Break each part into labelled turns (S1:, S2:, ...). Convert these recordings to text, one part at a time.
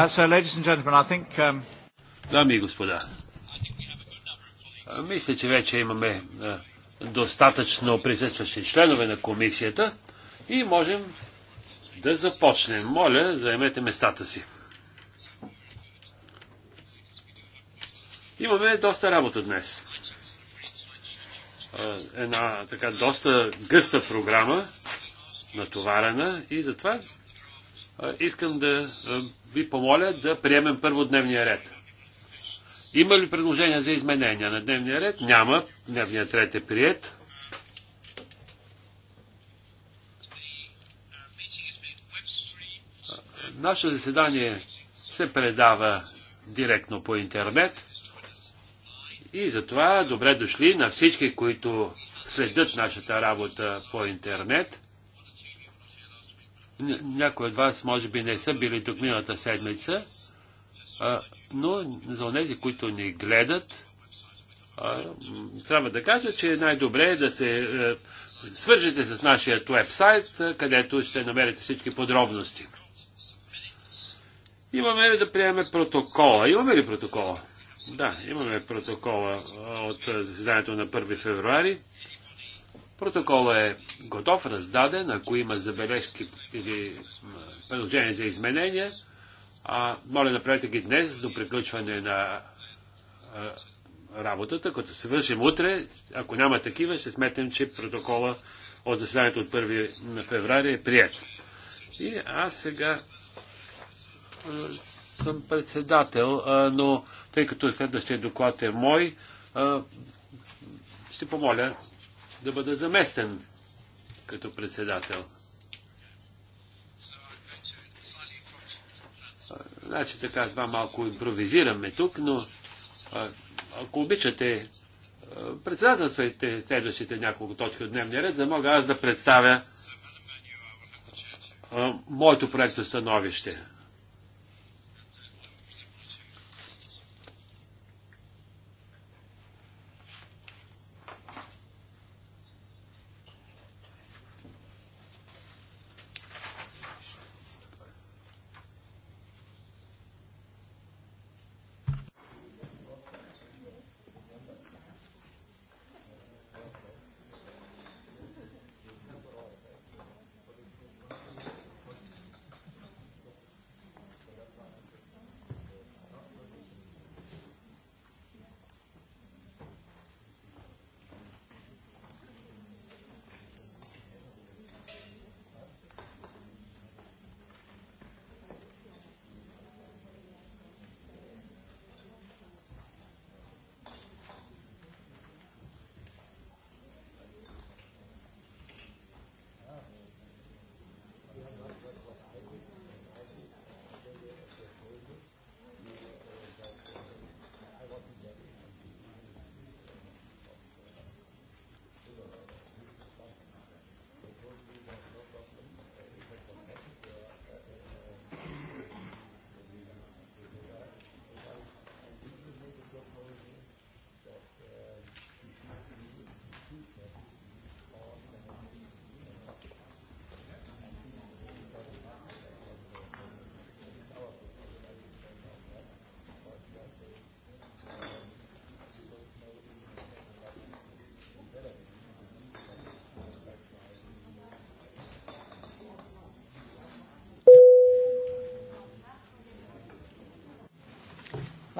S1: Uh, ladies and gentlemen, I think, um... Дами и господа, мисля, че вече имаме достатъчно присъстващи членове на комисията и можем да започнем. Моля, заемете местата си. Имаме доста работа днес. една така доста гъста програма, натоварена и затова искам да ви помоля да приемем първо дневния ред. Има ли предложения за изменения на дневния ред? Няма. Дневният ред е прият. Наше заседание се предава директно по интернет. И затова добре дошли на всички, които следят нашата работа по интернет. Някои от вас може би не са били тук миналата седмица, а, но за тези, които ни гледат, а, трябва да кажа, че най-добре е да се а, е, свържете с нашия вебсайт, е, където ще намерите всички подробности. Имаме ли да приеме протокола? Имаме ли протокола? Да, имаме протокола от е, заседанието на 1 февруари. Протоколът е готов, раздаден, ако има забележки или предложения за изменения. А, моля, направете ги днес до приключване на а, работата. Като се вършим утре, ако няма такива, ще сметнем, че протокола от заседанието от 1 на феврари е прият. И аз сега а, съм председател, а, но тъй като следващия доклад е мой, а, ще помоля да бъда заместен като председател. Значи така, това малко импровизираме тук, но ако обичате, председателствайте следващите няколко точки от дневния ред, за да мога аз да представя моето проекто становище.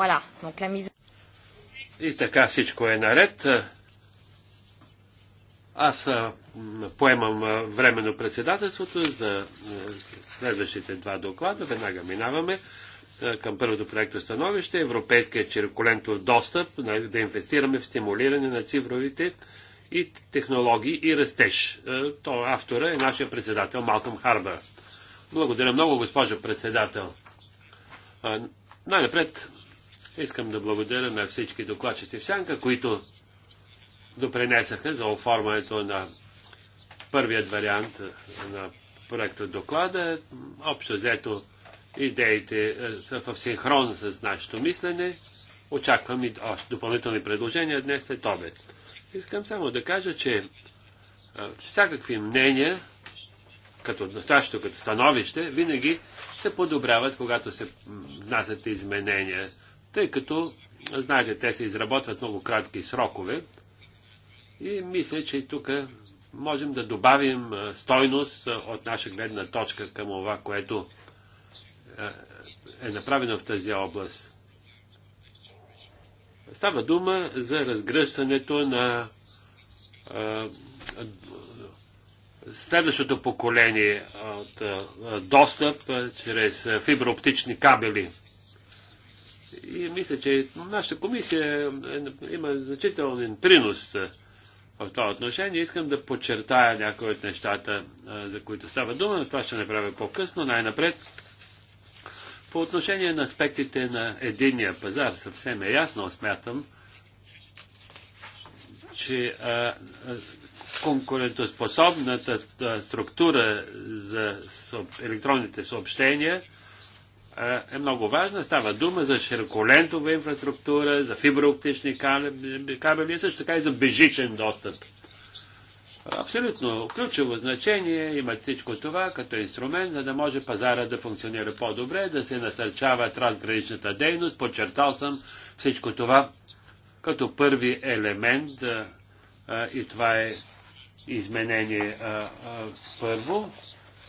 S2: Voilà, donc la mise...
S1: И така всичко е наред. Аз поемам временно председателството за следващите два доклада. Веднага минаваме към първото проекто становище. Европейския чирколентов достъп да инвестираме в стимулиране на цифровите и технологии и растеж. То автора е нашия председател Малком Харбър. Благодаря много, госпожо председател. Най-напред Искам да благодаря на всички докладчици в Сянка, които допренесаха за оформянето на първият вариант на проекта доклада. Общо взето идеите е, са в синхрон с нашето мислене. Очаквам и още допълнителни предложения днес след обед. Искам само да кажа, че е, всякакви мнения, като настоящето, като становище, винаги се подобряват, когато се внасят изменения тъй като, знаете, те се изработват много кратки срокове и мисля, че тук можем да добавим стойност от наша гледна точка към това, което е направено в тази област. Става дума за разгръщането на следващото поколение от достъп чрез фиброоптични кабели – и мисля, че нашата комисия е, има значителен принос в това отношение. Искам да подчертая някои от нещата, за които става дума, но това ще направя по-късно, най-напред. По отношение на аспектите на единния пазар, съвсем е ясно, смятам, че а, конкурентоспособната структура за електронните съобщения – е много важна. Става дума за широколентова инфраструктура, за фиброоптични кабели, също така и за бежичен достъп. Абсолютно ключово значение има всичко това като инструмент, за да може пазара да функционира по-добре, да се насърчава трансграничната дейност. Подчертал съм всичко това като първи елемент и това е изменение първо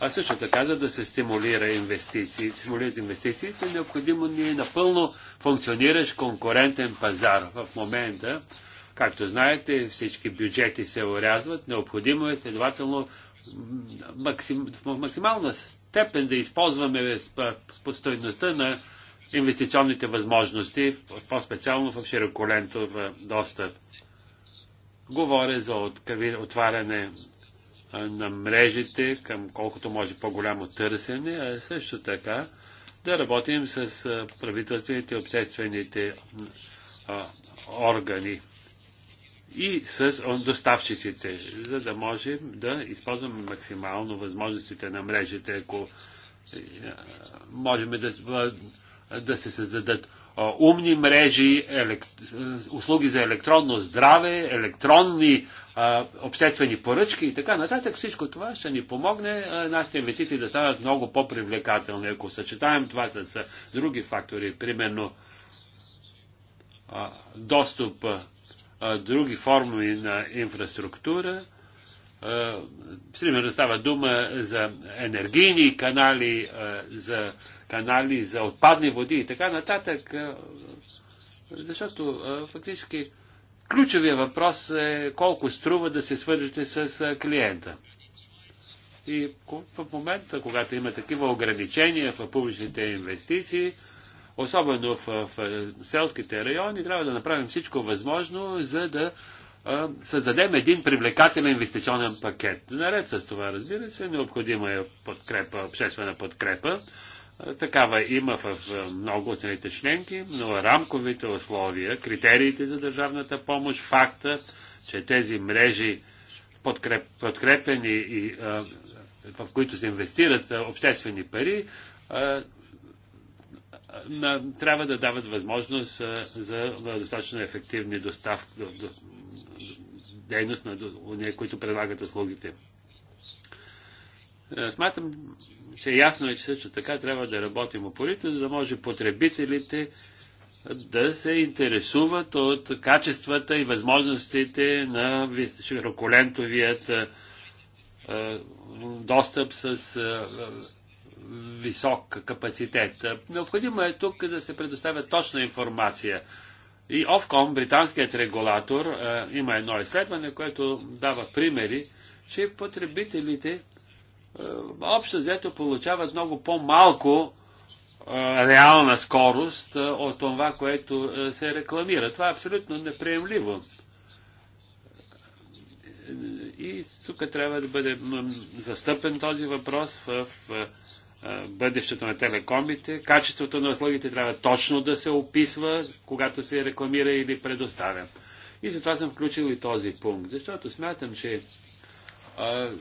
S1: а също така, за да се стимулира инвестиции, стимулират инвестициите, необходимо ни е напълно функциониращ конкурентен пазар. В момента, както знаете, всички бюджети се урязват, необходимо е следователно максим, в максимална степен да използваме спостойността на инвестиционните възможности, по-специално в широколентов достъп. Говоря за отваряне на мрежите към колкото може по-голямо търсене, а също така да работим с правителствените и обществените органи и с доставчиците, за да можем да използваме максимално възможностите на мрежите, ако можем да, да се създадат умни мрежи, елект... услуги за електронно здраве, електронни а, обществени поръчки и така нататък. Всичко това ще ни помогне а, нашите инвестиции да станат много по-привлекателни. Ако съчетаем това с, с други фактори, примерно а, достъп, а, други форми на инфраструктура, е, примерно става дума за енергийни канали, е, за канали за отпадни води и така нататък. Е, защото фактически ключовия въпрос е колко струва да се свържете с клиента. И в момента, когато има такива ограничения в публичните инвестиции, особено в, в селските райони, трябва да направим всичко възможно, за да създадем един привлекателен инвестиционен пакет. Наред с това, разбира се, необходима е подкрепа, обществена подкрепа. Такава има в много от страните членки, но рамковите условия, критериите за държавната помощ, факта, че тези мрежи подкреп, подкрепени и а, в които се инвестират обществени пари, а, на, трябва да дават възможност а, за достатъчно ефективни доставки, до, до, дейност на уния, които предлагат услугите. Е, смятам, че е ясно е, че също така трябва да работим опорито, за да може потребителите да се интересуват от качествата и възможностите на широколентовият е, достъп с висок капацитет. Необходимо е тук да се предоставя точна информация. И Овком, британският регулатор, е, има едно изследване, което дава примери, че потребителите е, общо взето получават много по-малко е, реална скорост от това, което се рекламира. Това е абсолютно неприемливо. И тук трябва да бъде застъпен този въпрос в бъдещето на телекомите. Качеството на услугите трябва точно да се описва, когато се рекламира или предоставя. И затова съм включил и този пункт, защото смятам, че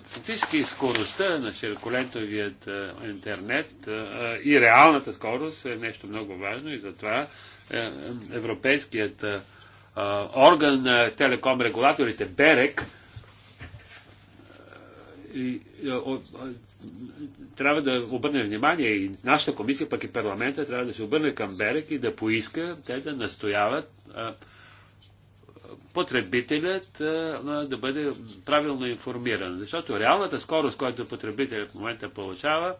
S1: фактически скоростта на широколентовият а, интернет а, и реалната скорост е нещо много важно и затова е, европейският орган на телеком регулаторите БЕРЕК и, е, о, е, трябва да обърне внимание и нашата комисия, пък и парламента трябва да се обърне към Берек и да поиска те да настояват а, е, потребителят а, да бъде правилно информиран. Защото реалната скорост, която потребителят в момента получава,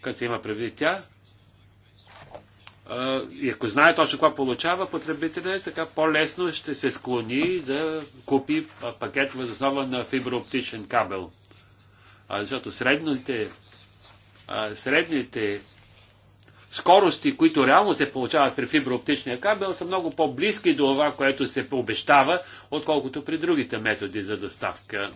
S1: като се има предвид тя, и ако знае точно какво получава, потребителят така по-лесно ще се склони да купи пакет възоснова на фиброоптичен кабел. А, защото средните, а, средните скорости, които реално се получават при фиброоптичния кабел, са много по-близки до това, което се обещава, отколкото при другите методи за доставка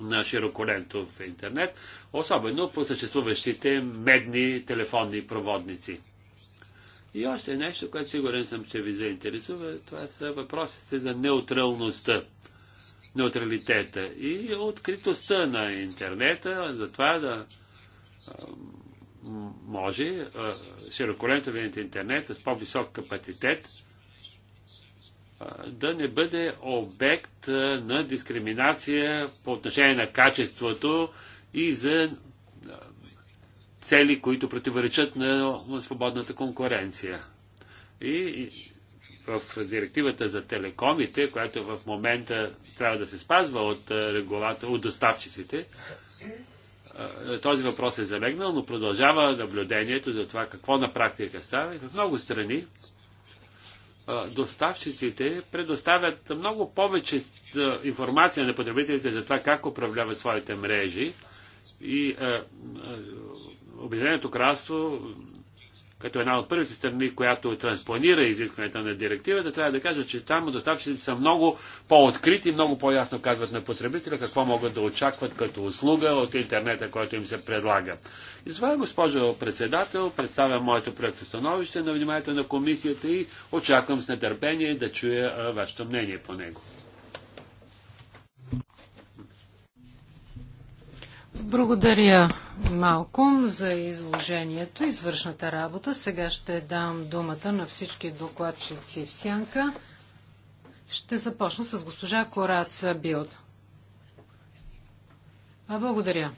S1: на широколентов интернет, особено по съществуващите медни телефонни проводници. И още нещо, което сигурен съм, че ви заинтересува, това са въпросите за неутралността неутралитета и откритостта на интернета, за това да може широколентовият интернет с по-висок капацитет да не бъде обект на дискриминация по отношение на качеството и за цели, които противоречат на свободната конкуренция. И в директивата за телекомите, която в момента трябва да се спазва от, регулата, от доставчиците, този въпрос е залегнал, но продължава наблюдението за това какво на практика става. И в много страни доставчиците предоставят много повече информация на потребителите за това как управляват своите мрежи. И Обединеното кралство като една от първите страни, която транспонира изискването на директивата, трябва да кажа, че там доставчиците са много по-открити, много по-ясно казват на потребителя какво могат да очакват като услуга от интернета, който им се предлага. И това, госпожо председател, представя моето проекто становище на вниманието на комисията и очаквам с нетърпение да чуя вашето мнение по него.
S2: Благодаря, Малком, за изложението, извършната работа. Сега ще дам думата на всички докладчици в сянка. Ще започна с госпожа Кораца Билд. А, благодаря.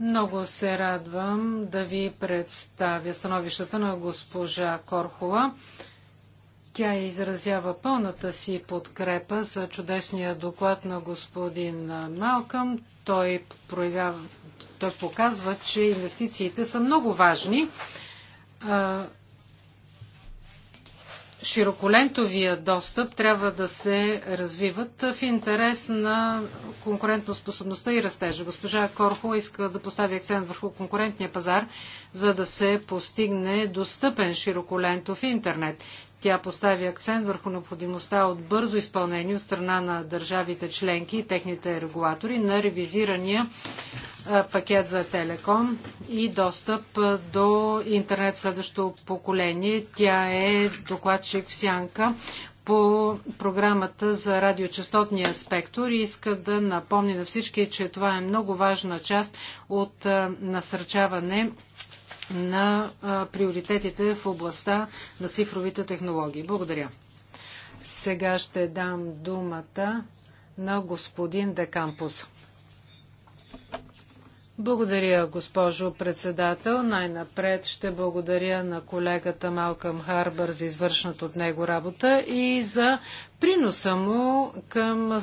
S2: Много се радвам да ви представя становищата на госпожа Корхова. Тя изразява пълната си подкрепа за чудесния доклад на господин Малкъм. Той, проявява, той показва, че инвестициите са много важни. Широколентовия достъп трябва да се развиват в интерес на конкурентоспособността и растежа. Госпожа Корхо иска да постави акцент върху конкурентния пазар, за да се постигне достъпен широколентов интернет. Тя постави акцент върху необходимостта от бързо изпълнение от страна на държавите членки и техните регулатори на ревизирания пакет за телеком и достъп до интернет следващото поколение. Тя е докладчик в Сянка по програмата за радиочастотния спектър и иска да напомни на всички, че това е много важна част от насърчаване на приоритетите в областта на цифровите технологии. Благодаря. Сега ще дам думата на господин Декампус. Благодаря, госпожо председател. Най-напред ще благодаря на колегата Малкам Харбър за извършната от него работа и за приноса му към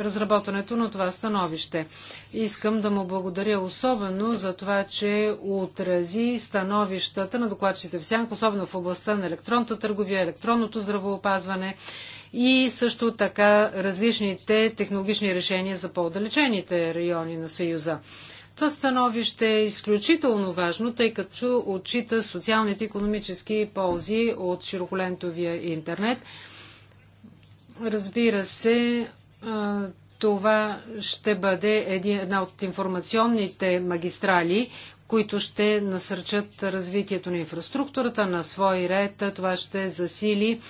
S2: разработването на това становище. Искам да му благодаря особено за това, че отрази становищата на докладчите в Сянк, особено в областта на електронната търговия, електронното здравоопазване и също така различните технологични решения за по-отдалечените райони на Съюза. Това становище е изключително важно, тъй като отчита социалните и економически ползи от широколентовия интернет. Разбира се, това ще бъде една от информационните магистрали, които ще насърчат развитието на инфраструктурата на свой ред. Това ще засили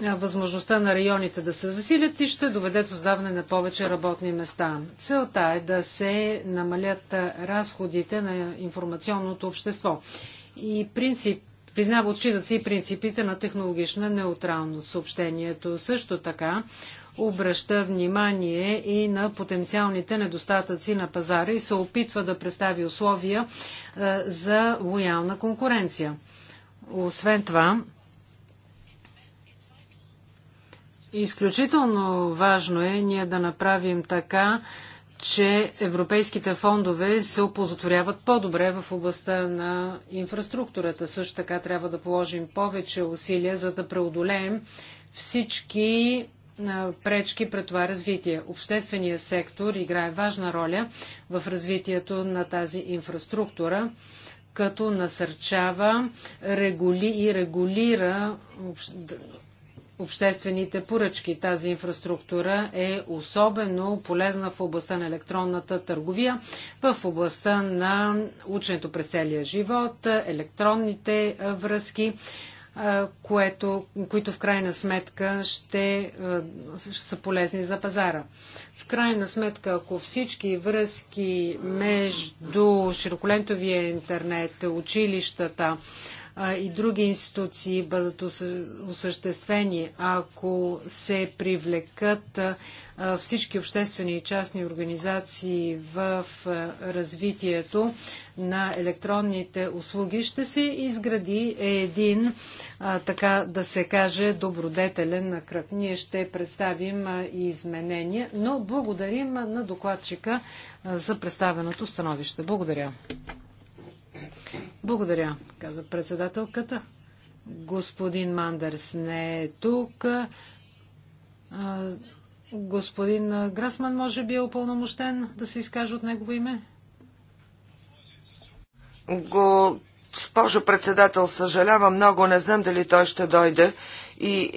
S2: възможността на районите да се засилят и ще доведе до създаване на повече работни места. Целта е да се намалят разходите на информационното общество. И принцип, признава отчитат си принципите на технологична неутралност. Съобщението също така обръща внимание и на потенциалните недостатъци на пазара и се опитва да представи условия за лоялна конкуренция. Освен това, Изключително важно е ние да направим така, че европейските фондове се опозотворяват по-добре в областта на инфраструктурата. Също така трябва да положим повече усилия, за да преодолеем всички пречки пред това развитие. Общественият сектор играе важна роля в развитието на тази инфраструктура, като насърчава регули и регулира обществените поръчки. Тази инфраструктура е особено полезна в областта на електронната търговия, в областта на ученето през целия живот, електронните връзки, което, които в крайна сметка ще, ще са полезни за пазара. В крайна сметка, ако всички връзки между широколентовия интернет, училищата, и други институции бъдат осъществени, ако се привлекат всички обществени и частни организации в развитието на електронните услуги, ще се изгради един, така да се каже, добродетелен кръг. Ние ще представим и изменения, но благодарим на докладчика за представеното становище. Благодаря. Благодаря, каза председателката. Господин Мандърс не е тук. А, господин Грасман може би е упълномощен да се изкаже от негово име?
S3: Го... Спожо председател, съжалявам много, не знам дали той ще дойде и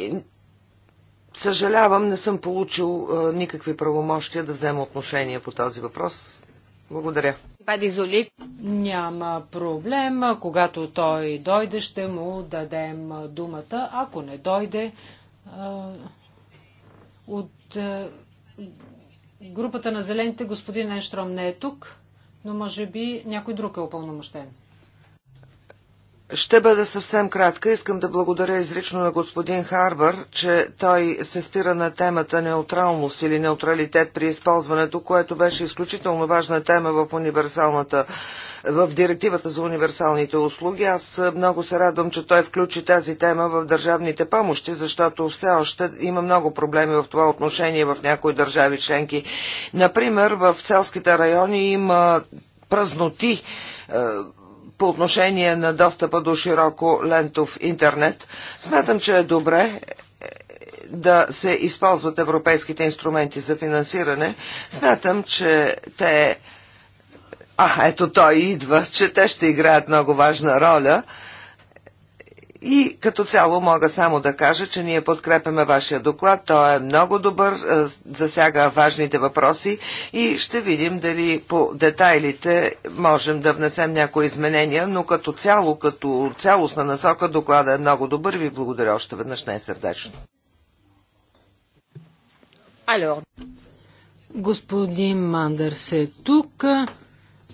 S3: съжалявам, не съм получил а, никакви правомощия да взема отношение по този въпрос. Благодаря.
S2: Няма проблем. Когато той дойде, ще му дадем думата. Ако не дойде, от групата на зелените господин Енштром не е тук, но може би някой друг е упълномощен.
S3: Ще бъда съвсем кратка. Искам да благодаря изрично на господин Харбър, че той се спира на темата неутралност или неутралитет при използването, което беше изключително важна тема в универсалната в директивата за универсалните услуги. Аз много се радвам, че той включи тази тема в държавните помощи, защото все още има много проблеми в това отношение в някои държави членки. Например, в селските райони има празноти е, по отношение на достъпа до широко лентов интернет. Смятам, че е добре е, да се използват европейските инструменти за финансиране. Смятам, че те... А, ето той идва, че те ще играят много важна роля – и като цяло мога само да кажа, че ние подкрепяме вашия доклад. Той е много добър, е, засяга важните въпроси и ще видим дали по детайлите можем да внесем някои изменения, но като цяло, като цялостна насока доклада е много добър. Ви благодаря още веднъж най-сърдечно.
S2: Господин Мандърс е тук.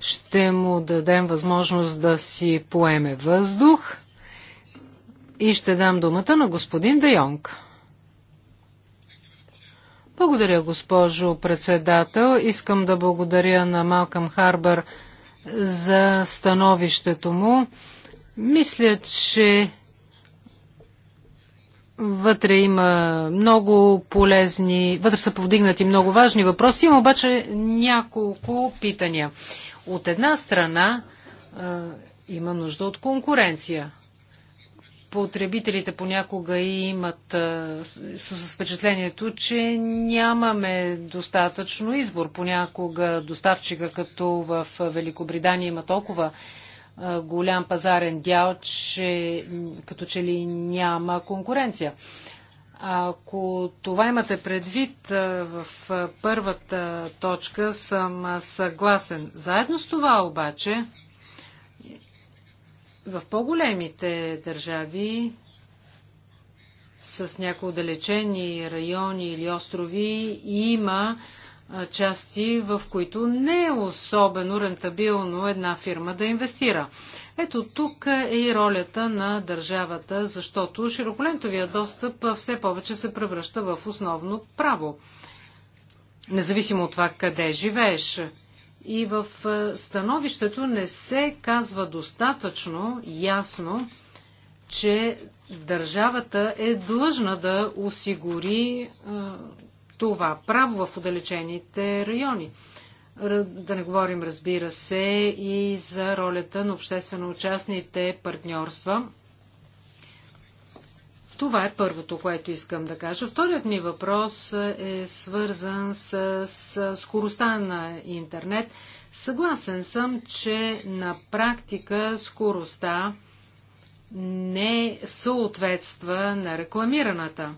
S2: Ще му дадем възможност да си поеме въздух. И ще дам думата на господин Де Йонг. Благодаря, госпожо председател. Искам да благодаря на Малкам Харбър за становището му. Мисля, че вътре има много полезни, вътре са повдигнати много важни въпроси, има обаче няколко питания. От една страна има нужда от конкуренция потребителите понякога имат с впечатлението, че нямаме достатъчно избор. Понякога доставчика, като в Великобритания, има толкова голям пазарен дял, че като че ли няма конкуренция. Ако това имате предвид в първата точка, съм съгласен. Заедно с това обаче, в по-големите държави с някои отдалечени райони или острови има части, в които не е особено рентабилно една фирма да инвестира. Ето тук е и ролята на държавата, защото широколентовия достъп все повече се превръща в основно право. Независимо от това къде живееш. И в е, становището не се казва достатъчно ясно, че държавата е длъжна да осигури е, това право в отдалечените райони. Да не говорим, разбира се, и за ролята на обществено-частните партньорства това е първото, което искам да кажа. Вторият ми въпрос е свързан с, с скоростта на интернет. Съгласен съм, че на практика скоростта не съответства на рекламираната.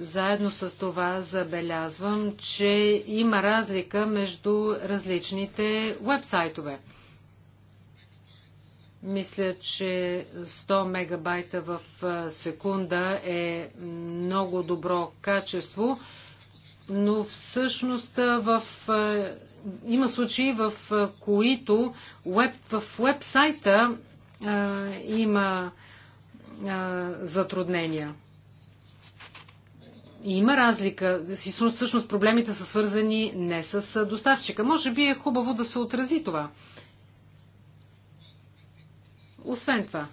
S2: Заедно с това забелязвам, че има разлика между различните вебсайтове. Мисля, че 100 мегабайта в секунда е много добро качество, но всъщност в, има случаи, в които веб, в вебсайта а, има а, затруднения. И има разлика. Всъщност проблемите са свързани не с доставчика. Може би е хубаво да се отрази това. Освен това,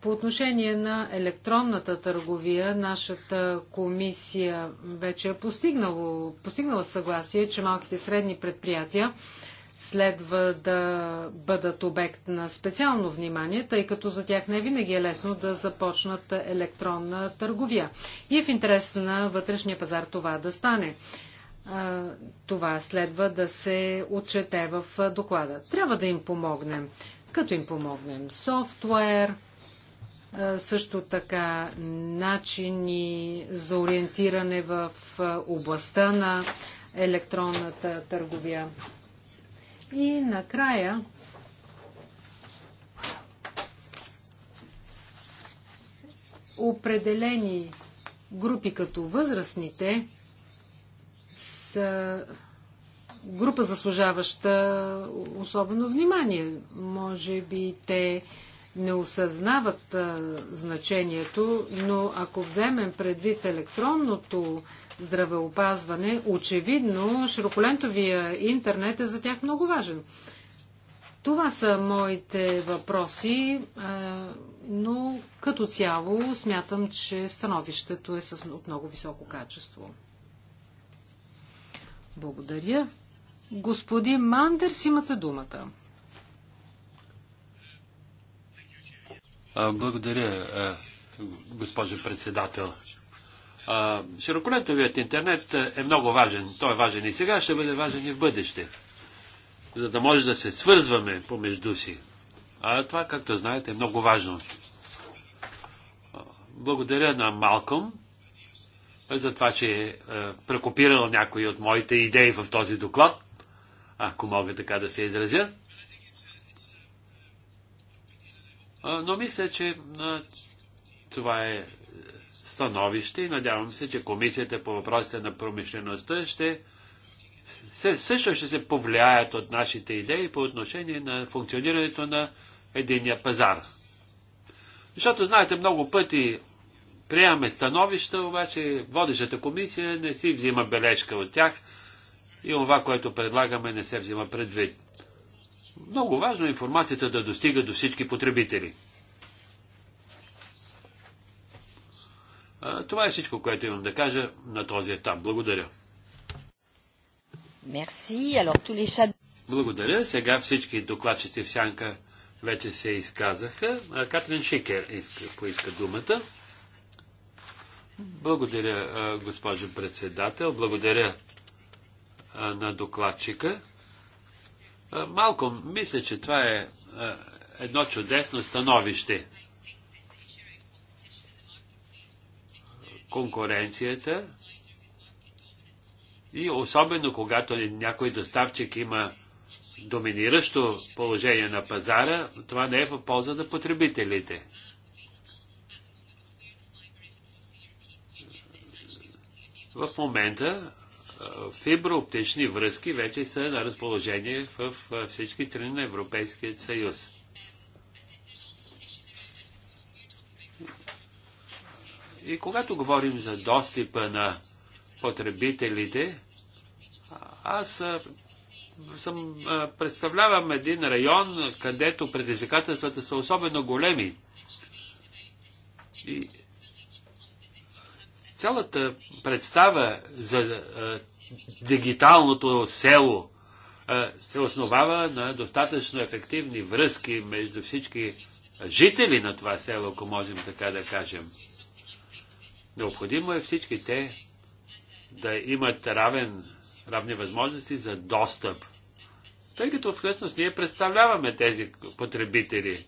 S2: по отношение на електронната търговия, нашата комисия вече е постигнала, постигнала съгласие, че малките и средни предприятия следва да бъдат обект на специално внимание, тъй като за тях не винаги е лесно да започнат електронна търговия. И е в интерес на вътрешния пазар това да стане. Това следва да се отчете в доклада. Трябва да им помогнем като им помогнем софтуер, също така начини за ориентиране в областта на електронната търговия. И накрая определени групи като възрастните са група заслужаваща особено внимание. Може би те не осъзнават а, значението, но ако вземем предвид електронното здравеопазване, очевидно широколентовия интернет е за тях много важен. Това са моите въпроси, а, но като цяло смятам, че становището е с, от много високо качество. Благодаря. Господин Мандерс, имате думата.
S1: Благодаря, госпожо председател. широколетовият интернет е много важен. Той е важен и сега, ще бъде важен и в бъдеще. За да може да се свързваме помежду си. А това, както знаете, е много важно. Благодаря на Малком за това, че е прекопирал някои от моите идеи в този доклад ако мога така да се изразя. Но мисля, че това е становище и надявам се, че комисията по въпросите на промишлеността ще се, също ще се повлияят от нашите идеи по отношение на функционирането на единия пазар. Защото, знаете, много пъти приемаме становища, обаче водещата комисия не си взима бележка от тях – и това, което предлагаме, не се взима предвид. Много важно е информацията да достига до всички потребители. Това е всичко, което имам да кажа на този етап. Благодаря. Благодаря. Сега всички докладчици в сянка вече се изказаха. Катрин Шикер поиска думата. Благодаря, госпожо председател. Благодаря на докладчика. Малко мисля, че това е едно чудесно становище. Конкуренцията и особено когато някой доставчик има доминиращо положение на пазара, това не е в полза на потребителите. В момента фиброоптични връзки вече са на разположение в всички страни на Европейския съюз. И когато говорим за достъпа на потребителите, аз съм, представлявам един район, където предизвикателствата са особено големи. И Цялата представа за дигиталното село се основава на достатъчно ефективни връзки между всички жители на това село, ако можем така да кажем. Необходимо е всички те да имат равен, равни възможности за достъп. Тъй като всъщност ние представляваме тези потребители.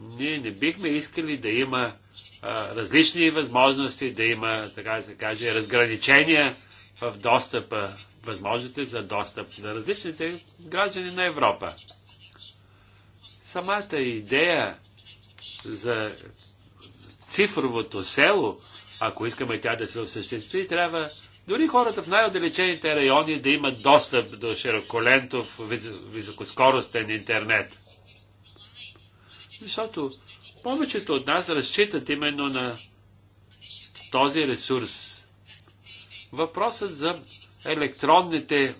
S1: Ние не бихме искали да има различни възможности, да има, така да се каже, разграничения в достъпа, възможности за достъп на различните граждани на Европа. Самата идея за цифровото село, ако искаме тя да се осъществи, трябва дори хората в най-отдалечените райони да имат достъп до широколентов, високоскоростен интернет. Защото повечето от нас разчитат именно на този ресурс. Въпросът за електронните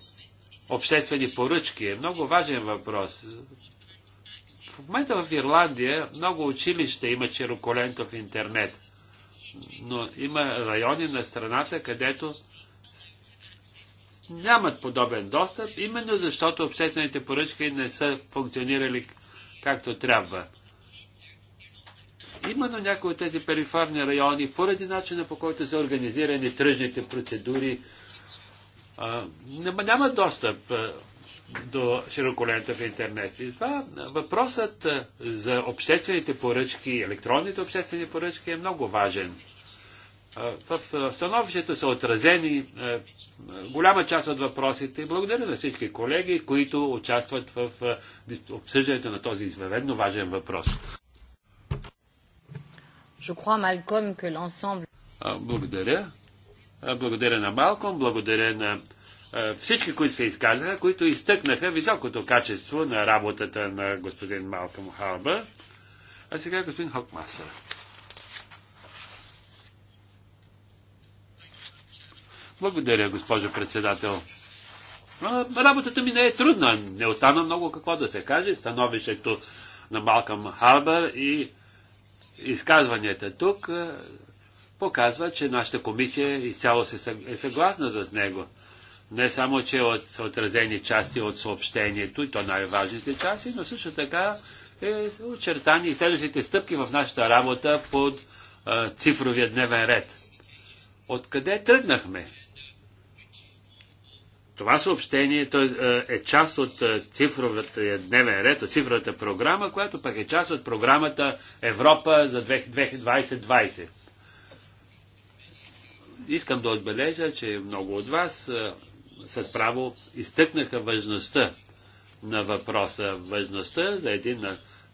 S1: обществени поръчки е много важен въпрос. В момента в Ирландия много училища има широколентов интернет, но има райони на страната, където нямат подобен достъп, именно защото обществените поръчки не са функционирали както трябва. Именно някои от тези периферни райони, поради начина по който са организирани тръжните процедури, а, няма, достъп а, до широколента в интернет. И това въпросът а, за обществените поръчки, електронните обществени поръчки е много важен. В становището са отразени голяма част от въпросите. Благодаря на всички колеги, които участват в обсъждането на този изведено важен въпрос.
S2: Je crois, Malcolm, que l'ensemble...
S1: Благодаря. Благодаря на Малком, благодаря на всички, които се изказаха, които изтъкнаха високото качество на работата на господин Малком Харбър. А сега господин Хокмасър. Благодаря, госпожо председател. Работата ми не е трудна. Не остана много какво да се каже. Становището на Малкам Харбър и изказванията тук показва, че нашата комисия изцяло е съгласна с него. Не само, че е от, отразени части от съобщението, и то най-важните части, но също така е очертани и следващите стъпки в нашата работа под а, цифровия дневен ред. Откъде тръгнахме? това съобщение то е, е част от е, цифровата е, дневен ред, от цифровата програма, която пък е част от програмата Европа за 2020. Искам да отбележа, че много от вас с право изтъкнаха важността на въпроса. Важността за един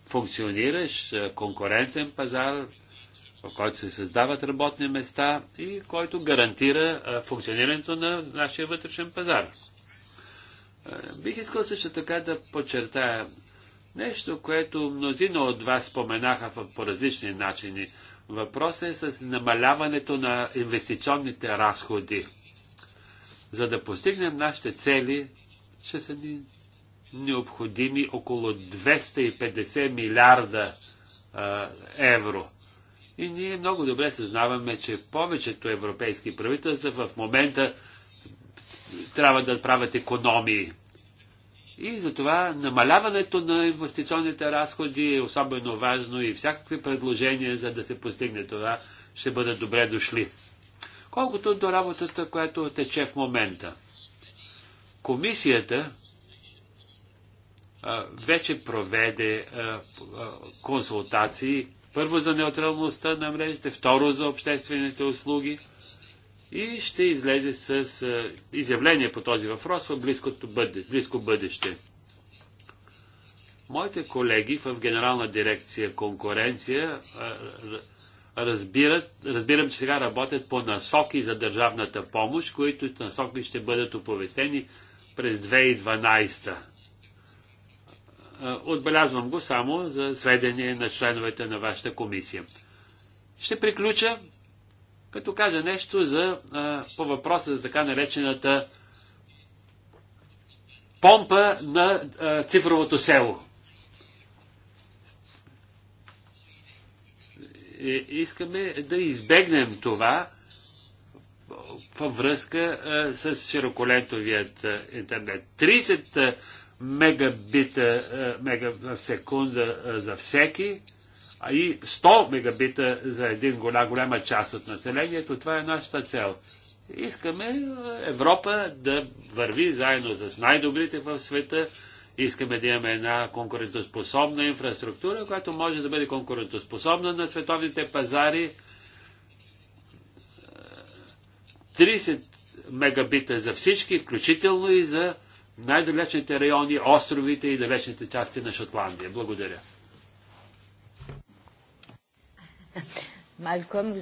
S1: функциониращ конкурентен пазар, в който се създават работни места и който гарантира функционирането на нашия вътрешен пазар. Бих искал също така да подчертая нещо, което мнозина от вас споменаха по различни начини. Въпросът е с намаляването на инвестиционните разходи. За да постигнем нашите цели, ще са ни необходими около 250 милиарда евро. И ние много добре съзнаваме, че повечето европейски правителства в момента трябва да правят економии. И затова намаляването на инвестиционните разходи е особено важно и всякакви предложения, за да се постигне това, ще бъдат добре дошли. Колкото до работата, която тече в момента. Комисията вече проведе консултации първо за неутралността на мрежите, второ за обществените услуги и ще излезе с а, изявление по този въпрос в близкото бъде, близко бъдеще. Моите колеги в Генерална дирекция конкуренция а, разбират, разбирам, че сега работят по насоки за държавната помощ, които насоки ще бъдат оповестени през 2012. Е, отбелязвам го само за сведение на членовете на вашата комисия. Ще приключа, като кажа нещо за, е, по въпроса за така наречената помпа на е, цифровото село. Искаме да избегнем това във връзка с широколентовият интернет. 30 мегабита е, мега, в секунда е, за всеки, а и 100 мегабита за един голям, голяма част от населението. Това е нашата цел. Искаме Европа да върви заедно с най-добрите в света. Искаме да имаме една конкурентоспособна инфраструктура, която може да бъде конкурентоспособна на световните пазари. 30 мегабита за всички, включително и за най-далечните райони, островите и далечните части на Шотландия. Благодаря.
S2: Малком,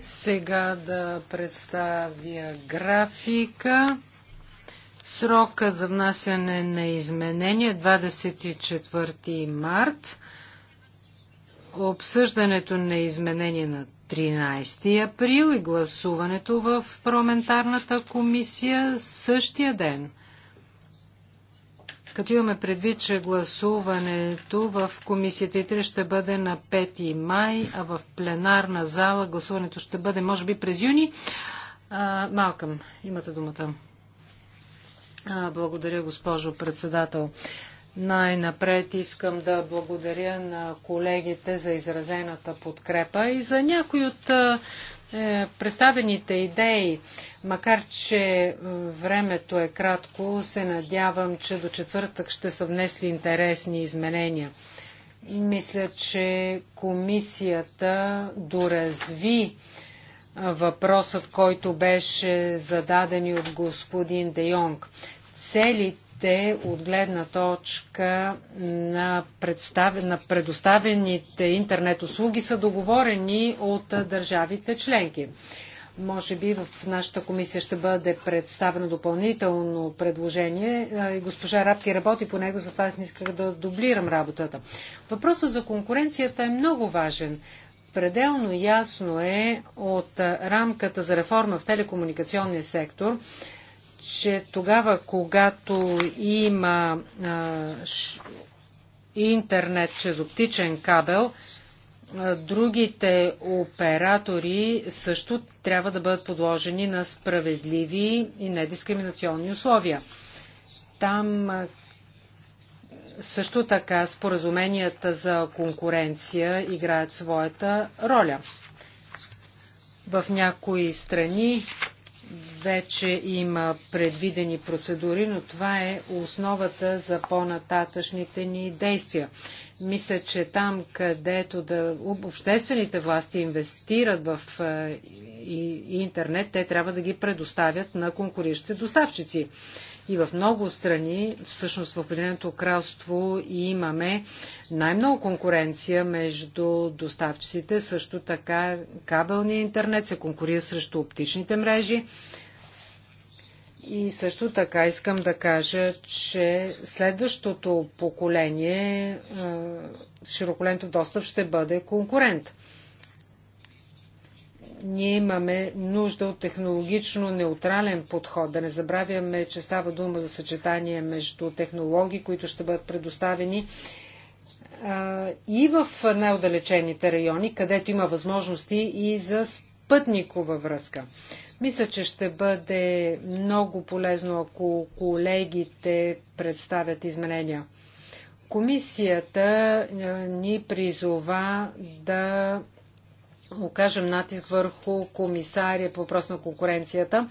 S2: Сега да представя графика. Срока за внасяне на изменения 24 е март. Обсъждането на изменения на 13 април и гласуването в парламентарната комисия същия ден. Като имаме предвид, че гласуването в комисията и ще бъде на 5 май, а в пленарна зала гласуването ще бъде, може би, през юни. малкам, имате думата. благодаря, госпожо председател. Най-напред искам да благодаря на колегите за изразената подкрепа и за някои от е, представените идеи. Макар, че времето е кратко, се надявам, че до четвъртък ще са внесли интересни изменения. Мисля, че комисията доразви въпросът, който беше зададен и от господин Де Йонг. Целите ще от гледна точка на, на предоставените интернет услуги са договорени от държавите членки. Може би в нашата комисия ще бъде представено допълнително предложение. Госпожа Рапки работи по него, затова аз не исках да дублирам работата. Въпросът за конкуренцията е много важен. Пределно ясно е от рамката за реформа в телекомуникационния сектор, че тогава, когато има а, ш, интернет чрез оптичен кабел, а, другите оператори също трябва да бъдат подложени на справедливи и недискриминационни условия. Там а, също така споразуменията за конкуренция играят своята роля. В някои страни вече има предвидени процедури, но това е основата за по-нататъчните ни действия. Мисля, че там, където да обществените власти инвестират в интернет, те трябва да ги предоставят на конкуриращите доставчици. И в много страни, всъщност в Определеното кралство, имаме най-много конкуренция между доставчиците. Също така кабелния интернет се конкурира срещу оптичните мрежи. И също така искам да кажа, че следващото поколение широколентов достъп ще бъде конкурент. Ние имаме нужда от технологично неутрален подход. Да не забравяме, че става дума за съчетание между технологии, които ще бъдат предоставени и в най-отдалечените райони, където има възможности и за спътникова връзка. Мисля, че ще бъде много полезно, ако колегите представят изменения. Комисията ни призова да окажем натиск върху комисария по въпрос на конкуренцията,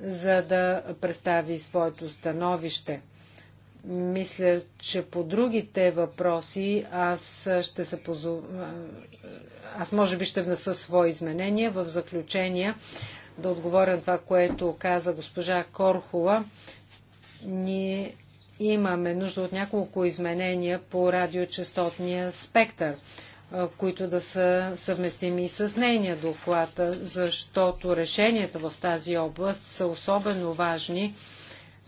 S2: за да представи своето становище. Мисля, че по другите въпроси аз ще се позов... Аз може би ще внеса свои изменения. В заключение да отговоря на това, което каза госпожа Корхова. Ние имаме нужда от няколко изменения по радиочастотния спектър, които да са съвместими и с нейния доклад, защото решенията в тази област са особено важни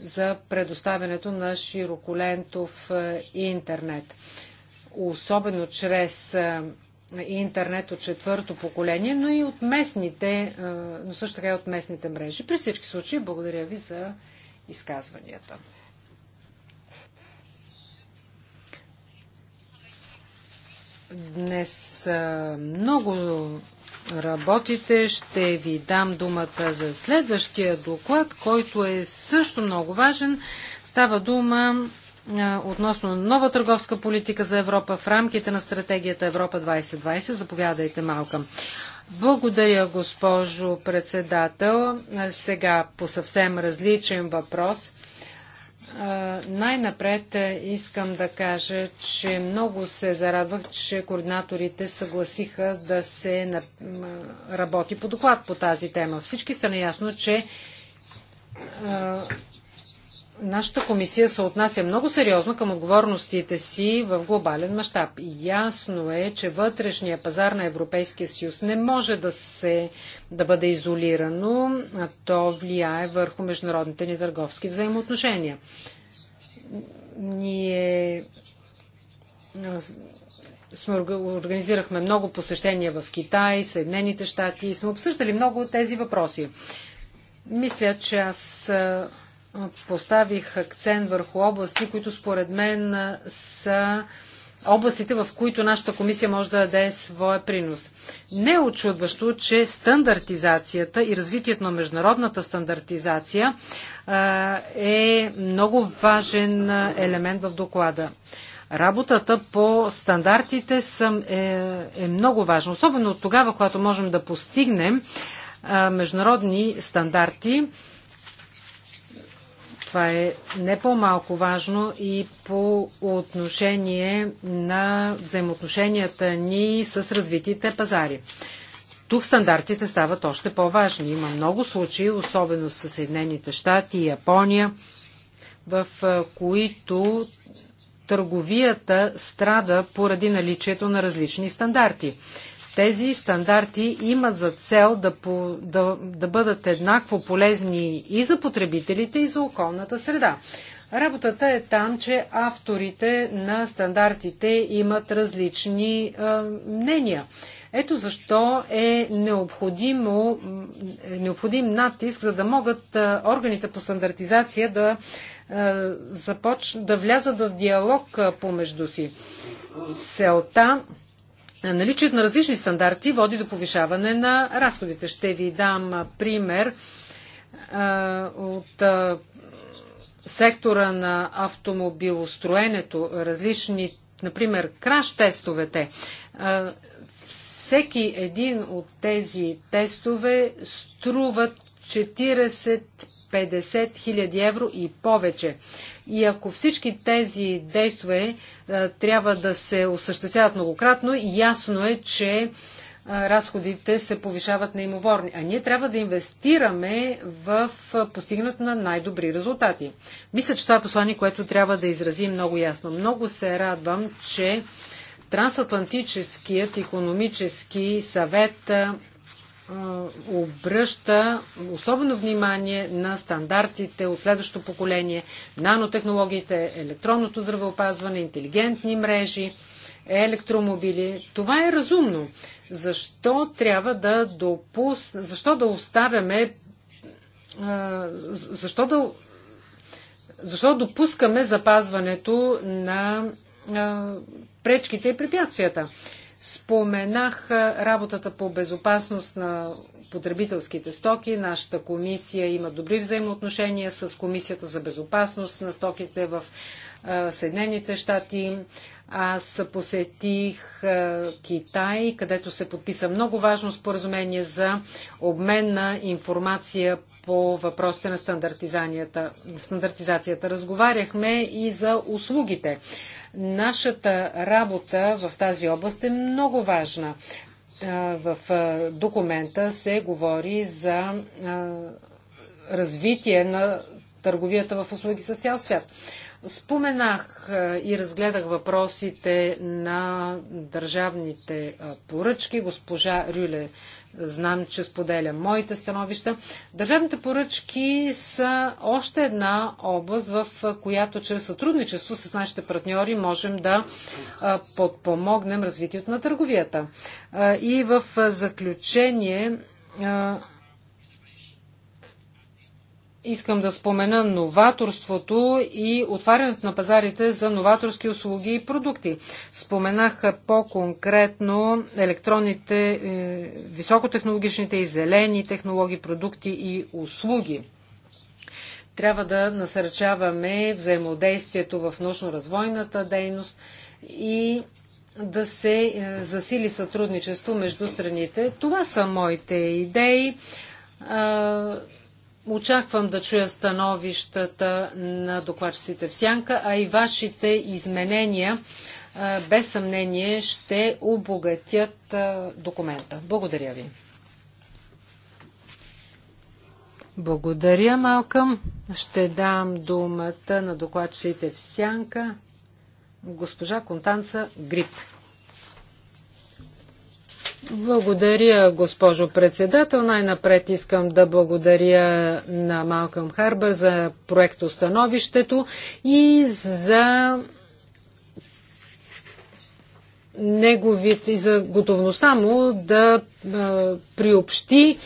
S2: за предоставянето на широколентов интернет особено чрез интернет от четвърто поколение, но и от местните, но също така и от местните мрежи. При всички случаи, благодаря ви за изказванията. Днес много работите. Ще ви дам думата за следващия доклад, който е също много важен. Става дума относно нова търговска политика за Европа в рамките на стратегията Европа 2020. Заповядайте, малка. Благодаря, госпожо председател. Сега по съвсем различен въпрос. Най-напред искам да кажа, че много се зарадвах, че координаторите съгласиха да се работи по доклад по тази тема. Всички са наясно, че нашата комисия се отнася много сериозно към отговорностите си в глобален мащаб. Ясно е, че вътрешния пазар на Европейския съюз не може да, се, да бъде изолирано, а то влияе върху международните ни търговски взаимоотношения. Ние сме организирахме много посещения в Китай, Съединените щати и сме обсъждали много от тези въпроси. Мисля, че аз поставих акцент върху области, които според мен са областите, в които нашата комисия може да даде своя принос. Не е очудващо, че стандартизацията и развитието на международната стандартизация е много важен елемент в доклада. Работата по стандартите е, е, много важна, особено от тогава, когато можем да постигнем международни стандарти, това е не по-малко важно и по отношение на взаимоотношенията ни с развитите пазари. Тук стандартите стават още по-важни. Има много случаи, особено с Съединените щати и Япония, в които търговията страда поради наличието на различни стандарти. Тези стандарти имат за цел да, по, да, да бъдат еднакво полезни и за потребителите, и за околната среда. Работата е там, че авторите на стандартите имат различни е, мнения. Ето защо е необходимо, необходим натиск, за да могат е, органите по стандартизация да, е, започ... да влязат в диалог помежду си. Целта Наличието на различни стандарти води до повишаване на разходите. Ще ви дам пример от сектора на автомобилостроенето, различни, например, краш-тестовете. Всеки един от тези тестове струват 40-50 хиляди евро и повече. И ако всички тези действия е, трябва да се осъществяват многократно и ясно е, че е, разходите се повишават неимоворни. А ние трябва да инвестираме в е, постигнат на най-добри резултати. Мисля, че това е послание, което трябва да изразим много ясно. Много се радвам, че Трансатлантическият економически съвет обръща особено внимание на стандартите от следващото поколение, нанотехнологиите, електронното здравеопазване, интелигентни мрежи, електромобили. Това е разумно. Защо трябва да допуснем Защо да оставяме... Защо да... Защо допускаме запазването на пречките и препятствията? Споменах работата по безопасност на потребителските стоки. Нашата комисия има добри взаимоотношения с Комисията за безопасност на стоките в Съединените щати. Аз посетих Китай, където се подписа много важно споразумение за обмен на информация по въпросите на стандартизацията. Разговаряхме и за услугите. Нашата работа в тази област е много важна. В документа се говори за развитие на търговията в услуги с цял свят. Споменах и разгледах въпросите на държавните поръчки. Госпожа Рюле Знам, че споделя моите становища. Държавните поръчки са още една област, в която чрез сътрудничество с нашите партньори можем да подпомогнем развитието на търговията. И в заключение искам да спомена новаторството и отварянето на пазарите за новаторски услуги и продукти. Споменах по-конкретно електронните, е, високотехнологичните и зелени технологии, продукти и услуги. Трябва да насърчаваме взаимодействието в научно-развойната дейност и да се е, засили сътрудничество между страните. Това са моите идеи. Очаквам да чуя становищата на докладчиците в Сянка, а и вашите изменения без съмнение ще обогатят документа. Благодаря ви. Благодаря, Малкъм. Ще дам думата на докладчиците в Сянка. Госпожа Контанца Грип. Благодаря, госпожо председател. Най-напред искам да благодаря на Малкъм Харбър за проектостановището и за и за готовността му да а, приобщи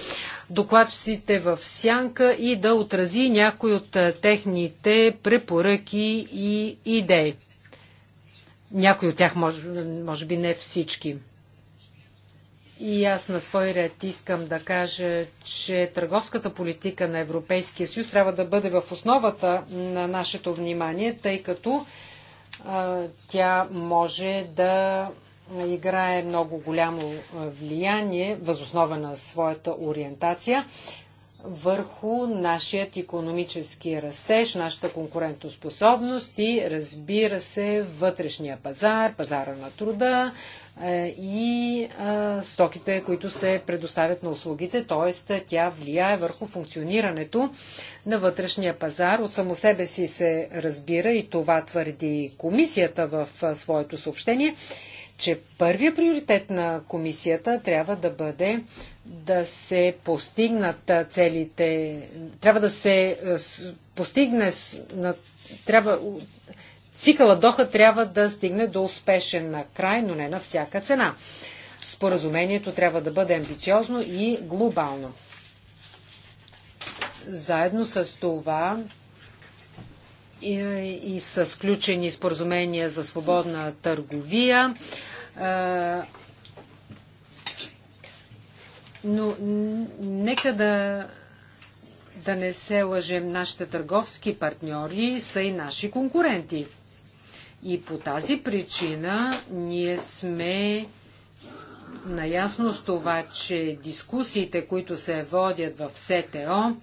S2: докладчиците в сянка и да отрази някои от техните препоръки и идеи. Някои от тях, може, може би не всички. И аз на свой ред искам да кажа, че търговската политика на Европейския съюз трябва да бъде в основата на нашето внимание, тъй като а, тя може да играе много голямо влияние, възоснова на своята ориентация, върху нашият економически растеж, нашата конкурентоспособност и, разбира се, вътрешния пазар, пазара на труда, е, и е, стоките, които се предоставят на услугите, т.е. тя влияе върху функционирането на вътрешния пазар. От само себе си се разбира и това твърди комисията в е, своето съобщение, че първият приоритет на комисията трябва да бъде да се постигнат целите, трябва да се постигне, трябва Цикъла Доха трябва да стигне до успешен на край, но не на всяка цена. Споразумението трябва да бъде амбициозно и глобално. Заедно с това и, и включени споразумения за свободна търговия. Но нека да, да не се лъжем, нашите търговски партньори са и наши конкуренти. И по тази причина ние сме наясно с това, че дискусиите, които се водят в СТО,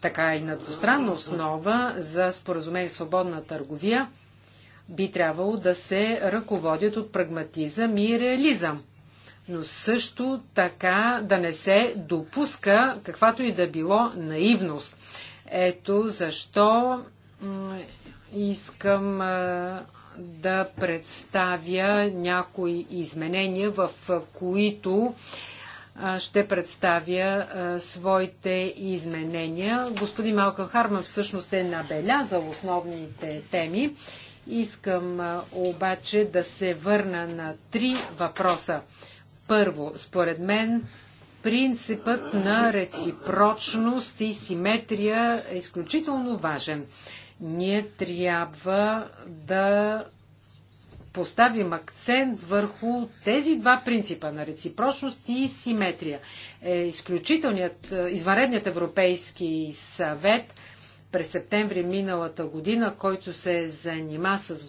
S2: така и на двустранна основа за споразумение свободна търговия, би трябвало да се ръководят от прагматизъм и реализъм. Но също така да не се допуска каквато и да било наивност. Ето защо Искам да представя някои изменения, в които ще представя своите изменения. Господин Малка Харман всъщност е набелязал основните теми. Искам обаче да се върна на три въпроса. Първо, според мен принципът на реципрочност и симетрия е изключително важен. Ние трябва да поставим акцент върху тези два принципа на реципрочност и симетрия. Е, изключителният, е, извънредният европейски съвет през септември миналата година, който се занима с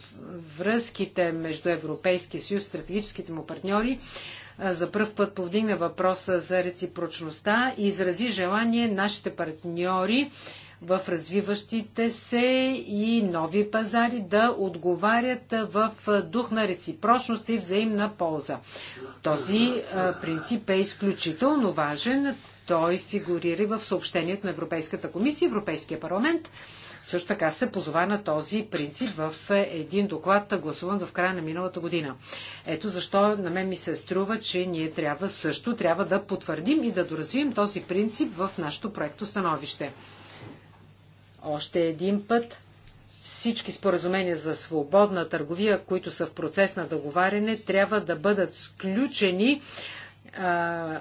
S2: връзките между Европейския съюз, стратегическите му партньори, е, за първ път повдигна въпроса за реципрочността и изрази желание нашите партньори в развиващите се и нови пазари да отговарят в дух на реципрочност и взаимна полза. Този е, принцип е изключително важен. Той фигурира в съобщението на Европейската комисия, Европейския парламент. Също така се позова на този принцип в един доклад, гласуван в края на миналата година. Ето защо на мен ми се струва, че ние трябва също трябва да потвърдим и да доразвием този принцип в нашото проекто становище. Още един път всички споразумения за свободна търговия, които са в процес на договаряне, трябва да бъдат сключени а,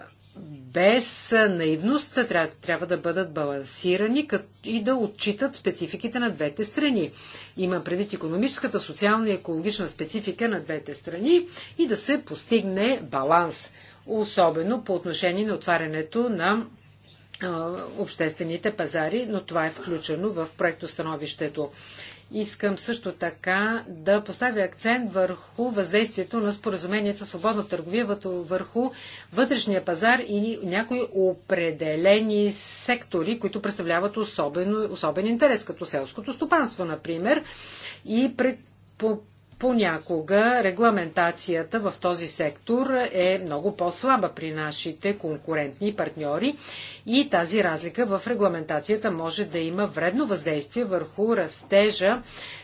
S2: без наивност, трябва, трябва да бъдат балансирани като, и да отчитат спецификите на двете страни. Има предвид економическата, социална и екологична специфика на двете страни и да се постигне баланс, особено по отношение на отварянето на обществените пазари, но това е включено в проектостановището. Искам също така да поставя акцент върху въздействието на споразуменията свободна търговия върху вътрешния пазар и някои определени сектори, които представляват особен, особен интерес, като селското стопанство, например, и пред, по Понякога регламентацията в този сектор е много по-слаба при нашите конкурентни партньори и тази разлика в регламентацията може да има вредно въздействие върху растежа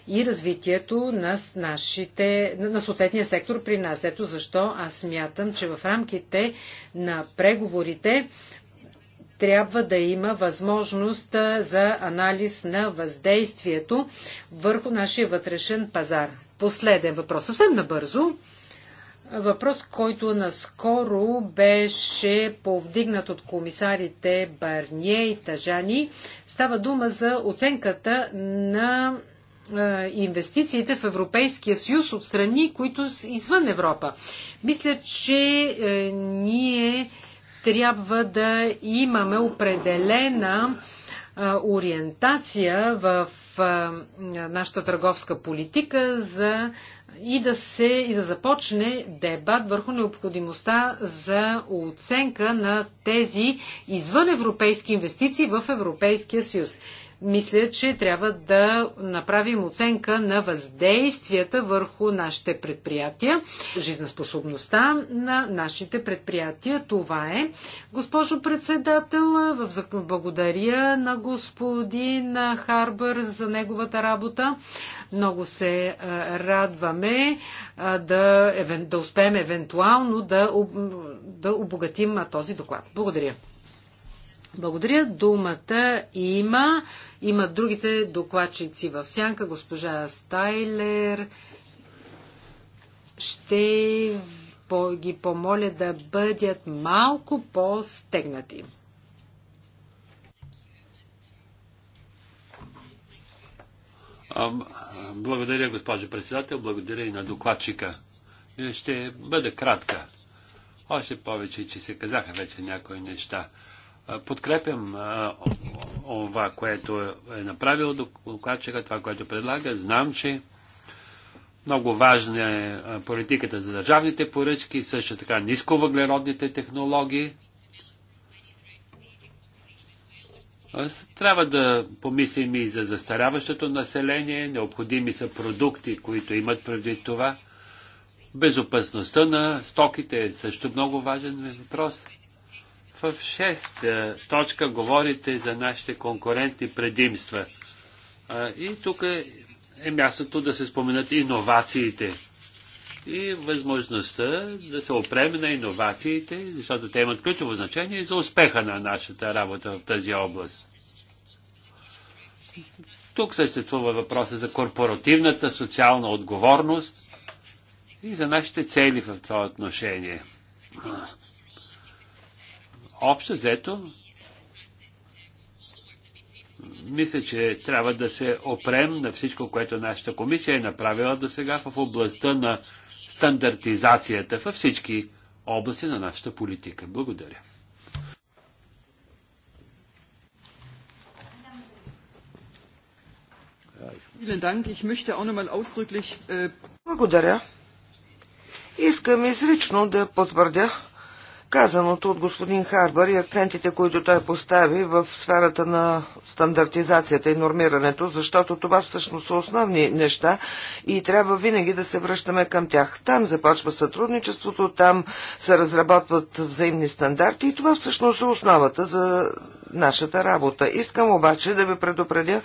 S2: и развитието на, нашите, на съответния сектор при нас. Ето защо аз смятам, че в рамките на преговорите трябва да има възможност за анализ на въздействието върху нашия вътрешен пазар последен въпрос. Съвсем набързо. Въпрос, който наскоро беше повдигнат от комисарите Барние и Тажани. Става дума за оценката на инвестициите в Европейския съюз от страни, които са извън Европа. Мисля, че е, ние трябва да имаме определена ориентация в нашата търговска политика за и да се и да започне дебат върху необходимостта за оценка на тези извън европейски инвестиции в Европейския съюз мисля, че трябва да направим оценка на въздействията върху нашите предприятия, жизнеспособността на нашите предприятия. Това е. Госпожо председател, в закон благодаря на господин Харбър за неговата работа. Много се радваме да, да успеем евентуално да, да обогатим този доклад. Благодаря. Благодаря. Думата има. Има другите докладчици в сянка. Госпожа Стайлер. Ще ги помоля да бъдат малко по-стегнати.
S1: Благодаря, госпожо председател. Благодаря и на докладчика. Ще бъда кратка. Още повече, че се казаха вече някои неща. Подкрепям това, което е направил докладчика, това, което предлага. Знам, че много важна е политиката за държавните поръчки, също така нисковъглеродните технологии. Трябва да помислим и за застаряващото население, необходими са продукти, които имат предвид това. Безопасността на стоките е също много важен въпрос в е, точка говорите за нашите конкурентни предимства. И тук е, е мястото да се споменат иновациите и възможността да се опреме на иновациите, защото те имат ключово значение за успеха на нашата работа в тази област. Тук съществува въпроса за корпоративната социална отговорност и за нашите цели в това отношение общо взето, мисля, че трябва да се опрем на всичко, което нашата комисия е направила до сега в областта на стандартизацията във всички области на нашата политика. Благодаря.
S3: Äh, Благодаря. Искам изрично да потвърдя казаното от господин Харбър и акцентите, които той постави в сферата на стандартизацията и нормирането, защото това всъщност са основни неща и трябва винаги да се връщаме към тях. Там започва сътрудничеството, там се разработват взаимни стандарти и това всъщност е основата за нашата работа. Искам обаче да ви предупредя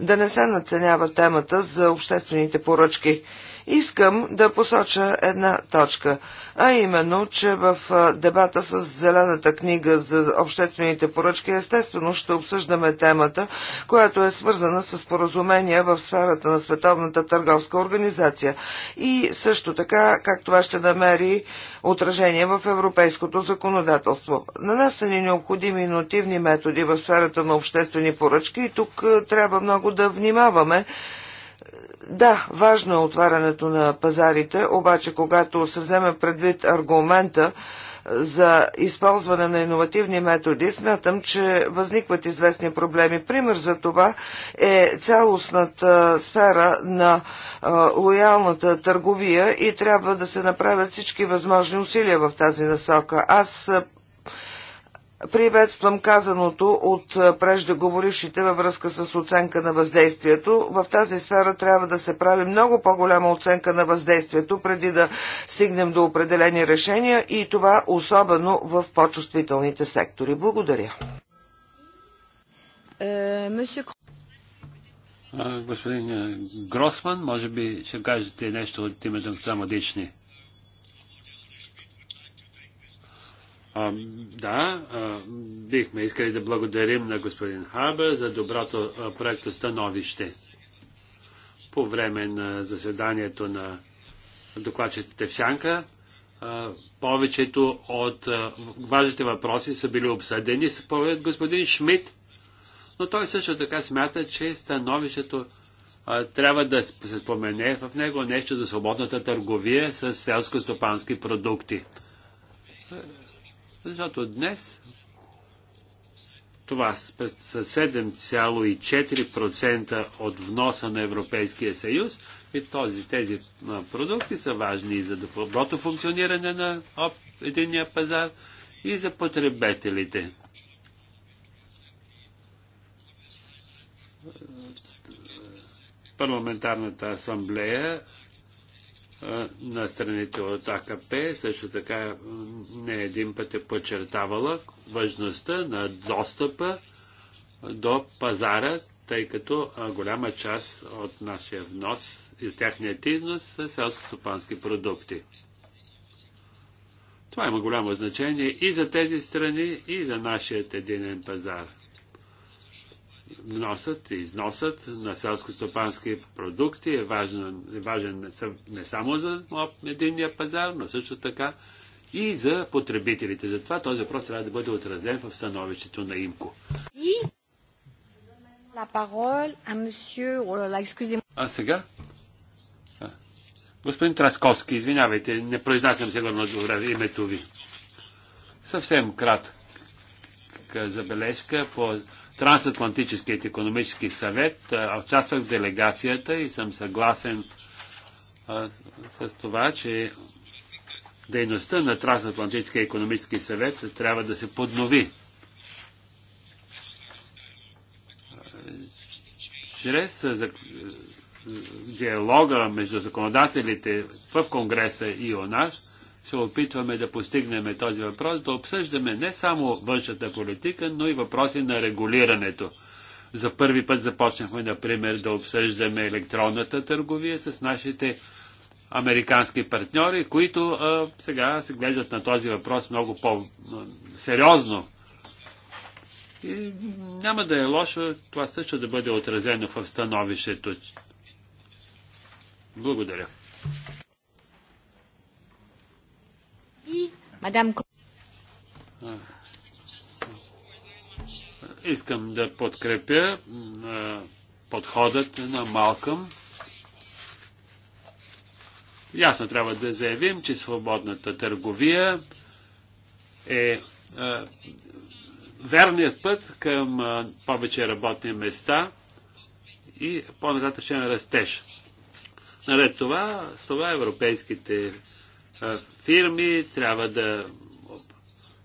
S3: да не се наценява темата за обществените поръчки. Искам да посоча една точка, а именно, че в дебата с Зелената книга за обществените поръчки естествено ще обсъждаме темата, която е свързана с поразумения в сферата на Световната търговска организация и също така как това ще намери отражение в европейското законодателство. На нас са ни необходими иновативни методи в сферата на обществени поръчки и тук трябва много да внимаваме, да, важно е отварянето на пазарите, обаче когато се вземе предвид аргумента, за използване на иновативни методи, смятам, че възникват известни проблеми. Пример за това е цялостната сфера на лоялната търговия и трябва да се направят всички възможни усилия в тази насока. Аз Приветствам казаното от преждеговорившите във връзка с оценка на въздействието. В тази сфера трябва да се прави много по-голяма оценка на въздействието, преди да стигнем до определени решения и това особено в по-чувствителните сектори. Благодаря.
S2: Е,
S1: господин е, Гросман, може би ще кажете нещо от името на Мадични. А, да, а, бихме искали да благодарим на господин Хаба за доброто проекто становище. По време на заседанието на докладчетите в Сянка, повечето от важните въпроси са били обсъдени според господин Шмидт, но той също така смята, че становището трябва да се спомене в него нещо за свободната търговия с селско-стопански продукти защото днес това с 7,4% от вноса на Европейския съюз и този, тези продукти са важни и за доброто функциониране на единния пазар и за потребителите. Парламентарната асамблея на страните от АКП, също така не един път е подчертавала важността на достъпа до пазара, тъй като голяма част от нашия внос и от тяхният износ са селско-стопански продукти. Това има голямо значение и за тези страни, и за нашият единен пазар вносът и износът на селско-стопански продукти е важен, е важен не само за единния пазар, но също така и за потребителите. Затова този въпрос трябва да бъде отразен в становището на ИМКО. И... А сега? А. Господин Трасковски, извинявайте, не произнасям сигурно добре името ви. Съвсем кратка забележка по Трансатлантическият економически съвет. Участвах в делегацията и съм съгласен а, с това, че дейността на Трансатлантическия економически съвет трябва да се поднови. Чрез диалога между законодателите в Конгреса и у нас, се опитваме да постигнем този въпрос, да обсъждаме не само външната политика, но и въпроси на регулирането. За първи път започнахме, например, да обсъждаме електронната търговия с нашите американски партньори, които а, сега се гледат на този въпрос много по-сериозно. И няма да е лошо това също да бъде отразено в становището. Благодаря.
S2: И мадам...
S1: Искам да подкрепя подходът на Малкъм. Ясно трябва да заявим, че свободната търговия е верният път към повече работни места и по-нататъчен растеж. Наред това, с това европейските фирми трябва да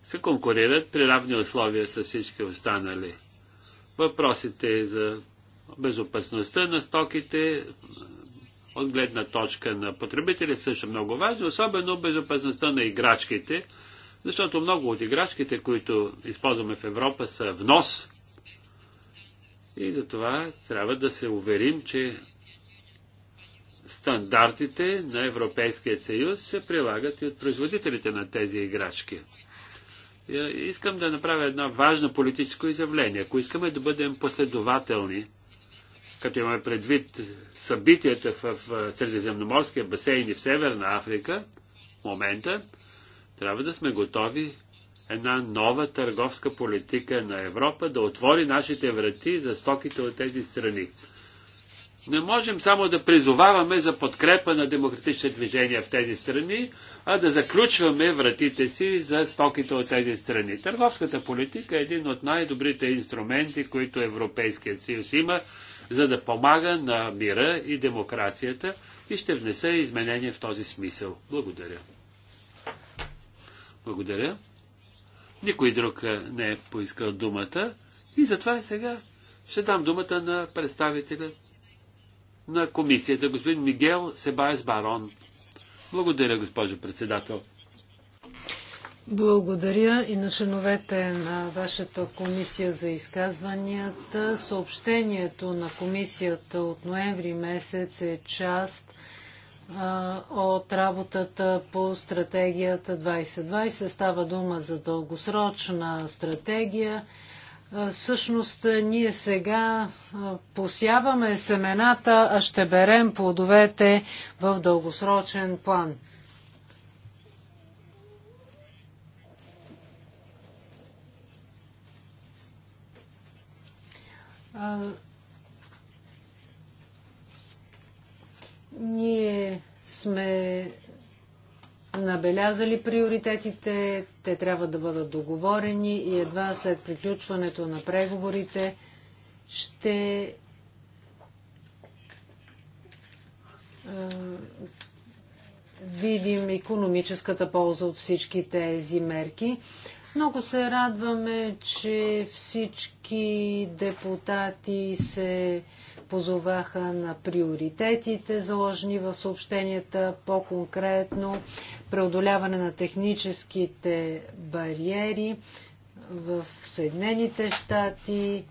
S1: се конкурират при равни условия с всички останали. Въпросите е за безопасността на стоките от гледна точка на потребители също много важни, особено безопасността на играчките, защото много от играчките, които използваме в Европа, са внос. И затова трябва да се уверим, че стандартите на Европейския съюз се прилагат и от производителите на тези играчки. Е, искам да направя едно важно политическо изявление. Ако искаме да бъдем последователни, като имаме предвид събитията в Средиземноморския басейн и в Северна Африка, в момента, трябва да сме готови една нова търговска политика на Европа да отвори нашите врати за стоките от тези страни. Не можем само да призоваваме за подкрепа на демократични движения в тези страни, а да заключваме вратите си за стоките от тези страни. Търговската политика е един от най-добрите инструменти, които Европейският съюз има, за да помага на мира и демокрацията и ще внеса изменения в този смисъл. Благодаря. Благодаря. Никой друг не е поискал думата и затова сега ще дам думата на представителя на комисията, господин Мигел Себаес Барон. Благодаря, госпожо председател.
S2: Благодаря и на членовете на вашата комисия за изказванията. Съобщението на комисията от ноември месец е част а, от работата по стратегията 2020. Става дума за дългосрочна стратегия Всъщност ние сега посяваме семената, а ще берем плодовете в дългосрочен план. Ние сме набелязали приоритетите, те трябва да бъдат договорени и едва след приключването на преговорите ще е, видим економическата полза от всички тези мерки. Много се радваме, че всички депутати се позоваха на приоритетите, заложени в съобщенията, по-конкретно преодоляване на техническите бариери в Съединените щати,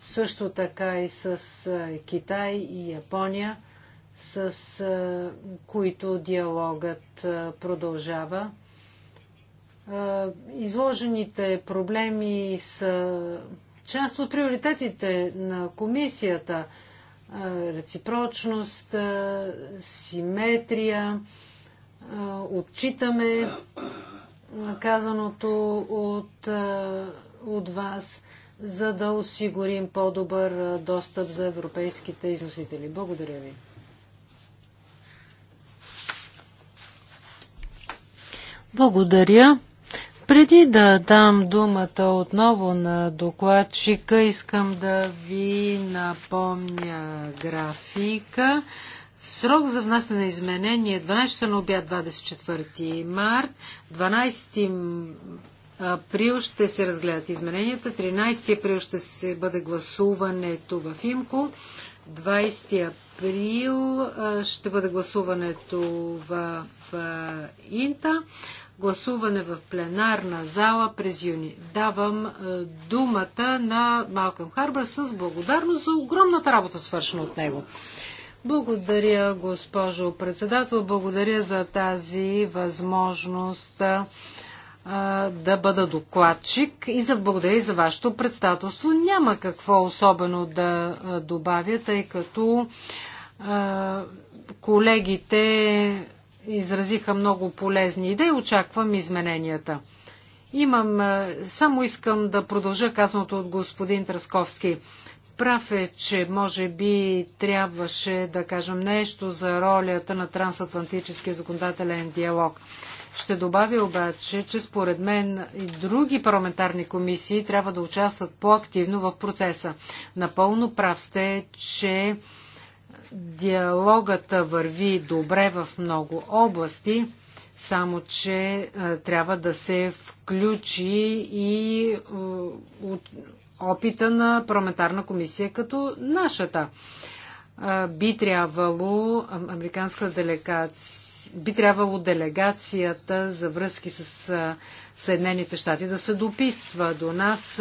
S2: също така и с Китай и Япония, с които диалогът продължава. Изложените проблеми са част от приоритетите на комисията. Реципрочност, симетрия, отчитаме казаното от, от вас, за да осигурим по-добър достъп за европейските износители. Благодаря ви. Благодаря. Преди да дам думата отново на докладчика, искам да ви напомня графика. Срок за внасяне на изменение 12 е часа на обяд 24 март, 12 април ще се разгледат измененията, 13 април ще се бъде гласуването в ИМКО, 20 април ще бъде гласуването в, в Инта, гласуване в пленарна зала през юни. Давам е, думата на Малкъм Харбър с благодарност за огромната работа, свършена от него. Благодаря, госпожо председател. Благодаря за тази възможност е, да бъда докладчик и за благодаря и за вашето представителство. Няма какво особено да е, добавя, тъй като колегите изразиха много полезни идеи. Очаквам измененията. Имам, е, само искам да продължа казаното от господин Трасковски. Прав е, че може би трябваше да кажем нещо за ролята на трансатлантическия законодателен диалог. Ще добавя обаче, че според мен и други парламентарни комисии трябва да участват по-активно в процеса. Напълно прав сте, че Диалогата върви добре в много области, само че а, е, трябва да се включи и а, е, от опита на парламентарна комисия като нашата. А, е, би трябвало американската делегация би трябвало делегацията за връзки с Съединените щати да се дописва до нас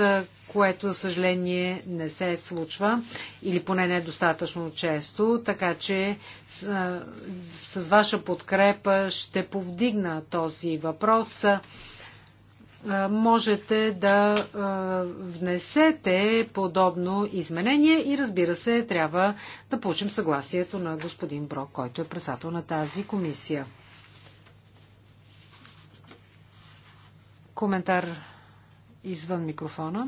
S2: което, за съжаление, не се случва или поне не е достатъчно често, така че с, с ваша подкрепа ще повдигна този въпрос можете да внесете подобно изменение и разбира се, трябва да получим съгласието на господин Брок, който е председател на тази комисия. Коментар извън микрофона.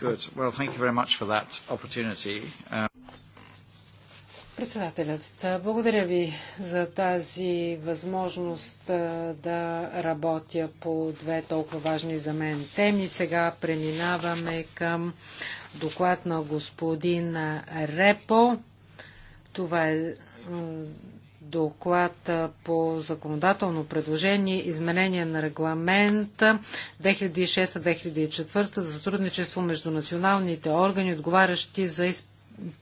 S1: Good. Well, thank you very much for that opportunity. Um,
S2: Председателят, благодаря ви за тази възможност да работя по две толкова важни за мен теми. Сега преминаваме към доклад на господин Репо. Това е доклад по законодателно предложение изменение на регламент 2006-2004 за сътрудничество между националните органи, отговарящи за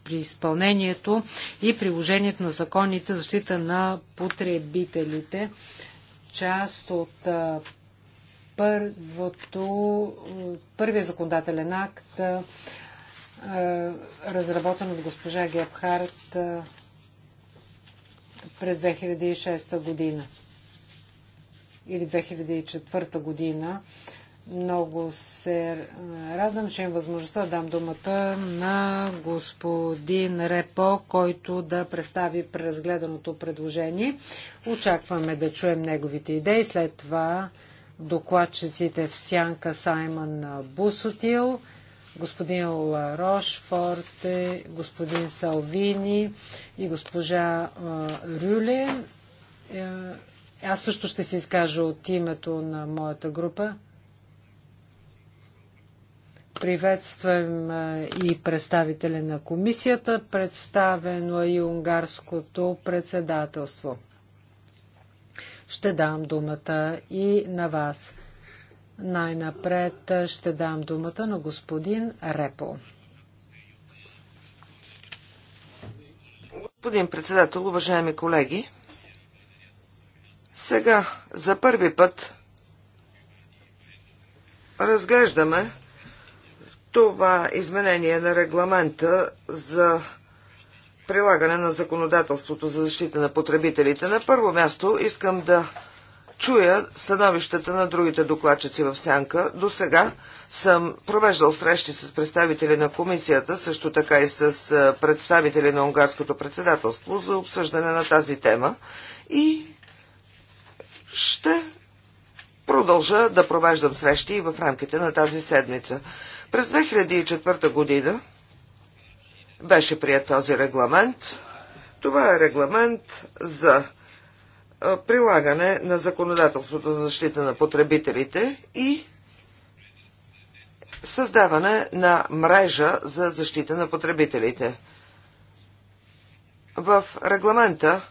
S2: при изпълнението и приложението на законите защита на потребителите. Част от първото, първия законодателен акт, разработен от госпожа Гебхарт, през 2006 година или 2004 година. Много се радвам, че имам възможността да дам думата на господин Репо, който да представи преразгледаното предложение. Очакваме да чуем неговите идеи. След това докладчиците в Сянка Саймън Бусотил господин Ларош, Форте, господин Салвини и госпожа Рюле. Е, аз също ще се изкажа от името на моята група. Приветствам и представителя на комисията, представено е и унгарското председателство. Ще дам думата и на вас. Най-напред ще дам думата на господин Репо.
S3: Господин председател, уважаеми колеги, сега за първи път разглеждаме това изменение на регламента за прилагане на законодателството за защита на потребителите. На първо място искам да чуя становищата на другите докладчици в Сянка. До сега съм провеждал срещи с представители на комисията, също така и с представители на унгарското председателство за обсъждане на тази тема и ще продължа да провеждам срещи и в рамките на тази седмица. През 2004 година беше прият този регламент. Това е регламент за прилагане на законодателството за защита на потребителите и създаване на мрежа за защита на потребителите. В регламента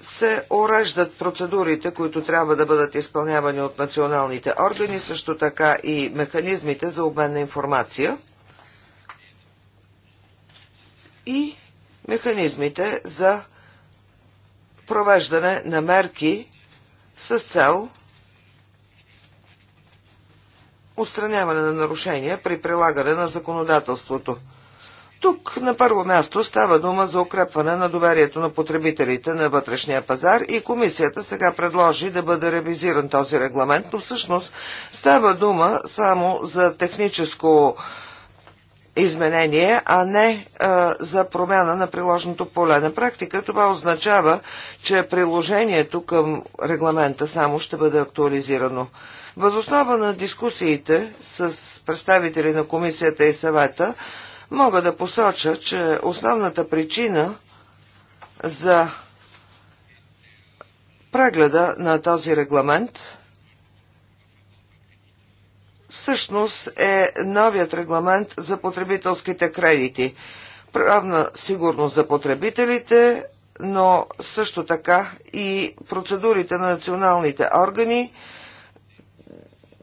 S3: се ореждат процедурите, които трябва да бъдат изпълнявани от националните органи, също така и механизмите за обмен на информация и механизмите за провеждане на мерки с цел устраняване на нарушения при прилагане на законодателството. Тук на първо място става дума за укрепване на доверието на потребителите на вътрешния пазар и комисията сега предложи да бъде ревизиран този регламент, но всъщност става дума само за техническо изменение, а не а, за промяна на приложното поле. На практика това означава, че приложението към регламента само ще бъде актуализирано. Възоснова на дискусиите с представители на комисията и съвета мога да посоча, че основната причина за прегледа на този регламент всъщност е новият регламент за потребителските кредити. Правна сигурност за потребителите, но също така и процедурите на националните органи.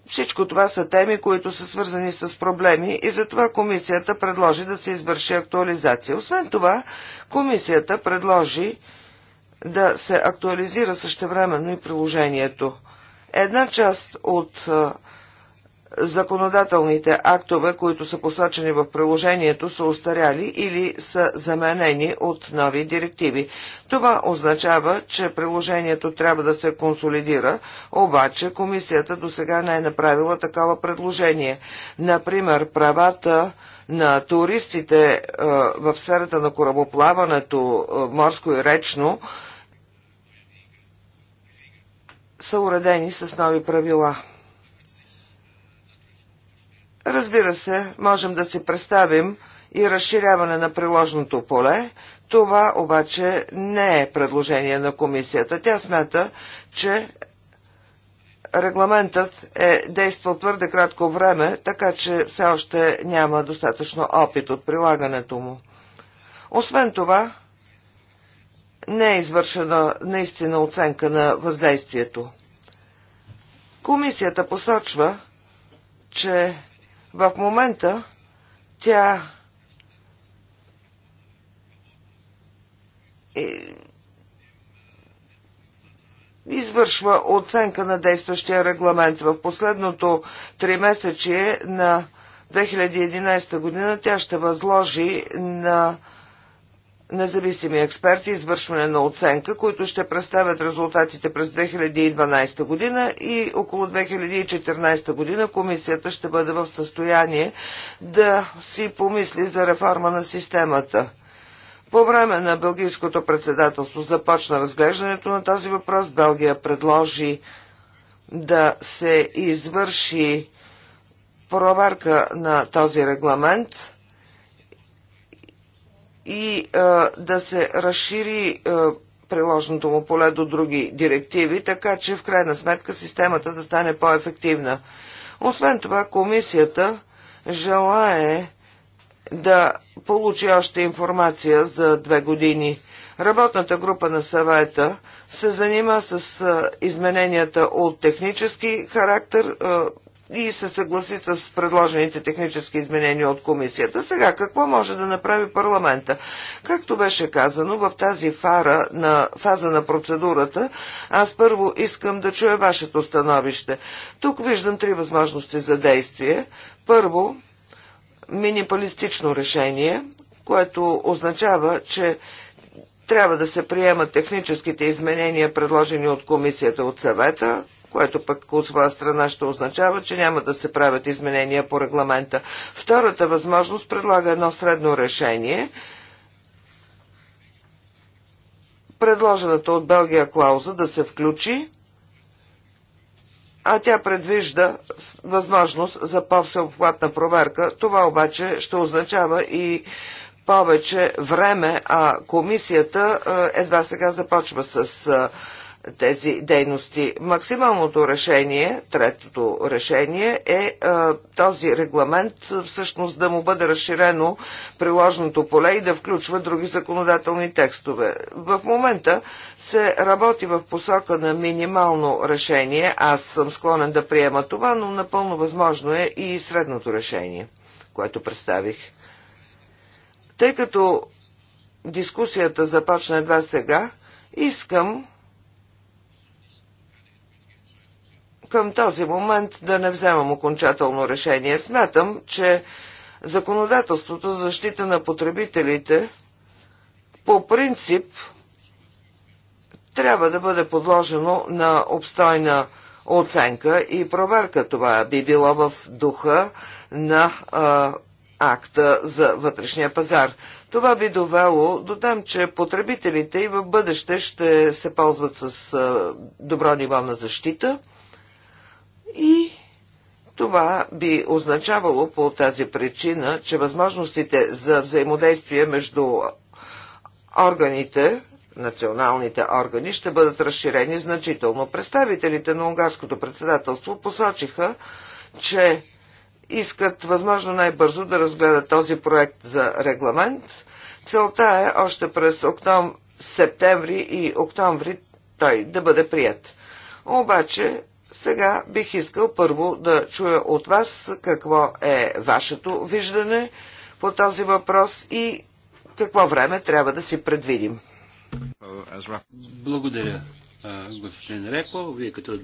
S3: Всичко това са теми, които са свързани с проблеми и затова комисията предложи да се извърши актуализация. Освен това, комисията предложи да се актуализира същевременно и приложението. Една част от законодателните актове, които са посочени в приложението, са устаряли или са заменени от нови директиви. Това означава, че приложението трябва да се консолидира, обаче комисията до сега не е направила такова предложение. Например, правата на туристите е, в сферата на корабоплаването, е, морско и речно, са уредени с нови правила. Разбира се, можем да си представим и разширяване на приложното поле. Това обаче не е предложение на комисията. Тя смята, че регламентът е действал твърде кратко време, така че все още няма достатъчно опит от прилагането му. Освен това, не е извършена наистина оценка на въздействието. Комисията посочва, че в момента тя е- извършва оценка на действащия регламент. В последното три месече на 2011 година тя ще възложи на независими експерти извършване на оценка, които ще представят резултатите през 2012 година и около 2014 година комисията ще бъде в състояние да си помисли за реформа на системата. По време на Белгийското председателство започна разглеждането на този въпрос. Белгия предложи да се извърши проверка на този регламент – и да се разшири приложното му поле до други директиви, така че в крайна сметка системата да стане по-ефективна. Освен това, комисията желае да получи още информация за две години. Работната група на съвета се занима с измененията от технически характер, и се съгласи с предложените технически изменения от комисията. Сега какво може да направи парламента? Както беше казано, в тази фара на фаза на процедурата, аз първо искам да чуя вашето становище. Тук виждам три възможности за действие. Първо, минималистично решение, което означава, че трябва да се приемат техническите изменения, предложени от комисията от съвета, което пък от своя страна ще означава, че няма да се правят изменения по регламента. Втората възможност предлага едно средно решение. Предложената от Белгия клауза да се включи а тя предвижда възможност за по-всеобхватна проверка. Това обаче ще означава и повече време, а комисията е, едва сега започва с е, тези дейности. Максималното решение, третото решение е, е този регламент всъщност да му бъде разширено приложното поле и да включва други законодателни текстове. В момента се работи в посока на минимално решение. Аз съм склонен да приема това, но напълно възможно е и средното решение, което представих. Тъй като дискусията започна едва сега, искам към този момент да не вземам окончателно решение. Смятам, че законодателството за защита на потребителите по принцип трябва да бъде подложено на обстойна оценка и проверка. Това би било в духа на а, акта за вътрешния пазар. Това би довело до там, че потребителите и в бъдеще ще се ползват с а, добро ниво на защита – и това би означавало по тази причина, че възможностите за взаимодействие между органите, националните органи, ще бъдат разширени значително. Представителите на унгарското председателство посочиха, че искат възможно най-бързо да разгледат този проект за регламент. Целта е още през октом... септември и октомври той да бъде прият. Обаче сега бих искал първо да чуя от вас какво е вашето виждане по този въпрос и какво време трябва да си предвидим.
S1: Благодаря, господин Репо. Вие като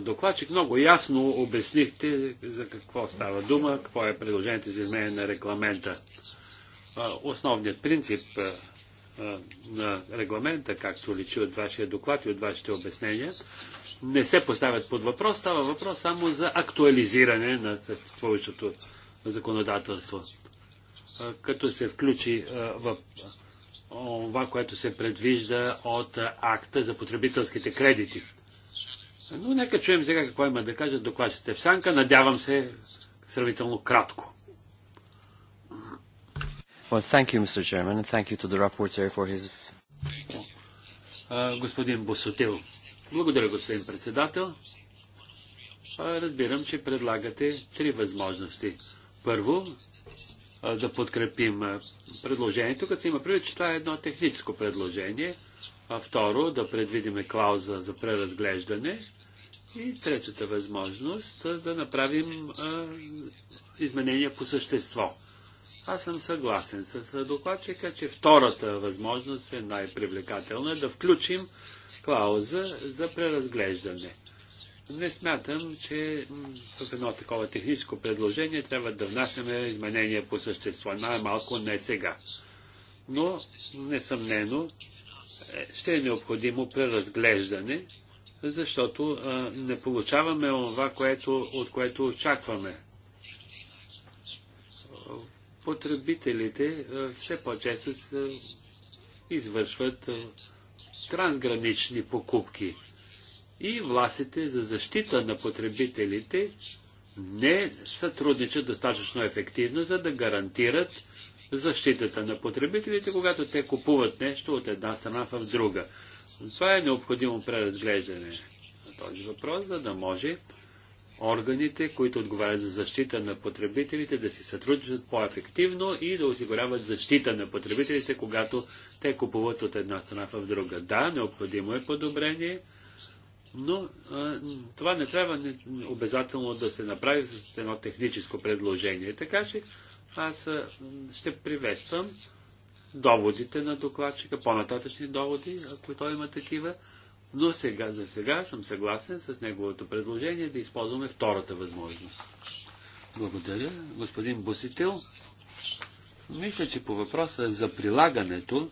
S1: докладчик много ясно обяснихте за какво става дума, какво е предложението за изменение на регламента. Основният принцип на регламента, както личи от вашия доклад и от вашите обяснения, не се поставят под въпрос, става въпрос само за актуализиране на съществуващото законодателство. Като се включи в това, което се предвижда от акта за потребителските кредити. Но нека чуем сега какво има да кажат докладчите в Санка. Надявам се сравнително кратко. Well, thank you, Mr. Chairman, and thank you to the rapporteur for his... Господин Босотил, благодаря, господин председател. Разбирам, че предлагате три възможности. Първо, да подкрепим предложението, като се има предвид, че това е едно техническо предложение. А второ, да предвидиме клауза за преразглеждане. И третата възможност да направим изменения по същество. Аз съм съгласен с докладчика, че втората възможност е най-привлекателна да включим клауза за преразглеждане. Не смятам, че в едно такова техническо предложение трябва да внасяме изменения по същество. Най-малко не сега. Но, несъмнено, е, ще е необходимо преразглеждане, защото а, не получаваме това, което, от което очакваме. Потребителите а, все по-често извършват а, трансгранични покупки. И властите за защита на потребителите не сътрудничат достатъчно ефективно, за да гарантират защитата на потребителите, когато те купуват нещо от една страна в друга. Това е необходимо преразглеждане на този въпрос, за да може органите, които отговарят за защита на потребителите, да си сътрудничат по-ефективно и да осигуряват защита на потребителите, когато те купуват от една страна в друга. Да, необходимо е подобрение, но а, това не трябва не, обязателно да се направи с едно техническо предложение. Така че аз а, ще приветствам доводите на докладчика, по-нататъчни доводи, ако той има такива, но сега, за сега съм съгласен с неговото предложение да използваме втората възможност. Благодаря. Господин Бусител, мисля, че по въпроса за прилагането,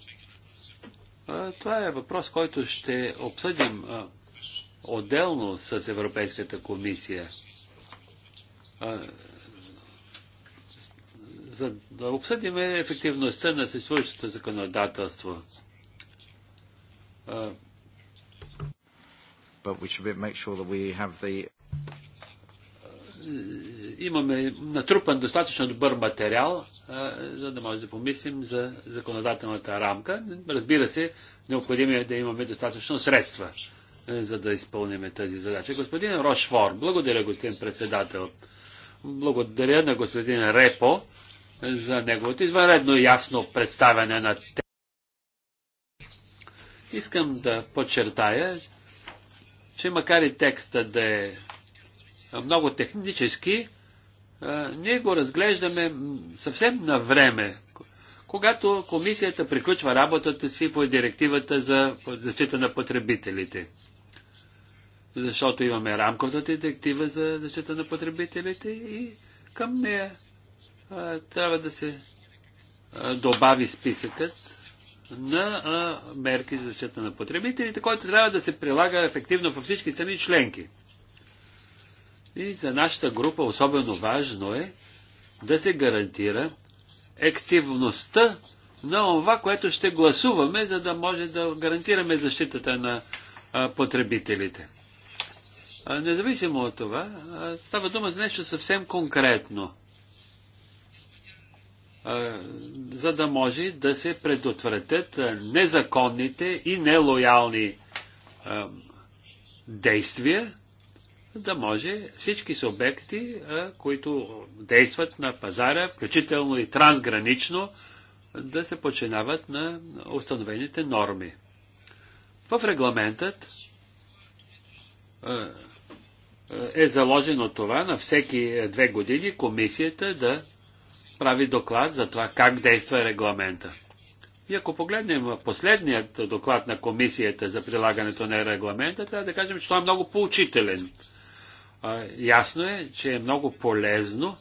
S1: това е въпрос, който ще обсъдим отделно с Европейската комисия. За да обсъдим ефективността на съществуващото законодателство
S2: but we should make sure that we have the
S1: имаме натрупан достатъчно добър материал, за да може да помислим за законодателната рамка. Разбира се, необходимо е да имаме достатъчно средства, за да изпълним тази задача. Господин Рошфор, благодаря, господин председател. Благодаря на господин Репо за неговото извънредно ясно представяне на те. Искам да подчертая, че макар и текста да е много технически, ние го разглеждаме съвсем на време, когато комисията приключва работата си по директивата за защита на потребителите. Защото имаме рамковата директива за защита на потребителите и към нея трябва да се добави списъкът на мерки за защита на потребителите, който трябва да се прилага ефективно във всички страни членки. И за нашата група особено важно е да се гарантира ективността на това, което ще гласуваме, за да може да гарантираме защитата на потребителите. Независимо от това, става дума за нещо съвсем конкретно – за да може да се предотвратят незаконните и нелоялни действия, да може всички субекти, които действат на пазара, включително и трансгранично, да се починават на установените норми. В регламентът е заложено това на всеки две години комисията да прави доклад за това как действа регламента. И ако погледнем последният доклад на комисията за прилагането на регламента, трябва да кажем, че той е много поучителен. Ясно е, че е много полезно.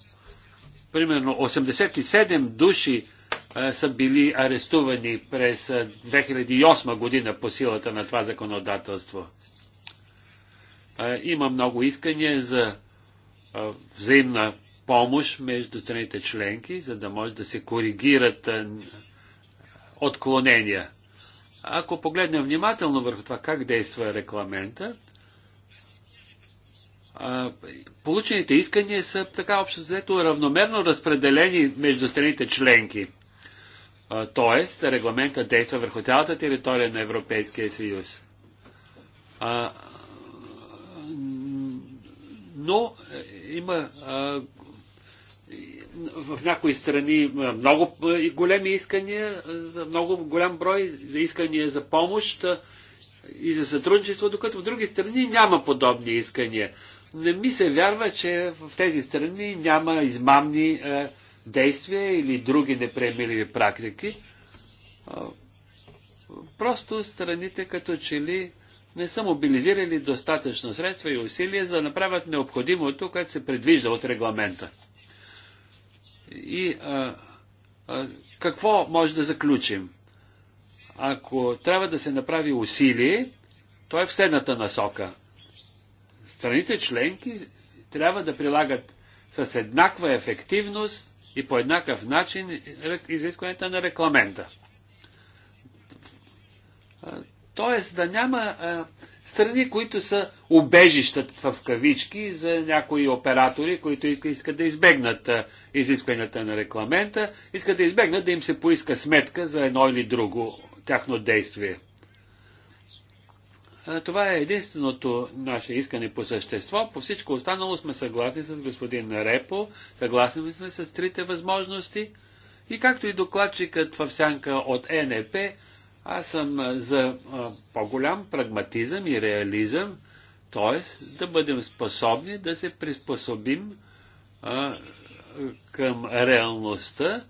S1: Примерно 87 души са били арестувани през 2008 година по силата на това законодателство. Има много искания за взаимна помощ между страните членки, за да може да се коригират отклонения. Ако погледнем внимателно върху това как действа регламента, получените искания са така общо взето равномерно разпределени между страните членки. Тоест, регламента действа върху цялата територия на Европейския съюз. Но е, има в някои страни е, много е, големи искания, е, за много голям брой за искания за помощ и за сътрудничество, докато в други страни няма подобни искания. Не ми се вярва, че в тези страни няма измамни е, действия или други неприемливи практики. Просто страните като че ли не са мобилизирали достатъчно средства и усилия за да направят необходимото, което се предвижда от регламента. И а, а, какво може да заключим? Ако трябва да се направи усилие, то е в следната насока. Страните членки трябва да прилагат с еднаква ефективност и по еднакъв начин изискването на рекламента. Тоест да няма страни, които са убежищата в кавички за някои оператори, които искат да избегнат изискванията на рекламента, искат да избегнат да им се поиска сметка за едно или друго тяхно действие. Това е единственото наше искане по същество. По всичко останало сме съгласни с господин Репо, съгласни сме с трите възможности и както и докладчикът в сянка от НЕП, аз съм за по-голям прагматизъм и реализъм, т.е. да бъдем способни да се приспособим към реалността,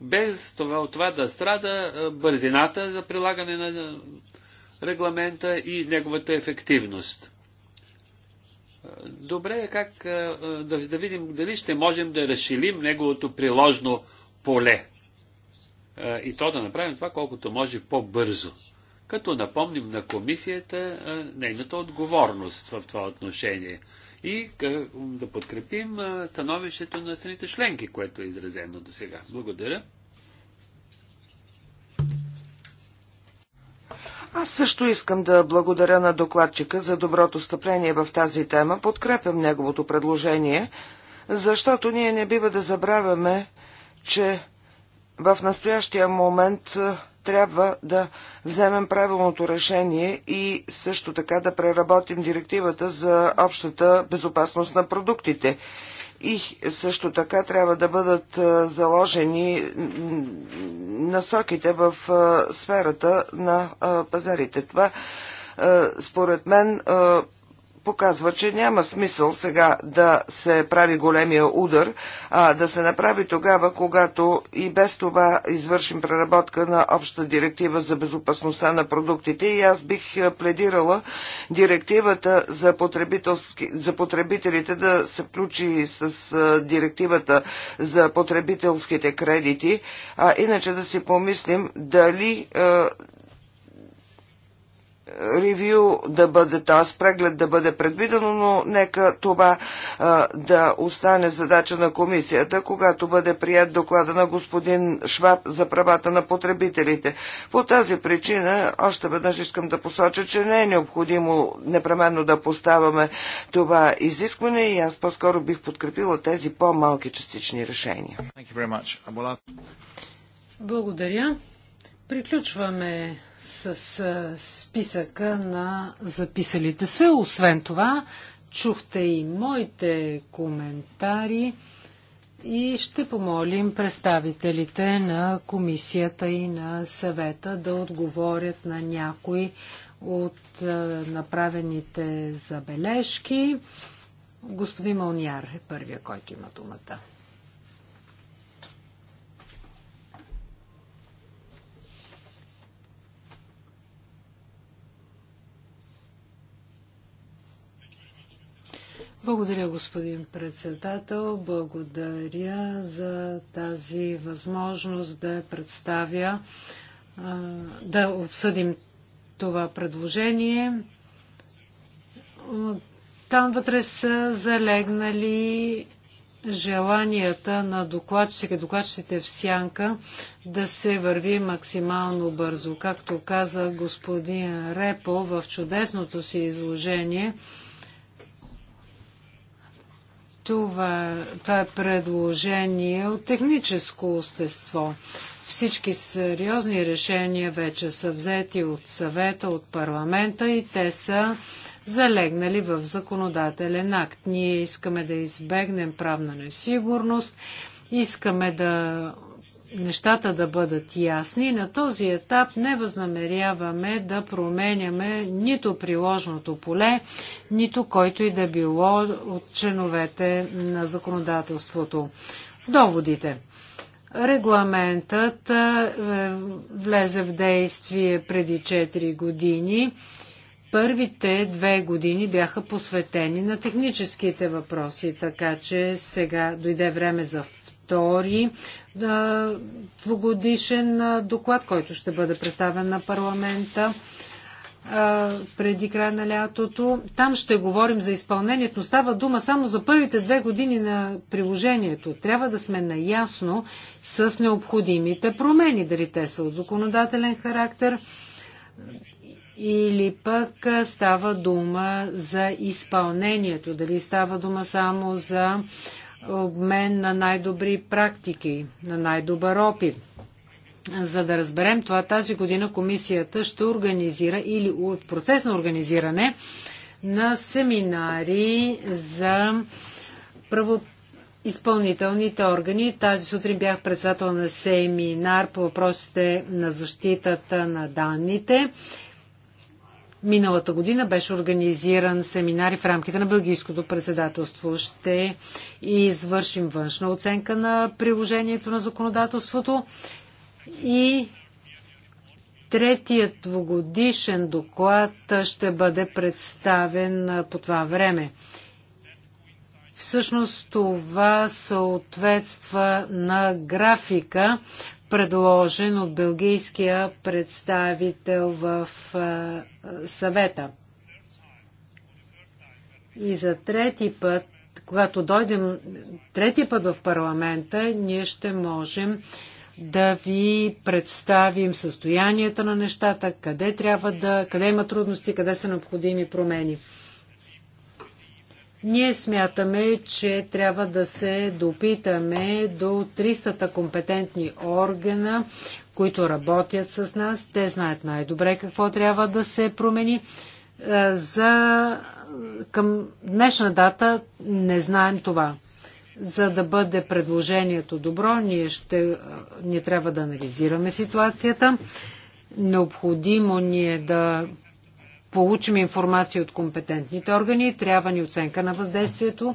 S1: без това, от това да страда бързината за прилагане на регламента и неговата ефективност. Добре е как да, видим дали ще можем да разшилим неговото приложно поле. Е, и то да направим това колкото може по-бързо. Като напомним на комисията е, нейната отговорност в това отношение и е, да подкрепим становището на страните членки, което е изразено до сега. Благодаря.
S3: Аз също искам да благодаря на докладчика за доброто стъпление в тази тема. Подкрепям неговото предложение, защото ние не бива да забравяме, че в настоящия момент е, трябва да вземем правилното решение и също така да преработим директивата за общата безопасност на продуктите. И също така трябва да бъдат е, заложени насоките в е, сферата на пазарите. Това според мен показва, че няма смисъл сега да се прави големия удар, а да се направи тогава, когато и без това извършим преработка на обща директива за безопасността на продуктите. И аз бих пледирала директивата за, за потребителите да се включи с директивата за потребителските кредити, а иначе да си помислим дали ревю да бъде, т.е. преглед да бъде предвидено, но нека това а, да остане задача на комисията, когато бъде прият доклада на господин Шваб за правата на потребителите. По тази причина още веднъж искам да посоча, че не е необходимо непременно да поставяме това изискване и аз по-скоро бих подкрепила тези по-малки частични решения.
S2: Благодаря. Приключваме с списъка на записалите се. Освен това, чухте и моите коментари и ще помолим представителите на комисията и на съвета да отговорят на някои от направените забележки. Господин Малниар е първия, който има думата. Благодаря, господин председател. Благодаря за тази възможност да представя, да обсъдим това предложение. Там вътре са залегнали желанията на докладчите, докладчиците в сянка да се върви максимално бързо. Както каза господин Репо в чудесното си изложение, това, това е предложение от техническо естество. Всички сериозни решения вече са взети от съвета, от парламента и те са залегнали в законодателен акт. Ние искаме да избегнем правна несигурност, искаме да нещата да бъдат ясни. На този етап не възнамеряваме да променяме нито приложното поле, нито който и да било от членовете на законодателството. Доводите. Регламентът е, влезе в действие преди 4 години. Първите две години бяха посветени на техническите въпроси, така че сега дойде време за втори двугодишен доклад, който ще бъде представен на парламента преди края на лятото. Там ще говорим за изпълнението, става дума само за първите две години на приложението. Трябва да сме наясно с необходимите промени, дали те са от законодателен характер или пък става дума за изпълнението, дали става дума само за обмен на най-добри практики, на най-добър опит. За да разберем това, тази година комисията ще организира или в процес на организиране на семинари за право изпълнителните органи. Тази сутрин бях председател на семинар по въпросите на защитата на данните Миналата година беше организиран семинар в рамките на Бългийското председателство. Ще извършим външна оценка на приложението на законодателството и третият двугодишен доклад ще бъде представен по това време. Всъщност това съответства на графика, предложен от белгийския представител в съвета. И за трети път, когато дойдем трети път в парламента, ние ще можем да ви представим състоянията на нещата, къде трябва да, къде има трудности, къде са необходими промени. Ние смятаме, че трябва да се допитаме до 300 компетентни органа, които работят с нас. Те знаят най-добре какво трябва да се промени. Е, за към днешна дата не знаем това. За да бъде предложението добро, ние, ще, ние трябва да анализираме ситуацията. Необходимо ни е да получим информация от компетентните органи, трябва ни оценка на въздействието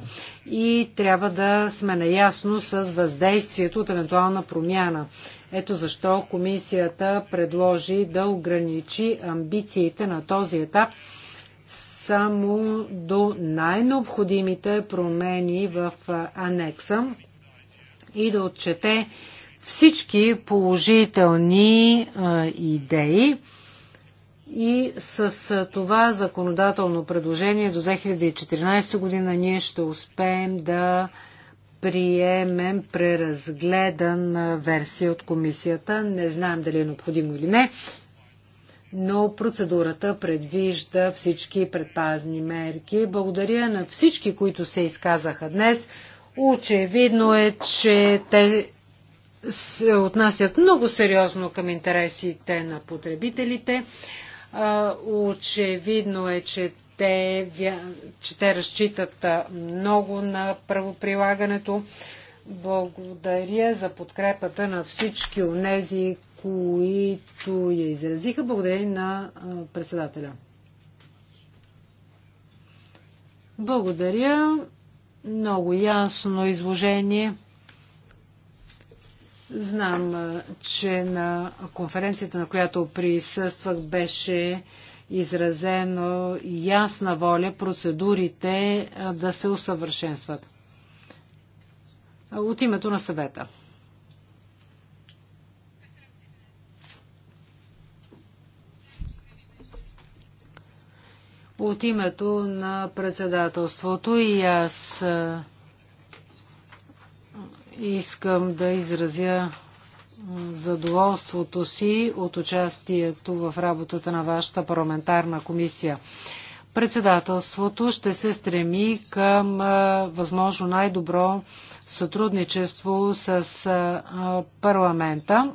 S2: и трябва да сме наясно с въздействието от евентуална промяна. Ето защо комисията предложи да ограничи амбициите на този етап само до най-необходимите промени в анекса и да отчете всички положителни а, идеи и с това законодателно предложение до 2014 година ние ще успеем да приемем преразгледан версия от комисията. Не знаем дали е необходимо или не, но процедурата предвижда всички предпазни мерки. Благодаря на всички, които се изказаха днес. Очевидно е, че те се отнасят много сериозно към интересите на потребителите. Очевидно е, че те, че те разчитат много на правоприлагането. Благодаря за подкрепата на всички онези, които я изразиха. Благодаря на председателя. Благодаря. Много ясно изложение. Знам, че на конференцията, на която присъствах, беше изразено ясна воля процедурите да се усъвършенстват. От името на съвета. От името на председателството и аз Искам да изразя задоволството си от участието в работата на вашата парламентарна комисия. Председателството ще се стреми към възможно най-добро сътрудничество с парламента.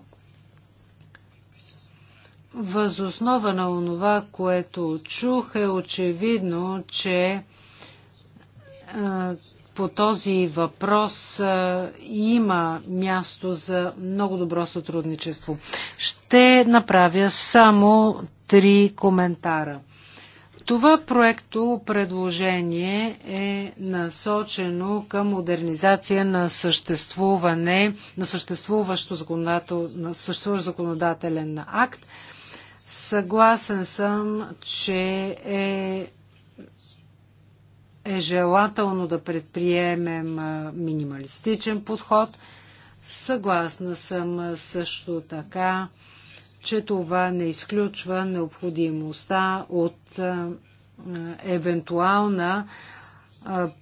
S2: Възоснова на онова, което чух, е очевидно, че по този въпрос има място за много добро сътрудничество. Ще направя само три коментара. Това проекто предложение е насочено към модернизация на съществуване, на съществуващо законодател, на съществуващ законодателен акт. Съгласен съм, че е е желателно да предприемем минималистичен подход. Съгласна съм също така, че това не изключва необходимостта от евентуална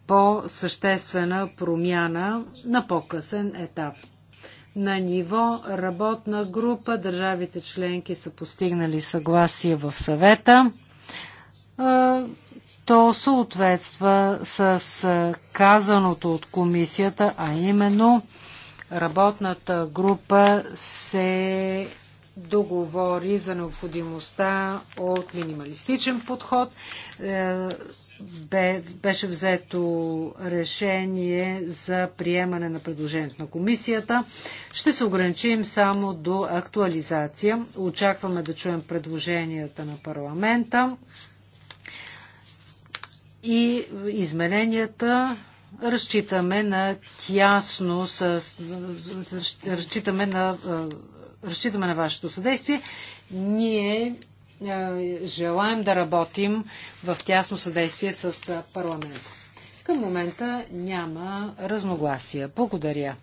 S2: по-съществена промяна на по-късен етап. На ниво работна група държавите членки са постигнали съгласие в съвета то съответства с казаното от комисията, а именно работната група се договори за необходимостта от минималистичен подход. Е, бе, беше взето решение за приемане на предложението на комисията. Ще се ограничим само до актуализация. Очакваме да чуем предложенията на парламента и измененията разчитаме на тясно, с, разчитаме на, разчитаме на вашето съдействие. Ние желаем да работим в тясно съдействие с парламента. Към момента няма разногласия. Благодаря.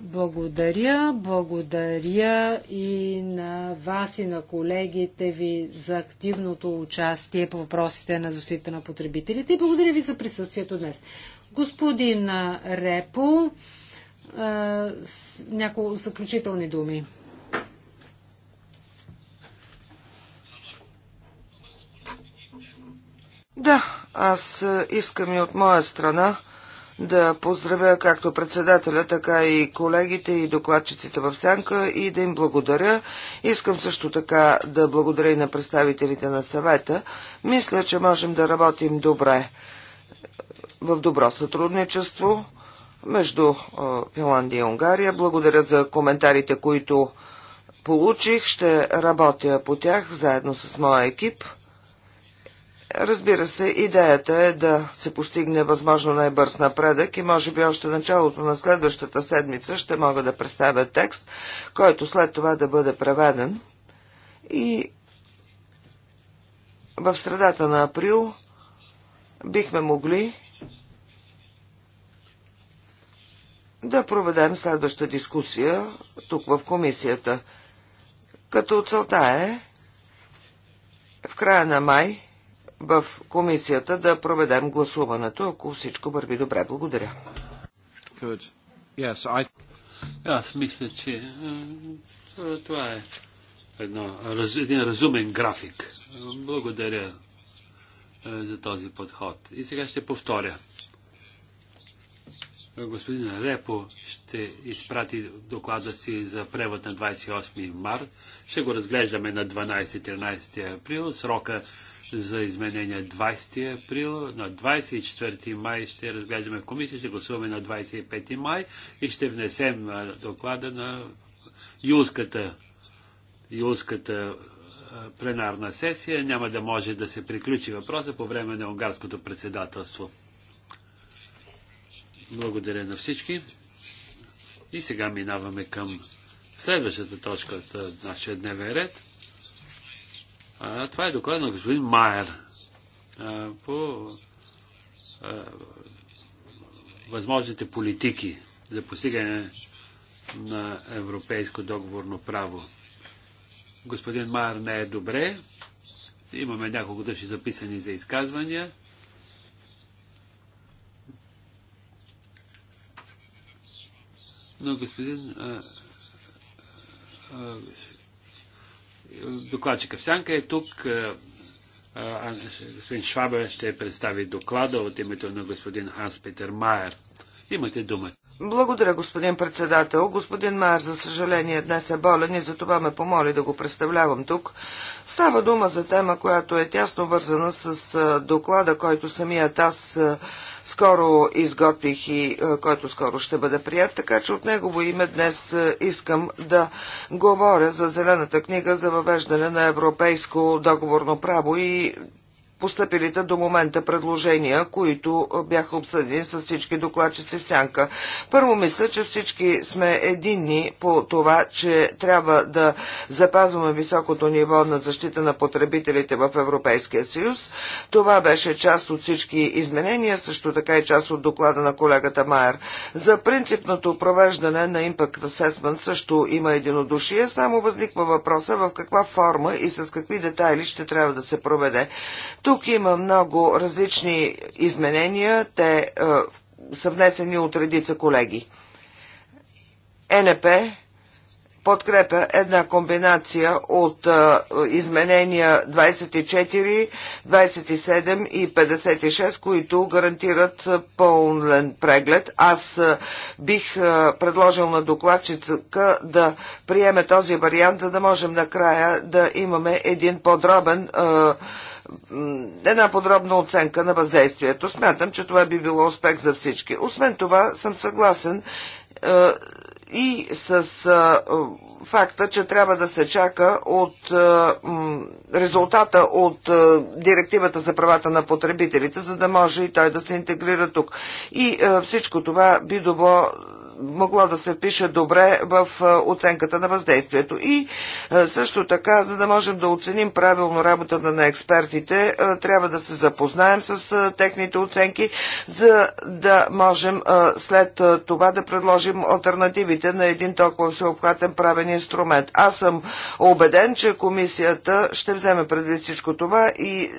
S2: Благодаря, благодаря и на вас и на колегите ви за активното участие по въпросите на защита на потребителите и благодаря ви за присъствието днес. Господин Репо, няколко заключителни думи.
S3: Да, аз искам и от моя страна да поздравя както председателя, така и колегите и докладчиците в Сянка и да им благодаря. Искам също така да благодаря и на представителите на съвета. Мисля, че можем да работим добре е, в добро сътрудничество между е, Финландия и Унгария. Благодаря за коментарите, които получих. Ще работя по тях заедно с моя екип. Разбира се, идеята е да се постигне възможно най-бърз напредък и може би още началото на следващата седмица ще мога да представя текст, който след това да бъде преведен. И в средата на април бихме могли да проведем следваща дискусия тук в комисията. Като целта е в края на май в комисията да проведем гласуването, ако всичко върви добре. Благодаря. Yes, I...
S1: Аз мисля, че това е едно, един разумен график. Благодаря е, за този подход. И сега ще повторя. Господин Репо ще изпрати доклада си за превод на 28 март. Ще го разглеждаме на 12-13 април. Срока за изменение 20 април, на 24 май ще разглеждаме комисия, ще гласуваме на 25 май и ще внесем доклада на юлската, юлската пленарна сесия. Няма да може да се приключи въпроса по време на унгарското председателство. Благодаря на всички. И сега минаваме към следващата точка от нашия дневен ред. А, това е доклад на господин Майер а, по а, възможните политики за постигане на европейско договорно право. Господин Майер не е добре. Имаме няколко души записани за изказвания. Но господин а, а, Докладчика Авсянка сянка е тук. Е, господин Швабе ще представи доклада от името на господин Ханс Петер Майер. Имате думата.
S3: Благодаря, господин председател. Господин Майер, за съжаление, днес е болен и затова ме помоли да го представлявам тук. Става дума за тема, която е тясно вързана с доклада, който самият аз аз скоро изготвих и е, който скоро ще бъде прият, така че от негово име днес е, искам да говоря за Зелената книга за въвеждане на европейско договорно право и постъпилите до момента предложения, които бяха обсъдени с всички докладчици в сянка. Първо мисля, че всички сме единни по това, че трябва да запазваме високото ниво на защита на потребителите в Европейския съюз. Това беше част от всички изменения, също така и част от доклада на колегата Майер. За принципното провеждане на Impact Assessment също има единодушие, само възниква въпроса в каква форма и с какви детайли ще трябва да се проведе. Тук има много различни изменения, те е, са внесени от редица колеги. НП подкрепя една комбинация от е, изменения 24, 27 и 56, които гарантират е, пълнен преглед. Аз е, бих е, предложил на докладчицата да приеме този вариант, за да можем накрая да имаме един подробен Е, една подробна оценка на въздействието. Смятам, че това би било успех за всички. Освен това, съм съгласен е, и с а, е, факта, че трябва да се чака от а, е, м, резултата от а, директивата за правата на потребителите, за да може и той да се интегрира тук. И а, всичко това би добро могла да се впише добре в оценката на въздействието. И също така, за да можем да оценим правилно работата на експертите, трябва да се запознаем с техните оценки, за да можем след това да предложим альтернативите на един толкова всеобхватен правен инструмент. Аз съм убеден, че комисията ще вземе предвид всичко това и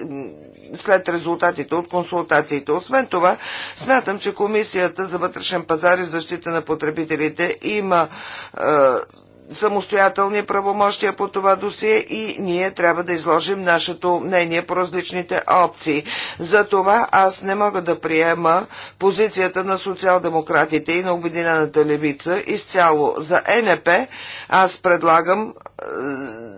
S3: след резултатите от консултациите. Освен това, смятам, че комисията за вътрешен пазар и защита на потребителите има е, самостоятелни правомощия по това досие и ние трябва да изложим нашето мнение по различните опции. За това аз не мога да приема позицията на социал-демократите и на Обединената левица изцяло. За НП аз предлагам е,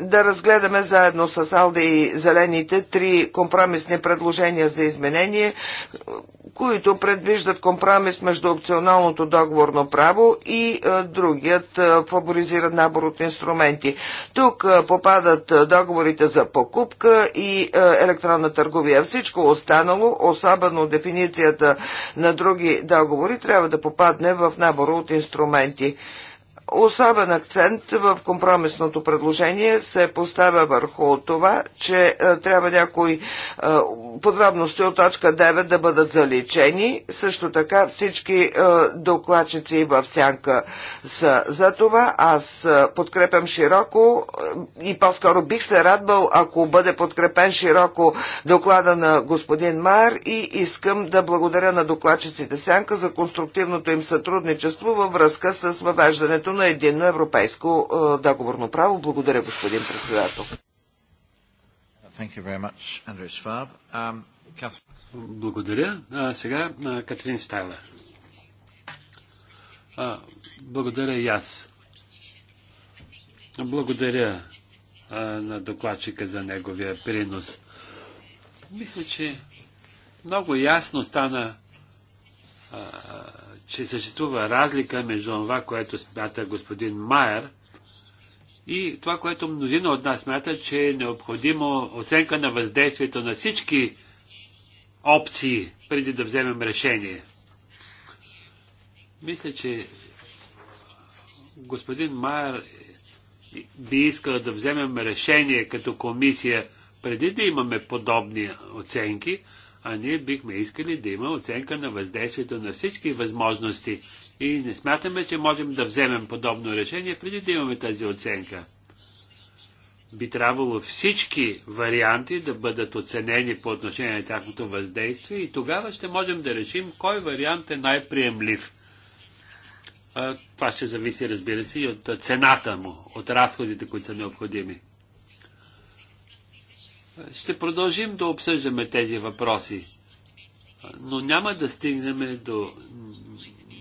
S3: да разгледаме заедно с Алде и Зелените три компромисни предложения за изменение, които предвиждат компромис между опционалното договорно право и е, другият е, фаворизиран набор от инструменти. Тук е, попадат договорите за покупка и електронна търговия. Всичко останало, особено дефиницията на други договори, трябва да попадне в набора от инструменти. Особен акцент в компромисното предложение се поставя върху това, че е, трябва някои е, подробности от точка 9 да бъдат заличени. Също така всички е, докладчици в сянка са за това. Аз подкрепям широко и по-скоро бих се радвал, ако бъде подкрепен широко доклада на господин Майер и искам да благодаря на докладчиците в сянка за конструктивното им сътрудничество във връзка с въвеждането на единно европейско е, договорно право. Благодаря, господин председател.
S1: Um, благодаря. А, сега а, Катрин Стайлер. А, благодаря и аз. Благодаря а, на докладчика за неговия принос. Мисля, че много ясно стана а, че съществува разлика между това, което смята господин Майер и това, което мнозина от нас смята, че е необходимо оценка на въздействието на всички опции, преди да вземем решение. Мисля, че господин Майер би искал да вземем решение като комисия преди да имаме подобни оценки, а ние бихме искали да има оценка на въздействието на всички възможности и не смятаме, че можем да вземем подобно решение преди да имаме тази оценка. Би трябвало всички варианти да бъдат оценени по отношение на тяхното въздействие и тогава ще можем да решим кой вариант е най-приемлив. Това ще зависи, разбира се, и от цената му, от разходите, които са необходими. Ще продължим да обсъждаме тези въпроси, но няма да стигнем до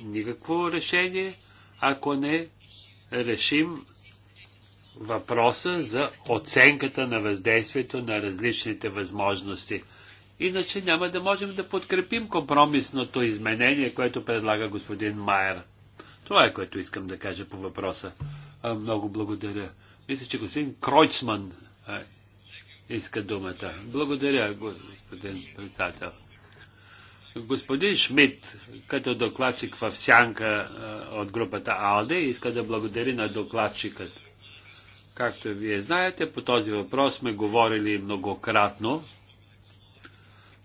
S1: никакво решение, ако не решим въпроса за оценката на въздействието на различните възможности. Иначе няма да можем да подкрепим компромисното изменение, което предлага господин Майер. Това е което искам да кажа по въпроса. Много благодаря. Мисля, че господин Кройцман иска думата. Благодаря, господин председател. Господин Шмидт, като докладчик в сянка от групата АЛДЕ, иска да благодари на докладчикът. Както вие знаете, по този въпрос сме говорили многократно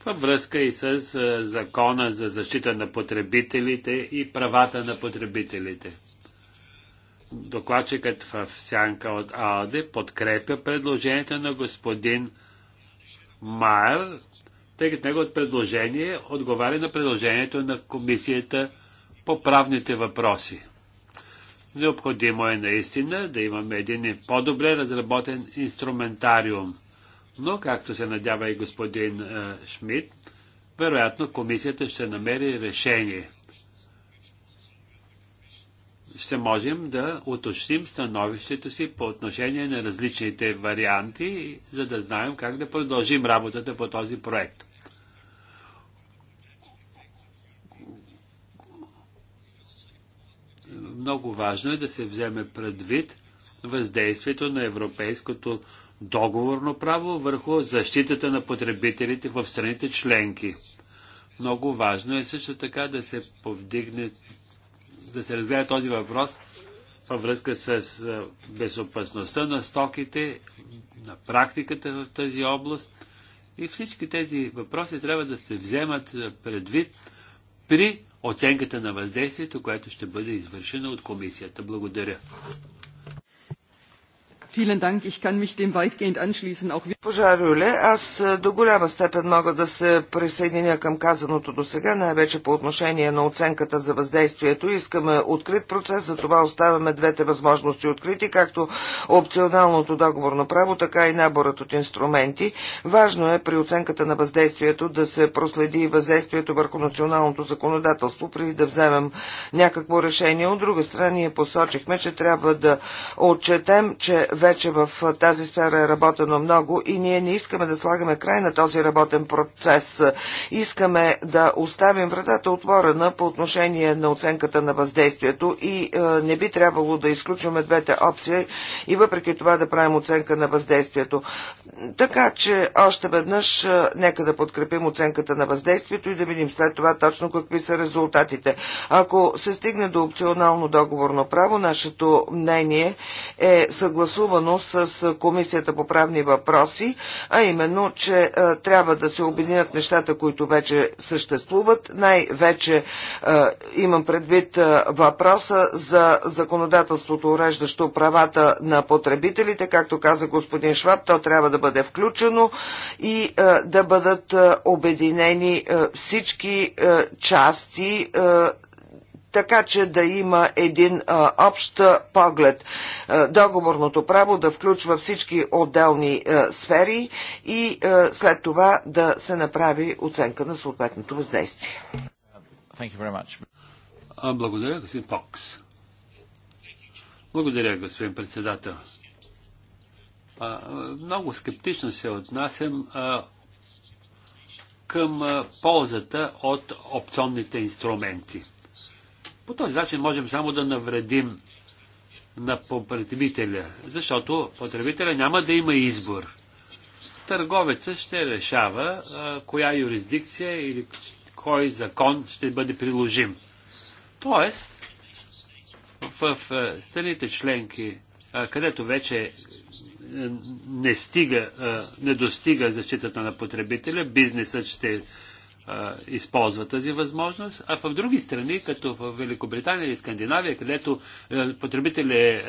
S1: във връзка и с закона за защита на потребителите и правата на потребителите докладчикът в сянка от АЛДЕ подкрепя предложението на господин Майер, тъй като неговото предложение отговаря на предложението на комисията по правните въпроси. Необходимо е наистина да имаме един по-добре разработен инструментариум. Но, както се надява и господин е, Шмидт, вероятно комисията ще намери решение – ще можем да уточним становището си по отношение на различните варианти, за да знаем как да продължим работата по този проект. Много важно е да се вземе предвид въздействието на европейското договорно право върху защитата на потребителите в страните членки. Много важно е също така да се повдигне да се разгледа този въпрос във връзка с безопасността на стоките, на практиката в тази област. И всички тези въпроси трябва да се вземат предвид при оценката на въздействието, което ще бъде извършено от комисията. Благодаря.
S3: Пожа Рюле, аз е, до голяма степен мога да се присъединя към казаното до сега, най-вече по отношение на оценката за въздействието. Искаме открит процес, за това оставяме двете възможности открити, както опционалното договорно право, така и наборът от инструменти. Важно е при оценката на въздействието да се проследи въздействието върху националното законодателство, преди да вземем някакво решение. От друга страна, ние посочихме, че трябва да отчетем, че вече вече в тази сфера е работено много и ние не искаме да слагаме край на този работен процес. Искаме да оставим вратата отворена по отношение на оценката на въздействието и не би трябвало да изключваме двете опции и въпреки това да правим оценка на въздействието. Така че още веднъж нека да подкрепим оценката на въздействието и да видим след това точно какви са резултатите. Ако се стигне до опционално договорно право, нашето мнение е съгласувано съгласувано с Комисията по правни въпроси, а именно, че трябва да се объединят нещата, които вече съществуват. Най-вече имам предвид въпроса за законодателството, уреждащо правата на потребителите. Както каза господин Шваб, то трябва да бъде включено и да бъдат обединени всички части така че да има един а, общ поглед. А, договорното право да включва всички отделни а, сфери и а, след това да се направи оценка на съответното въздействие.
S1: Благодаря, господин Покс. Благодаря, господин председател. А, много скептично се отнасям а, към а, ползата от опционните инструменти. По този начин можем само да навредим на потребителя, защото потребителя няма да има избор. Търговецът ще решава а, коя юрисдикция или кой закон ще бъде приложим. Тоест, в в страните членки, а, където вече е, не, стига, не достига защитата на потребителя, бизнесът ще използва тази възможност, а в други страни, като в Великобритания и Скандинавия, където е, потребител е, е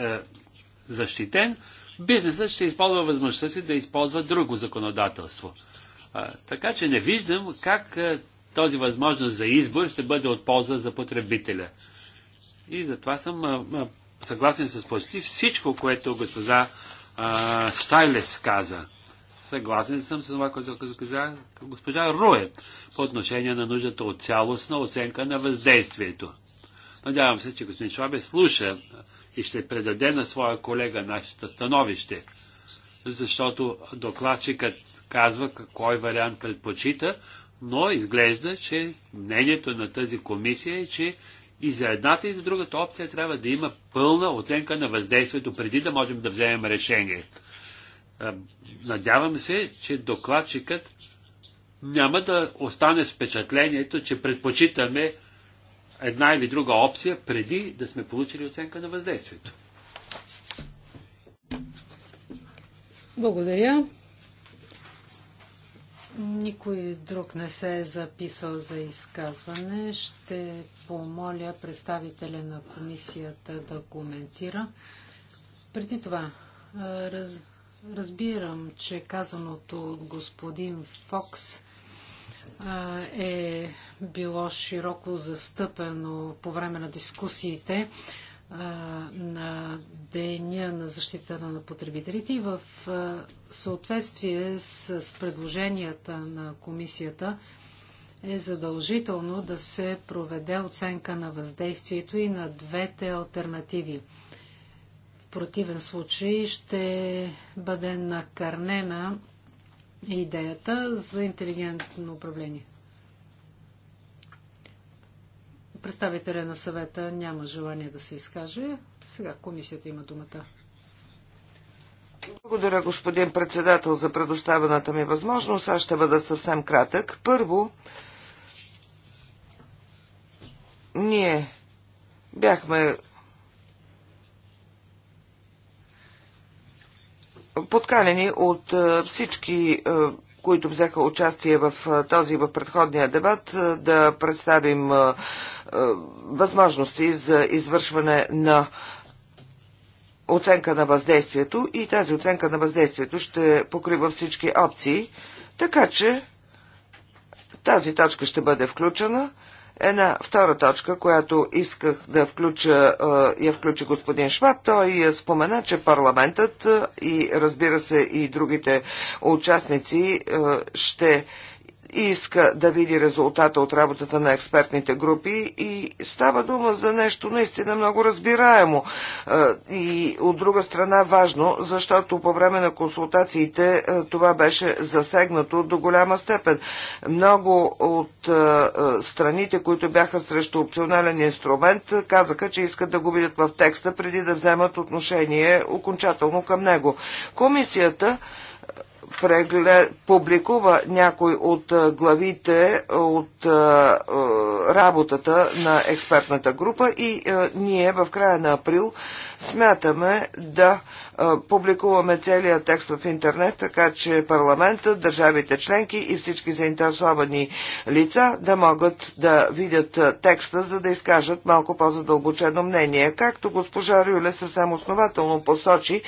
S1: защитен, бизнесът ще използва възможността си да използва друго законодателство. така че не виждам как е, този възможност за избор ще бъде от полза за потребителя. И затова съм съгласен с почти всичко, което госпожа Стайлес Штайлес каза. Съгласен съм с това, което каза госпожа Руе по отношение на нуждата от цялостна оценка на въздействието. Надявам се, че господин Швабе слуша и ще предаде на своя колега нашето становище, защото докладчикът казва кой вариант предпочита, но изглежда, че мнението на тази комисия е, че и за едната и за другата опция трябва да има пълна оценка на въздействието, преди да можем да вземем решение надявам се, че докладчикът няма да остане с впечатлението, че предпочитаме една или друга опция преди да сме получили оценка на въздействието.
S2: Благодаря. Никой друг не се е записал за изказване. Ще помоля представителя на комисията да коментира. Преди това, раз... Разбирам, че казаното от господин Фокс е било широко застъпено по време на дискусиите на Деня на защита на потребителите и в съответствие с предложенията на комисията е задължително да се проведе оценка на въздействието и на двете альтернативи – противен случай ще бъде накърнена идеята за интелигентно управление. Представителя на съвета няма желание да се изкаже. Сега комисията има думата.
S3: Благодаря, господин председател, за предоставената ми възможност. Аз ще бъда съвсем кратък. Първо, ние бяхме подканени от е, всички, е, които взеха участие в е, този в предходния дебат, да представим възможности за извършване на оценка на въздействието и тази оценка на въздействието ще покрива всички опции, така че тази точка ще бъде включена. Една втора точка, която исках да включа, я включи господин Шваб, той я спомена, че парламентът и разбира се и другите участници ще иска да види резултата от работата на експертните групи и става дума за нещо наистина много разбираемо е, и от друга страна важно, защото по време на консултациите е, това беше засегнато до голяма степен. Много от е, страните, които бяха срещу опционален инструмент, казаха, че искат да го видят в текста преди да вземат отношение окончателно към него. Комисията преглед, публикува някой от главите от работата на експертната група и ние в края на април смятаме да публикуваме целият текст в интернет, така че парламента, държавите членки и всички заинтересовани лица да могат да видят текста, за да изкажат малко по-задълбочено мнение. Както госпожа Рюле съвсем основателно посочи,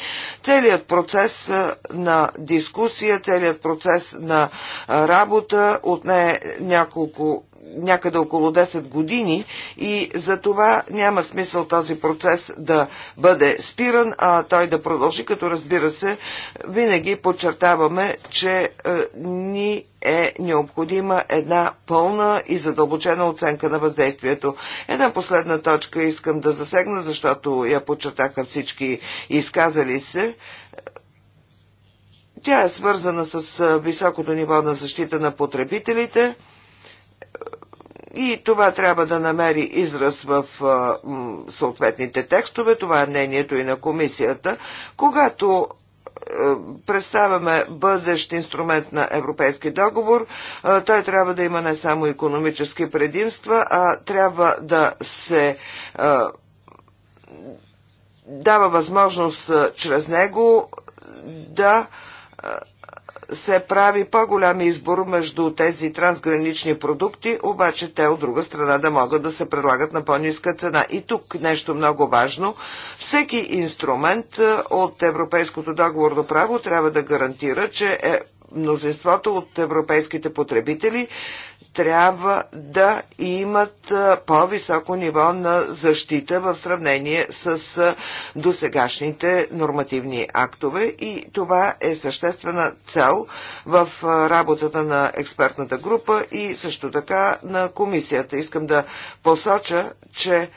S3: целият процес на дискусия, целият процес на работа отне няколко някъде около 10 години и за това няма смисъл този процес да бъде спиран, а той да продължи, като разбира се, винаги подчертаваме, че е, ни е необходима една пълна и задълбочена оценка на въздействието. Една последна точка искам да засегна, защото я подчертаха всички изказали се. Тя е свързана с е, високото ниво на защита на потребителите – и това трябва да намери израз в съответните текстове. Това е мнението и на комисията. Когато представяме бъдещ инструмент на европейски договор, той трябва да има не само економически предимства, а трябва да се дава възможност чрез него да се прави по-голям избор между тези трансгранични продукти, обаче те от друга страна да могат да се предлагат на по низка цена. И тук нещо много важно. Всеки инструмент е, от Европейското договорно право трябва да гарантира, че е мнозинството от европейските потребители трябва да имат по-високо ниво на защита в сравнение с досегашните нормативни актове и това е съществена цел в работата на експертната група и също така на комисията. Искам да посоча, че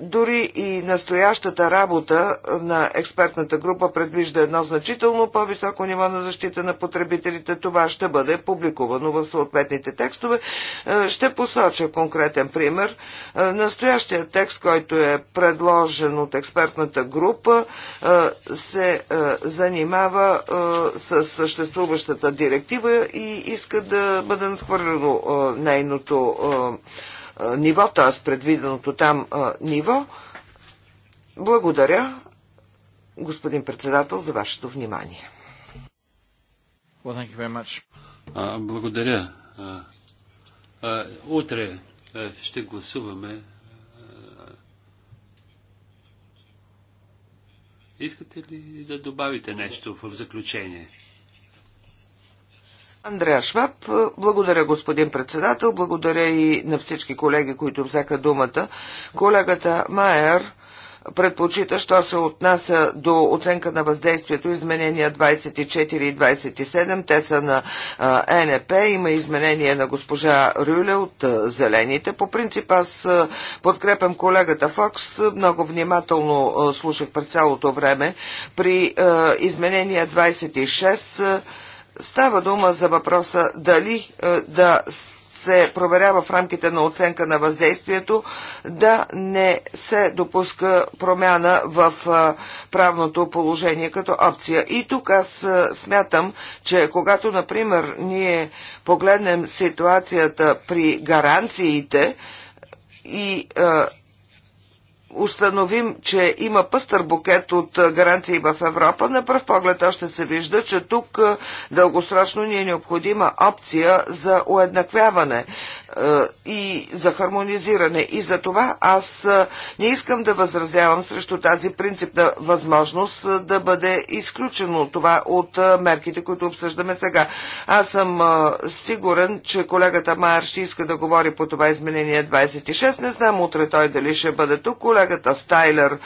S3: дори и настоящата работа на експертната група предвижда едно значително по-високо ниво на защита на потребителите. Това ще бъде публикувано в съответните текстове. Е, ще посоча конкретен пример. Е, настоящия текст, който е предложен от експертната група, е, се занимава с съществуващата директива и иска да бъде надхвърлено нейното ниво, т.е. предвиденото там ниво. Благодаря, господин председател, за вашето внимание.
S1: благодаря. утре ще гласуваме. Искате ли да добавите нещо в заключение?
S3: Андреа Шваб, благодаря господин председател, благодаря и на всички колеги, които взеха думата. Колегата Майер предпочита, що се отнася до оценка на въздействието, изменения 24 и 27. Те са на НП. Е Има изменение на госпожа Рюле от Зелените. По принцип аз подкрепям колегата Фокс. Много внимателно слушах през цялото време. При изменения 26 Става дума за въпроса дали е, да се проверява в рамките на оценка на въздействието, да не се допуска промяна в е, правното положение като опция. И тук аз е, смятам, че когато, например, ние погледнем ситуацията при гаранциите и установим, че има пъстър букет от гаранции в Европа, на пръв поглед още се вижда, че тук дългосрочно ни е необходима опция за уеднаквяване. Е, и за хармонизиране. И за това аз е, не искам да възразявам срещу тази принципна възможност е, да бъде изключено това от мерките, които обсъждаме сега. Аз съм сигурен, че колегата Майер ще иска да говори по това изменение 26. Не знам утре той дали ще бъде тук. Колегата Стайлер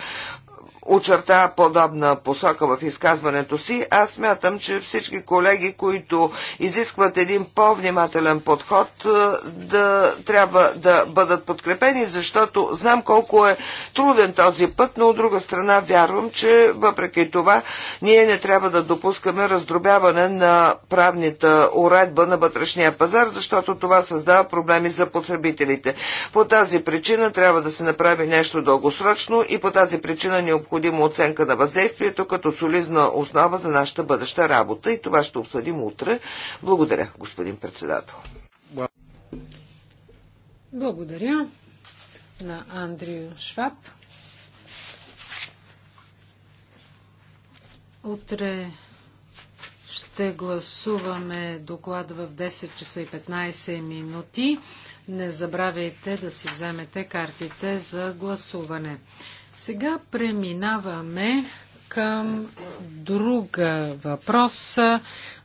S3: очерта подобна посока в изказването си. Аз смятам, че всички колеги, които изискват един по-внимателен подход, е, да трябва да бъдат подкрепени, защото знам колко е труден този път, но от друга страна вярвам, че въпреки това ние не трябва да допускаме раздробяване на правната уредба на вътрешния пазар, защото това създава проблеми за потребителите. По тази причина трябва да се направи нещо дългосрочно и по тази причина необходимо необходима оценка на въздействието като солизна основа за нашата бъдеща работа и това ще обсъдим утре. Благодаря, господин председател.
S2: Благодаря на Андрю Шваб. Утре ще гласуваме доклада в 10 часа и 15 минути. Не забравяйте да си вземете картите за гласуване. Сега преминаваме към друг въпрос.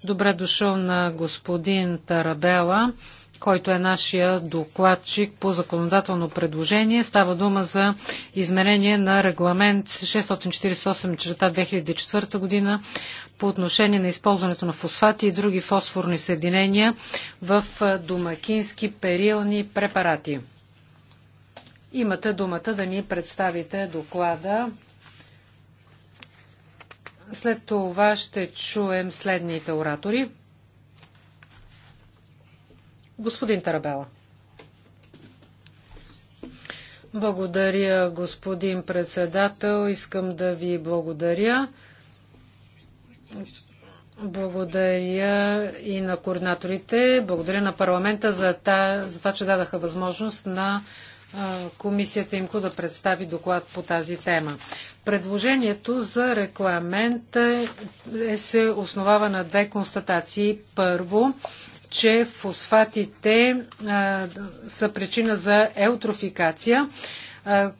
S2: Добре дошъл на господин Тарабела, който е нашия докладчик по законодателно предложение. Става дума за изменение на регламент 648 черта 2004 година по отношение на използването на фосфати и други фосфорни съединения в домакински перилни препарати. Имате думата да ни представите доклада. След това ще чуем следните оратори. Господин Тарабела. Благодаря, господин председател. Искам да ви благодаря. Благодаря и на координаторите. Благодаря на парламента за, за това, че дадаха възможност на комисията имко да представи доклад по тази тема. Предложението за рекламент е, е, се основава на две констатации. Първо, че фосфатите а, са причина за еутрофикация. А,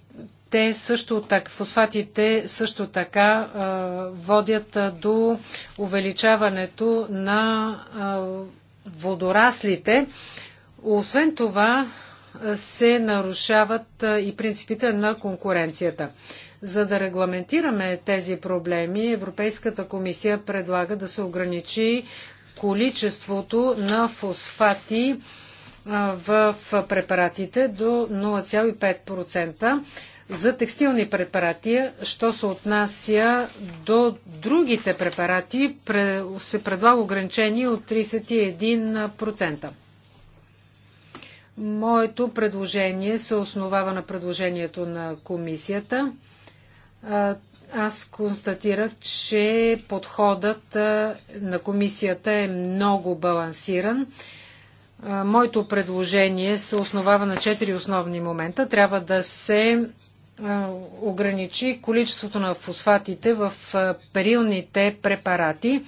S2: те също така, фосфатите също така а, водят до увеличаването на водораслите. Освен това, се нарушават и принципите на конкуренцията. За да регламентираме тези проблеми, Европейската комисия предлага да се ограничи количеството на фосфати в препаратите до 0,5% за текстилни препарати, що се отнася до другите препарати, се предлага ограничение от 31%. Моето предложение се основава на предложението на комисията. Аз констатирах, че подходът на комисията е много балансиран. Моето предложение се основава на четири основни момента. Трябва да се ограничи количеството на фосфатите в перилните препарати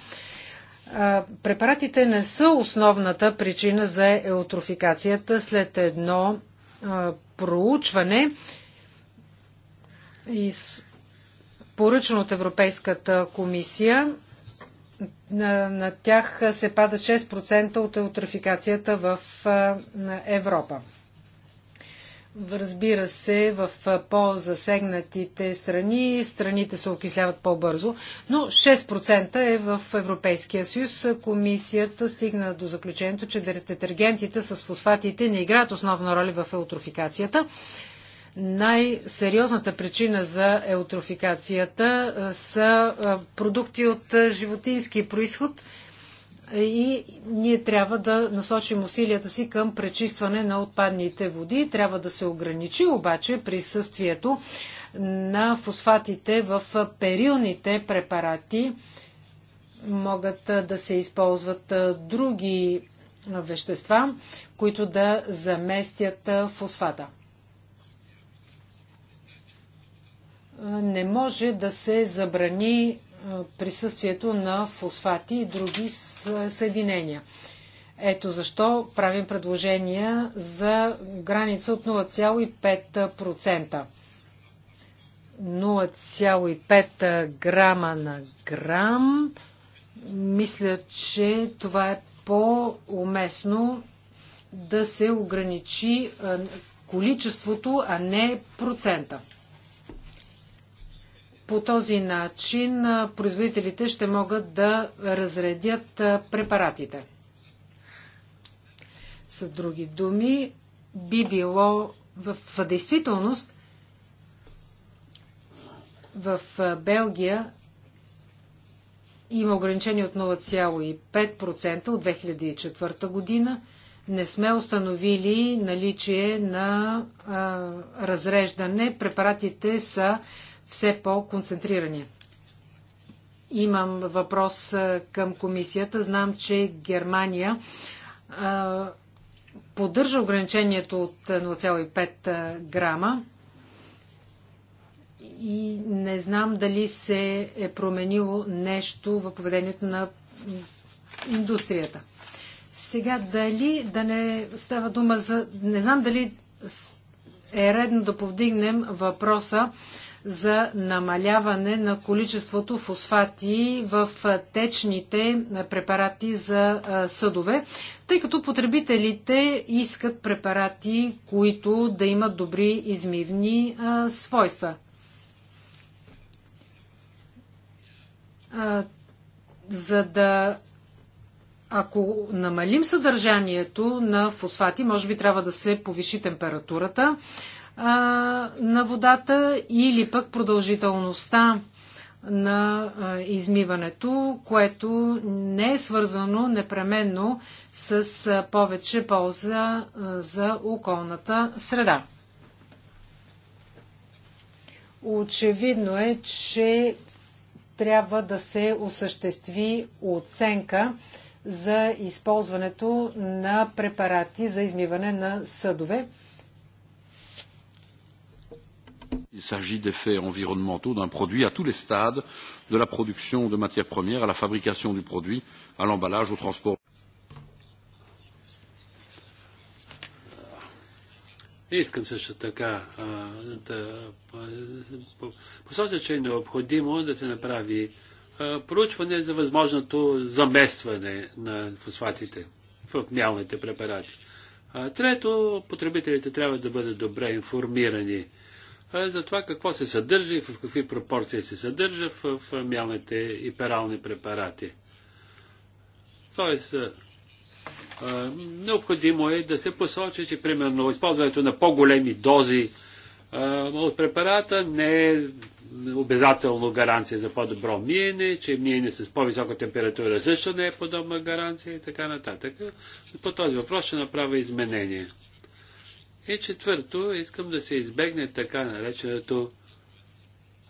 S2: препаратите не са основната причина за еутрофикацията. След едно проучване, поръчано от Европейската комисия, на, на тях се пада 6% от еутрофикацията в Европа разбира се, в по-засегнатите страни, страните се окисляват по-бързо, но 6% е в Европейския съюз. Комисията стигна до заключението, че детергентите с фосфатите не играят основна роля в еутрофикацията. Най-сериозната причина за еутрофикацията са продукти от животински происход – и ние трябва да насочим усилията си към пречистване на отпадните води. Трябва да се ограничи обаче присъствието на фосфатите в перилните препарати. Могат да се използват други вещества, които да заместят фосфата. Не може да се забрани присъствието на фосфати и други съединения. Ето защо правим предложения за граница от 0,5%. 0,5 грама на грам. Мисля, че това е по-уместно да се ограничи количеството, а не процента. По този начин производителите ще могат да разредят препаратите. С други думи, би било в, в действителност в Белгия има ограничение от 0,5% от 2004 година. Не сме установили наличие на а, разреждане. Препаратите са все по-концентрирани. Имам въпрос към комисията. Знам, че Германия поддържа ограничението от 0,5 грама и не знам дали се е променило нещо в поведението на индустрията. Сега дали да не става дума за... Не знам дали е редно да повдигнем въпроса за намаляване на количеството фосфати в течните препарати за съдове, тъй като потребителите искат препарати, които да имат добри измивни свойства. за да ако намалим съдържанието на фосфати, може би трябва да се повиши температурата а, на водата или пък продължителността на а, измиването, което не е свързано непременно с а, повече полза а, за околната среда. Очевидно е, че трябва да се осъществи оценка за използването на препарати за измиване на съдове.
S1: Il s'agit d'effets environnementaux d'un produit à tous les stades, de la production de matières premières à la fabrication du produit, à l'emballage, au transport. Искам също така а, да посоча, че е необходимо да се направи проучване за възможното заместване на фосфатите в мялните препарати. трето, потребителите трябва да бъдат добре информирани за това какво се съдържа и в какви пропорции се съдържа в мялните и перални препарати. Тоест, необходимо е да се посочи, че примерно използването на по-големи дози от препарата не е обязателно гаранция за по-добро миене, че миене с по-висока температура също не е подобна гаранция и така нататък. По този въпрос ще направя изменение. И четвърто, искам да се избегне така нареченото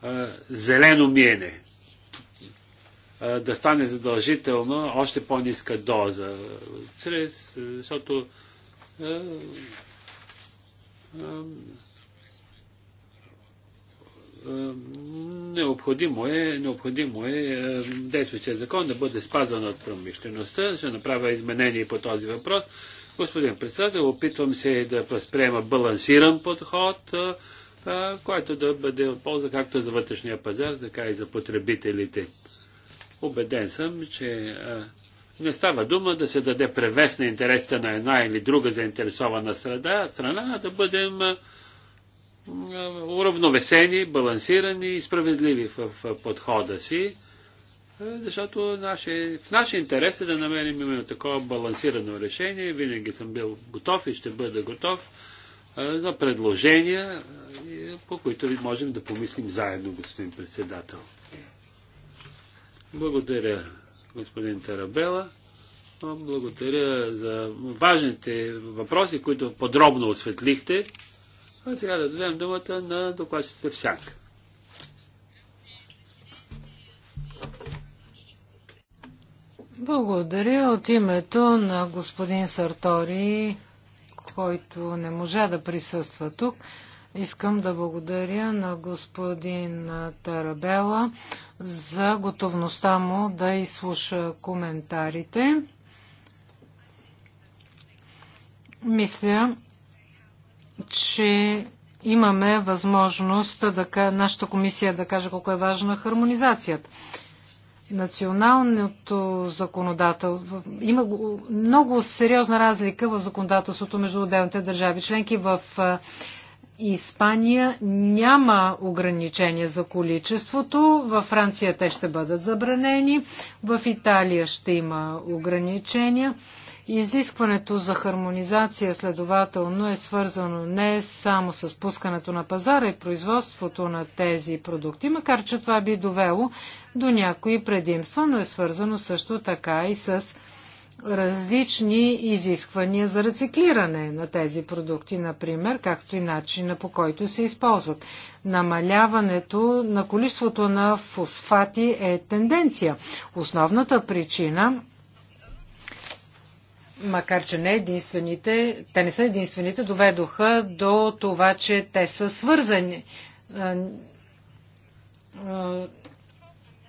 S1: а, зелено миене. А, да стане задължително още по-ниска доза. Чрез, защото а, а, необходимо е, необходимо е действащия закон да бъде спазван от промишлеността. Ще направя изменение по този въпрос. Господин председател, опитвам се да възприема балансиран подход, който да бъде от полза както за вътрешния пазар, така и за потребителите. Обеден съм, че не става дума да се даде превес на интересите на една или друга заинтересована среда, страна, а да бъдем уравновесени, балансирани и справедливи в подхода си е, защото наши, в наши интерес е да намерим именно такова балансирано решение. Винаги съм бил готов и ще бъда готов е, за предложения, е, по които ви можем да помислим заедно, господин председател. Благодаря, господин Тарабела. Благодаря за важните въпроси, които подробно осветлихте. А сега да дадем думата на докладчите всяка.
S2: Благодаря от името на господин Сартори, който не можа да присъства тук. Искам да благодаря на господин Тарабела за готовността му да изслуша коментарите. Мисля, че имаме възможност да, нашата комисия да каже колко е важна хармонизацията националното законодателство. Има много сериозна разлика в законодателството между отделните държави членки. В Испания няма ограничения за количеството, във Франция те ще бъдат забранени, в Италия ще има ограничения. Изискването за хармонизация следователно е свързано не само с пускането на пазара и производството на тези продукти, макар че това би довело до някои предимства, но е свързано също така и с различни изисквания за рециклиране на тези продукти, например, както и начина по който се използват. Намаляването на количеството на фосфати е тенденция. Основната причина макар че не единствените, те не са единствените, доведоха до това, че те са свързани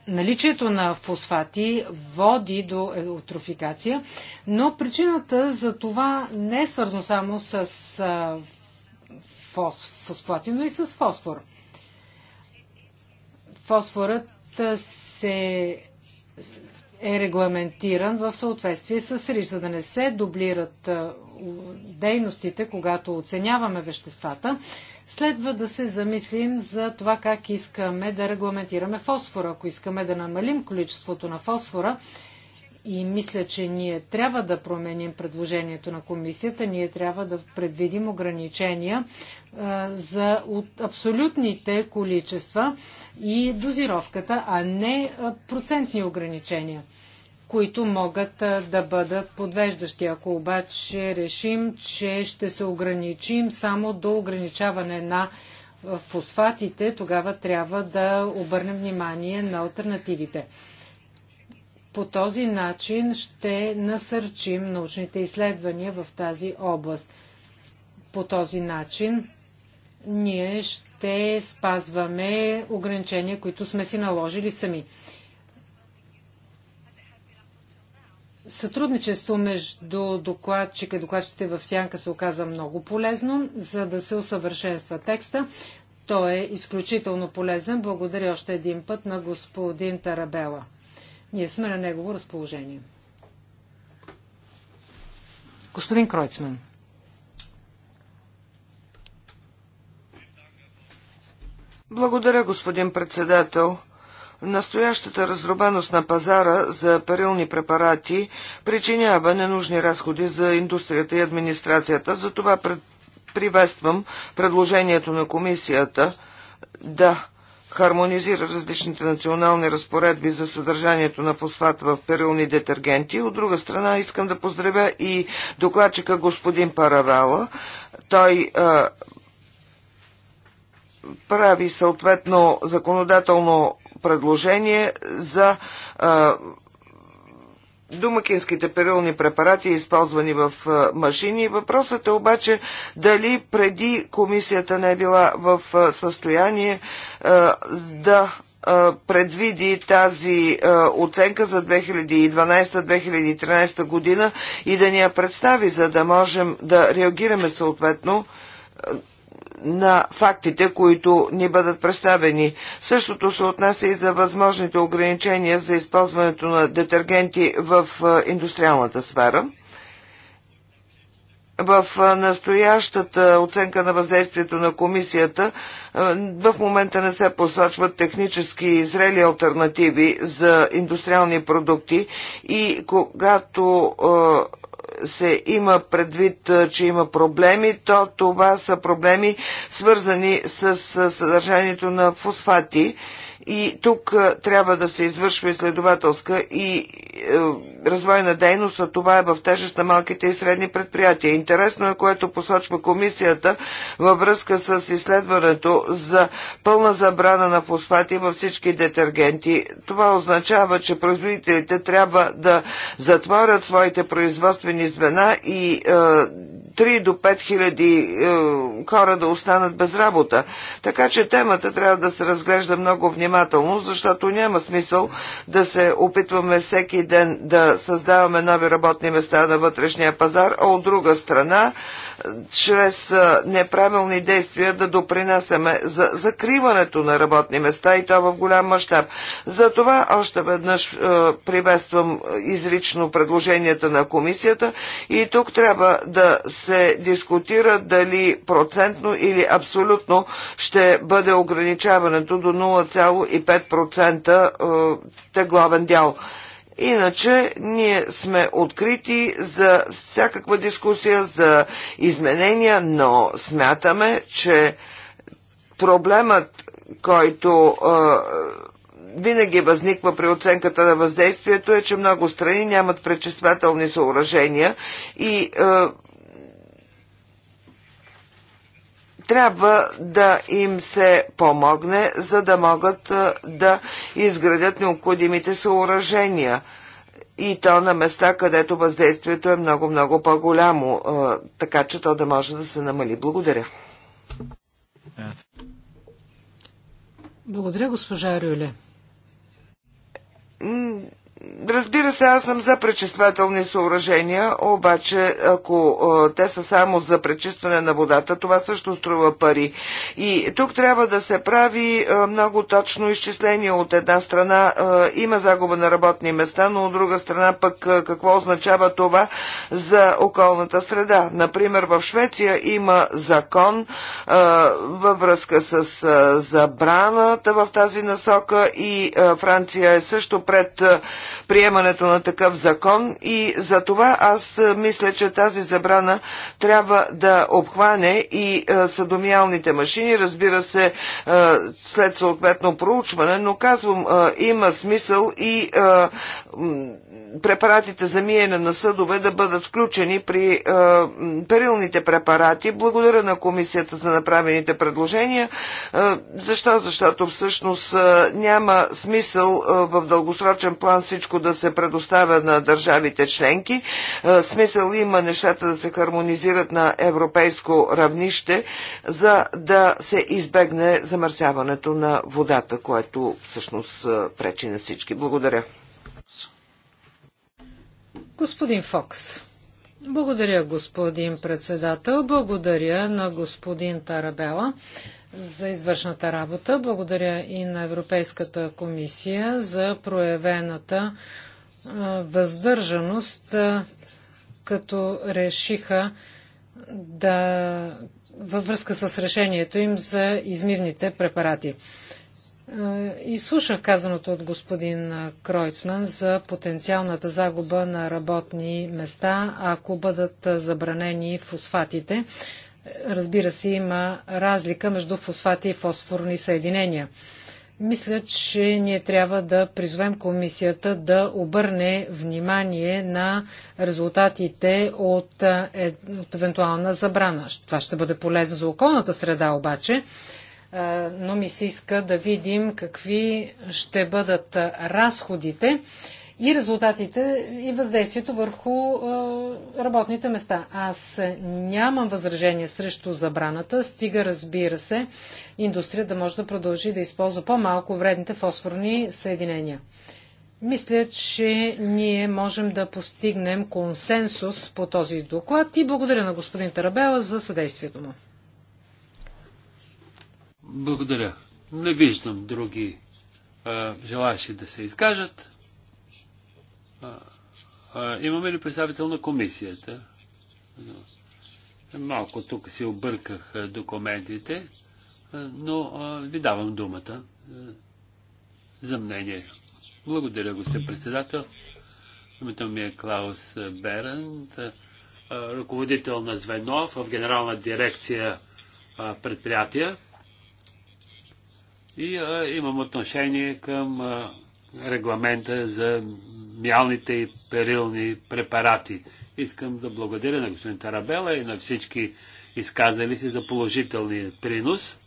S2: наличието на фосфати води до еутрофикация, но причината за това не е свързано само с фосфати, но и с фосфор. Фосфорът се е регламентиран в съответствие с риск, за да не се дублират дейностите, когато оценяваме веществата. Следва да се замислим за това как искаме да регламентираме фосфора. Ако искаме да намалим количеството на фосфора, и мисля, че ние трябва да променим предложението на комисията. Ние трябва да предвидим ограничения за абсолютните количества и дозировката, а не процентни ограничения които могат да бъдат подвеждащи. Ако обаче решим, че ще се ограничим само до ограничаване на фосфатите, тогава трябва да обърнем внимание на альтернативите. По този начин ще насърчим научните изследвания в тази област. По този начин ние ще спазваме ограничения, които сме си наложили сами. Сътрудничество между докладчика и докладчите в Сянка се оказа много полезно, за да се усъвършенства текста. Той е изключително полезен. Благодаря още един път на господин Тарабела. Ние сме на негово разположение. Господин Кройцман.
S3: Благодаря, господин председател. Настоящата разрубаност на пазара за парилни препарати причинява ненужни разходи за индустрията и администрацията. Затова пред... приветствам предложението на комисията да хармонизира различните национални разпоредби за съдържанието на фосфат в перилни детергенти. От друга страна искам да поздравя и докладчика господин Паравела. Той а, прави съответно законодателно предложение за а, домакинските перилни препарати, използвани в машини. Въпросът е обаче дали преди комисията не е била в състояние а, да предвиди тази оценка за 2012-2013 година и да ни я представи, за да можем да реагираме съответно на фактите, които ни бъдат представени. Същото се отнася и за възможните ограничения за използването на детергенти в индустриалната сфера. В настоящата оценка на въздействието на комисията в момента не се посочват технически и зрели альтернативи за индустриални продукти и когато се има предвид, че има проблеми, то това са проблеми свързани с съдържанието на фосфати. И тук трябва да се извършва изследователска и е, развойна дейност, а това е в тежест на малките и средни предприятия. Интересно е, което посочва комисията във връзка с изследването за пълна забрана на фосфати във всички детергенти. Това означава, че производителите трябва да затворят своите производствени звена и е, 3 до 5 хиляди е, хора да останат без работа. Така че темата трябва да се разглежда много внимателно последователност, защото няма смисъл да се опитваме всеки ден да създаваме нови работни места на вътрешния пазар, а от друга страна чрез неправилни действия да допринасяме за закриването на работни места и то в голям мащаб. За това още веднъж приветствам изрично предложенията на комисията и тук трябва да се дискутира дали процентно или абсолютно ще бъде ограничаването до 0,5% тегловен дял. Иначе ние сме открити за всякаква дискусия, за изменения, но смятаме, че проблемът, който винаги възниква при оценката на въздействието е, че много страни нямат пречествателни съоръжения и е, трябва да им се помогне, за да могат да изградят необходимите съоръжения и то на места, където въздействието е много-много по-голямо, така че то да може да се намали. Благодаря.
S2: Благодаря, госпожа Рюле.
S3: Разбира се, аз съм за пречиствателни съоръжения, обаче ако а, те са само за пречистване на водата, това също струва пари. И тук трябва да се прави а, много точно изчисление. От една страна а, има загуба на работни места, но от друга страна пък а, какво означава това за околната среда. Например, в Швеция има закон а, във връзка с а, забраната в тази насока и а, Франция е също пред. А, приемането на такъв закон и за това аз мисля, че тази забрана трябва да обхване и съдомиалните машини, разбира се, след съответно проучване, но казвам, има смисъл и препаратите за миене на съдове да бъдат включени при е, перилните препарати. Благодаря на комисията за направените предложения. Е, защо? Защото всъщност е, няма смисъл е, в дългосрочен план всичко да се предоставя на държавите членки. Е, смисъл има нещата да се хармонизират на европейско равнище, за да се избегне замърсяването на водата, което всъщност е, пречи на всички. Благодаря.
S2: Господин Фокс. Благодаря, господин председател. Благодаря на господин Тарабела за извършната работа. Благодаря и на Европейската комисия за проявената въздържаност, като решиха да във връзка с решението им за измивните препарати. Е, и слушах казаното от господин е, Кройцман за потенциалната загуба на работни места, ако бъдат е, забранени фосфатите. Разбира се, има разлика между фосфати и фосфорни съединения. Мисля, че ние трябва да призовем комисията да обърне внимание на резултатите от, от евентуална забрана. Това ще бъде полезно за околната среда обаче е, но ми се иска да видим какви ще бъдат разходите и резултатите и въздействието върху е, работните места. Аз нямам възражение срещу забраната, стига разбира се индустрия да може да продължи да използва по-малко вредните фосфорни съединения. Мисля, че ние можем да постигнем консенсус по този доклад и благодаря на господин Тарабела за съдействието му.
S1: Благодаря. Не виждам други желаящи да се изкажат. имаме ли представител на комисията? Малко тук си обърках документите, но ви давам думата за мнение. Благодаря, господин председател. Името ми е Клаус Берент, ръководител на звено в Генерална дирекция предприятия и а, имам отношение към а, регламента за мялните и перилни препарати. Искам да благодаря на господин Тарабела и на всички изказали се за положителния принос.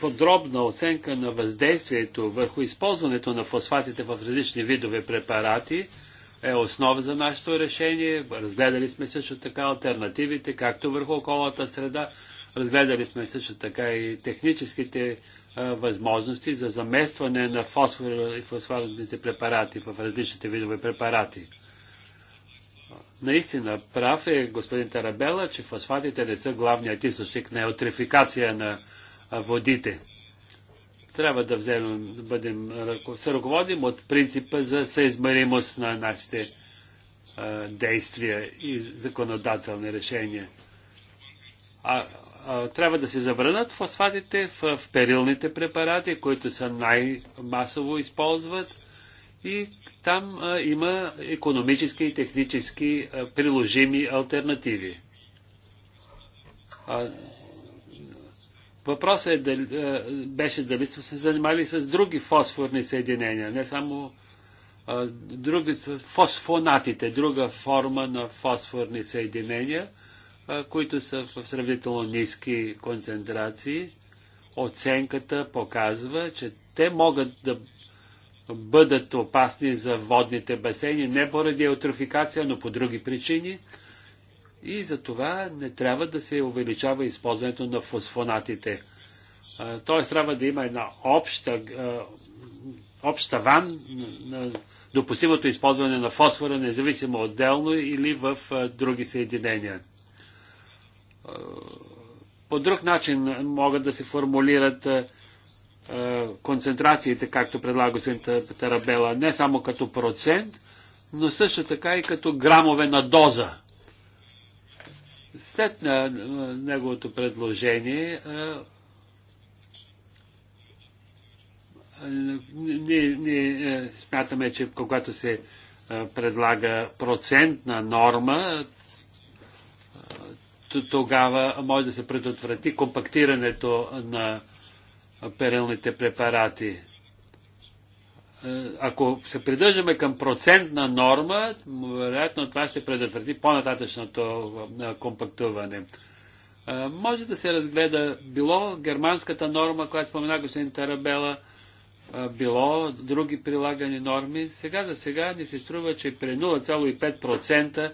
S1: Подробна оценка на въздействието върху използването на фосфатите в различни видове препарати – е основа за нашето решение. Разгледали сме също така альтернативите, както върху околната среда. Разгледали сме също така и техническите а, възможности за заместване на фосфор и фосфорните препарати в различните видове препарати. Наистина, прав е господин Тарабела, че фосфатите не са главният източник на еутрификация на водите трябва да вземем, да бъдем, се ръководим от принципа за съизмеримост на нашите а, е, действия и законодателни решения. А, а, трябва да се забранат фосфатите в, в перилните препарати, които са най-масово използват и там а, има економически и технически а, приложими альтернативи. А, Въпросът е, дали, е, беше дали са се занимали с други фосфорни съединения, не само а, е, други, фосфонатите, друга форма на фосфорни съединения, а, е, които са в сравнително ниски концентрации. Оценката показва, че те могат да бъдат опасни за водните басейни не поради еутрофикация, но по други причини и за това не трябва да се увеличава използването на фосфонатите. Т.е. трябва да има една обща, обща ван на допустимото използване на фосфора, независимо отделно или в други съединения. По друг начин могат да се формулират концентрациите, както предлага господин Тарабела, не само като процент, но също така и като грамове на доза след на, на неговото предложение ние, ние смятаме, че когато се предлага процентна норма, тогава може да се предотврати компактирането на перилните препарати. Е, ако се придържаме към процентна норма, вероятно това ще предотврати по-нататъчното е, компактуване. Е, може да се разгледа било германската норма, която спомена господин Тарабела, било други прилагани норми. Сега за сега ни се струва, че при 0,5%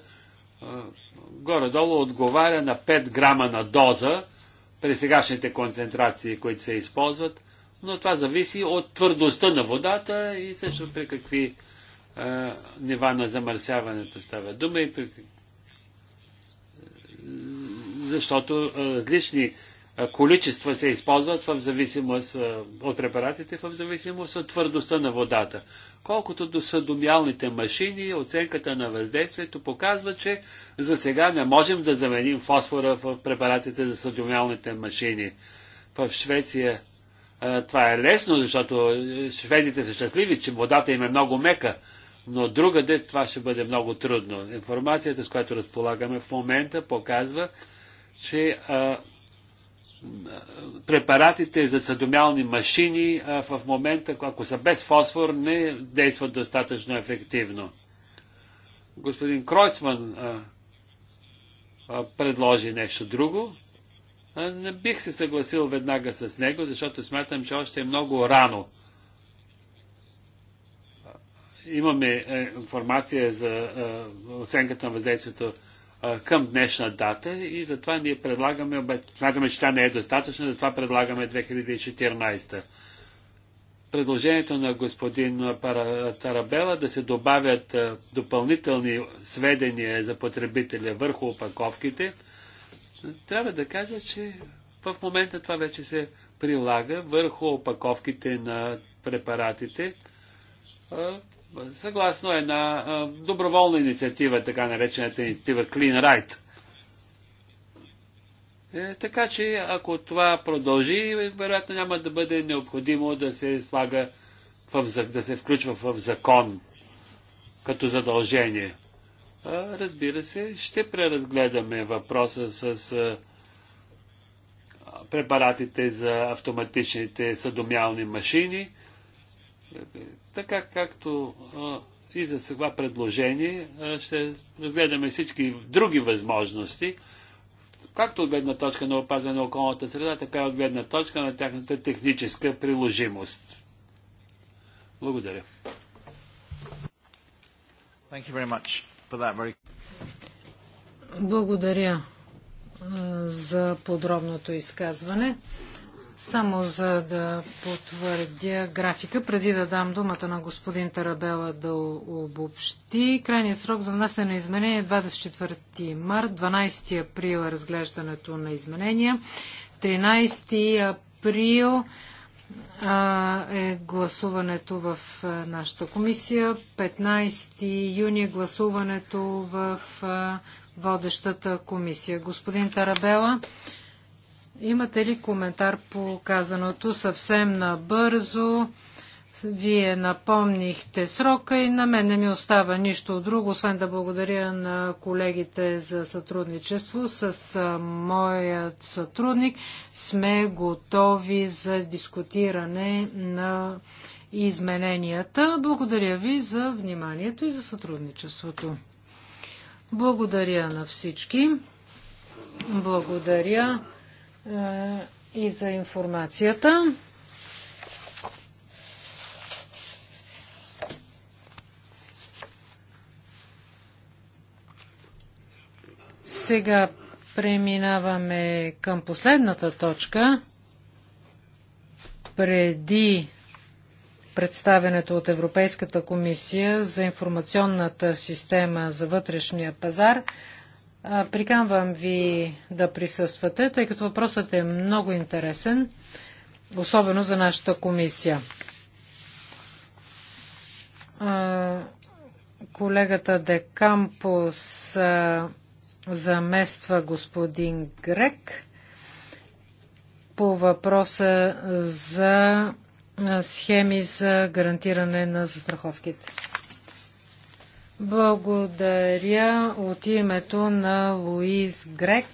S1: горе-долу отговаря на 5 грама на доза при сегашните концентрации, които се използват но това зависи от твърдостта на водата и също при какви а, нива на замърсяването става дума и при... защото различни количества се използват в зависимост от препаратите, в зависимост от твърдостта на водата. Колкото до съдомялните машини, оценката на въздействието показва, че за сега не можем да заменим фосфора в препаратите за съдомялните машини. В Швеция е, това е лесно, защото е, шведите са щастливи, че водата им е много мека, но другаде това ще бъде много трудно. Информацията, с която разполагаме в момента, показва, че а, е, препаратите за съдомялни машини а, в момента, ако са без фосфор, не действат достатъчно ефективно. Господин Кройцман а, а, предложи нещо друго. Не бих се съгласил веднага с него, защото смятам, че още е много рано. Имаме е, информация за е, оценката на въздействието е, към днешна дата и затова ние предлагаме, смятаме, че тя не е достатъчна, затова предлагаме 2014. Предложението на господин Тарабела да се добавят допълнителни сведения за потребителя върху опаковките – трябва да кажа, че в момента това вече се прилага върху опаковките на препаратите. Съгласно една доброволна инициатива, така наречената инициатива Clean Right. Е, така че, ако това продължи, вероятно няма да бъде необходимо да се слага в, да се включва в закон като задължение разбира се, ще преразгледаме въпроса с препаратите за автоматичните съдомялни машини, така както и за сега предложение ще разгледаме всички други възможности, както от гледна точка на опазване на околната среда, така и от гледна точка на тяхната техническа приложимост. Благодаря. Thank you very much very...
S2: Благодаря за подробното изказване. Само за да потвърдя графика, преди да дам думата на господин Тарабела да обобщи, крайният срок за внасяне на изменение е 24 март, 12 април е разглеждането на изменения, 13 април е гласуването в нашата комисия. 15 юни е гласуването в водещата комисия. Господин Тарабела, имате ли коментар по казаното съвсем набързо? Вие напомнихте срока и на мен не ми остава нищо друго, освен да благодаря на колегите за сътрудничество. С моят сътрудник сме готови за дискутиране на измененията. Благодаря ви за вниманието и за сътрудничеството. Благодаря на всички. Благодаря и за информацията. Сега преминаваме към последната точка. Преди представенето от Европейската комисия за информационната система за вътрешния пазар, приканвам ви да присъствате, тъй като въпросът е много интересен, особено за нашата комисия. Колегата Декампус замества господин Грек по въпроса за схеми за гарантиране на застраховките. Благодаря от името на Луис Грек.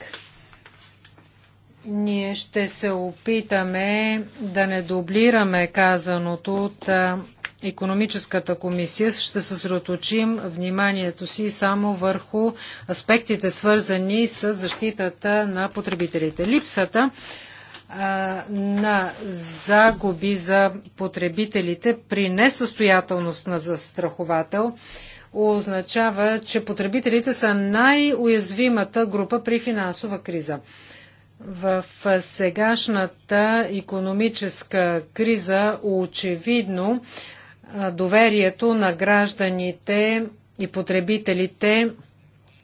S2: Ние ще се опитаме да не дублираме казаното от економическата комисия ще съсредоточим вниманието си само върху аспектите, свързани с защитата на потребителите. Липсата на загуби за потребителите при несъстоятелност на застраховател означава, че потребителите са най-уязвимата група при финансова криза. В сегашната економическа криза очевидно доверието на гражданите и потребителите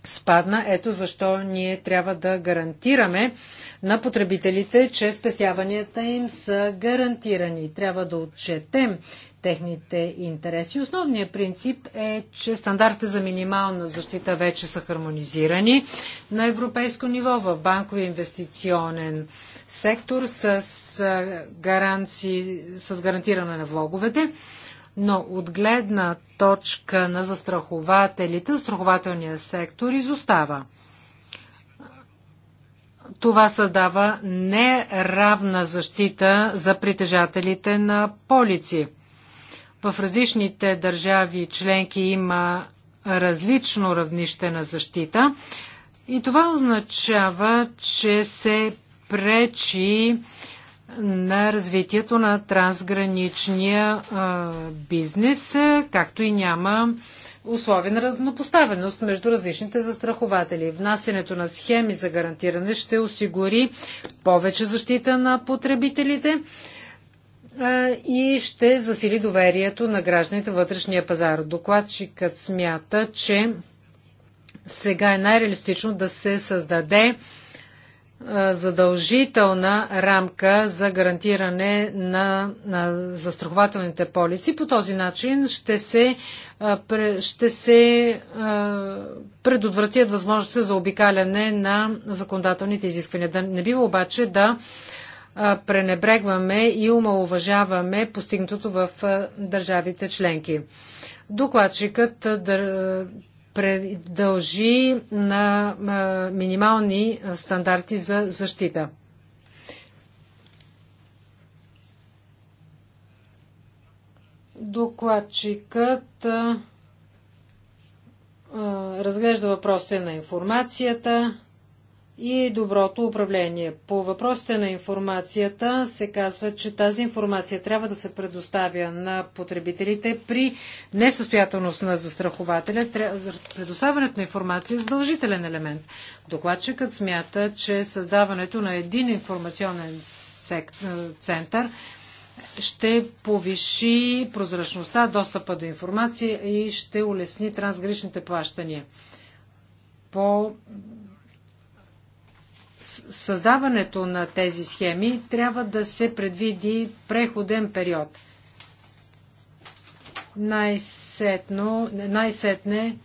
S2: спадна. Ето защо ние трябва да гарантираме на потребителите, че спестяванията им са гарантирани. Трябва да отчетем техните интереси. Основният принцип е, че стандартите за минимална защита вече са хармонизирани на европейско ниво в банкови инвестиционен сектор с, гаранции, с гарантиране на влоговете но от гледна точка на застрахователите, застрахователния сектор изостава. Това създава неравна защита за притежателите на полици. В различните държави членки има различно равнище на защита и това означава, че се пречи на развитието на трансграничния а, бизнес, както и няма условия на равнопоставеност между различните застрахователи. Внасянето на схеми за гарантиране ще осигури повече защита на потребителите а, и ще засили доверието на гражданите вътрешния пазар. Докладчикът смята, че сега е най-реалистично да се създаде е, задължителна рамка за гарантиране на, на застрахователните полици. По този начин ще се, е, ще се е, предотвратят възможности за обикаляне на законодателните изисквания. Да не бива обаче да пренебрегваме и умалуважаваме постигнатото в държавите членки. Докладчикът дължи на минимални стандарти за защита. Докладчикът разглежда въпросите на информацията, и доброто управление. По въпросите на информацията се казва, че тази информация трябва да се предоставя на потребителите при несъстоятелност на застрахователя. Предоставянето на информация е задължителен елемент. Докладчикът смята, че създаването на един информационен сект... център ще повиши прозрачността, достъпа до информация и ще улесни трансграничните плащания. По създаването на тези схеми трябва да се предвиди преходен период. най сетне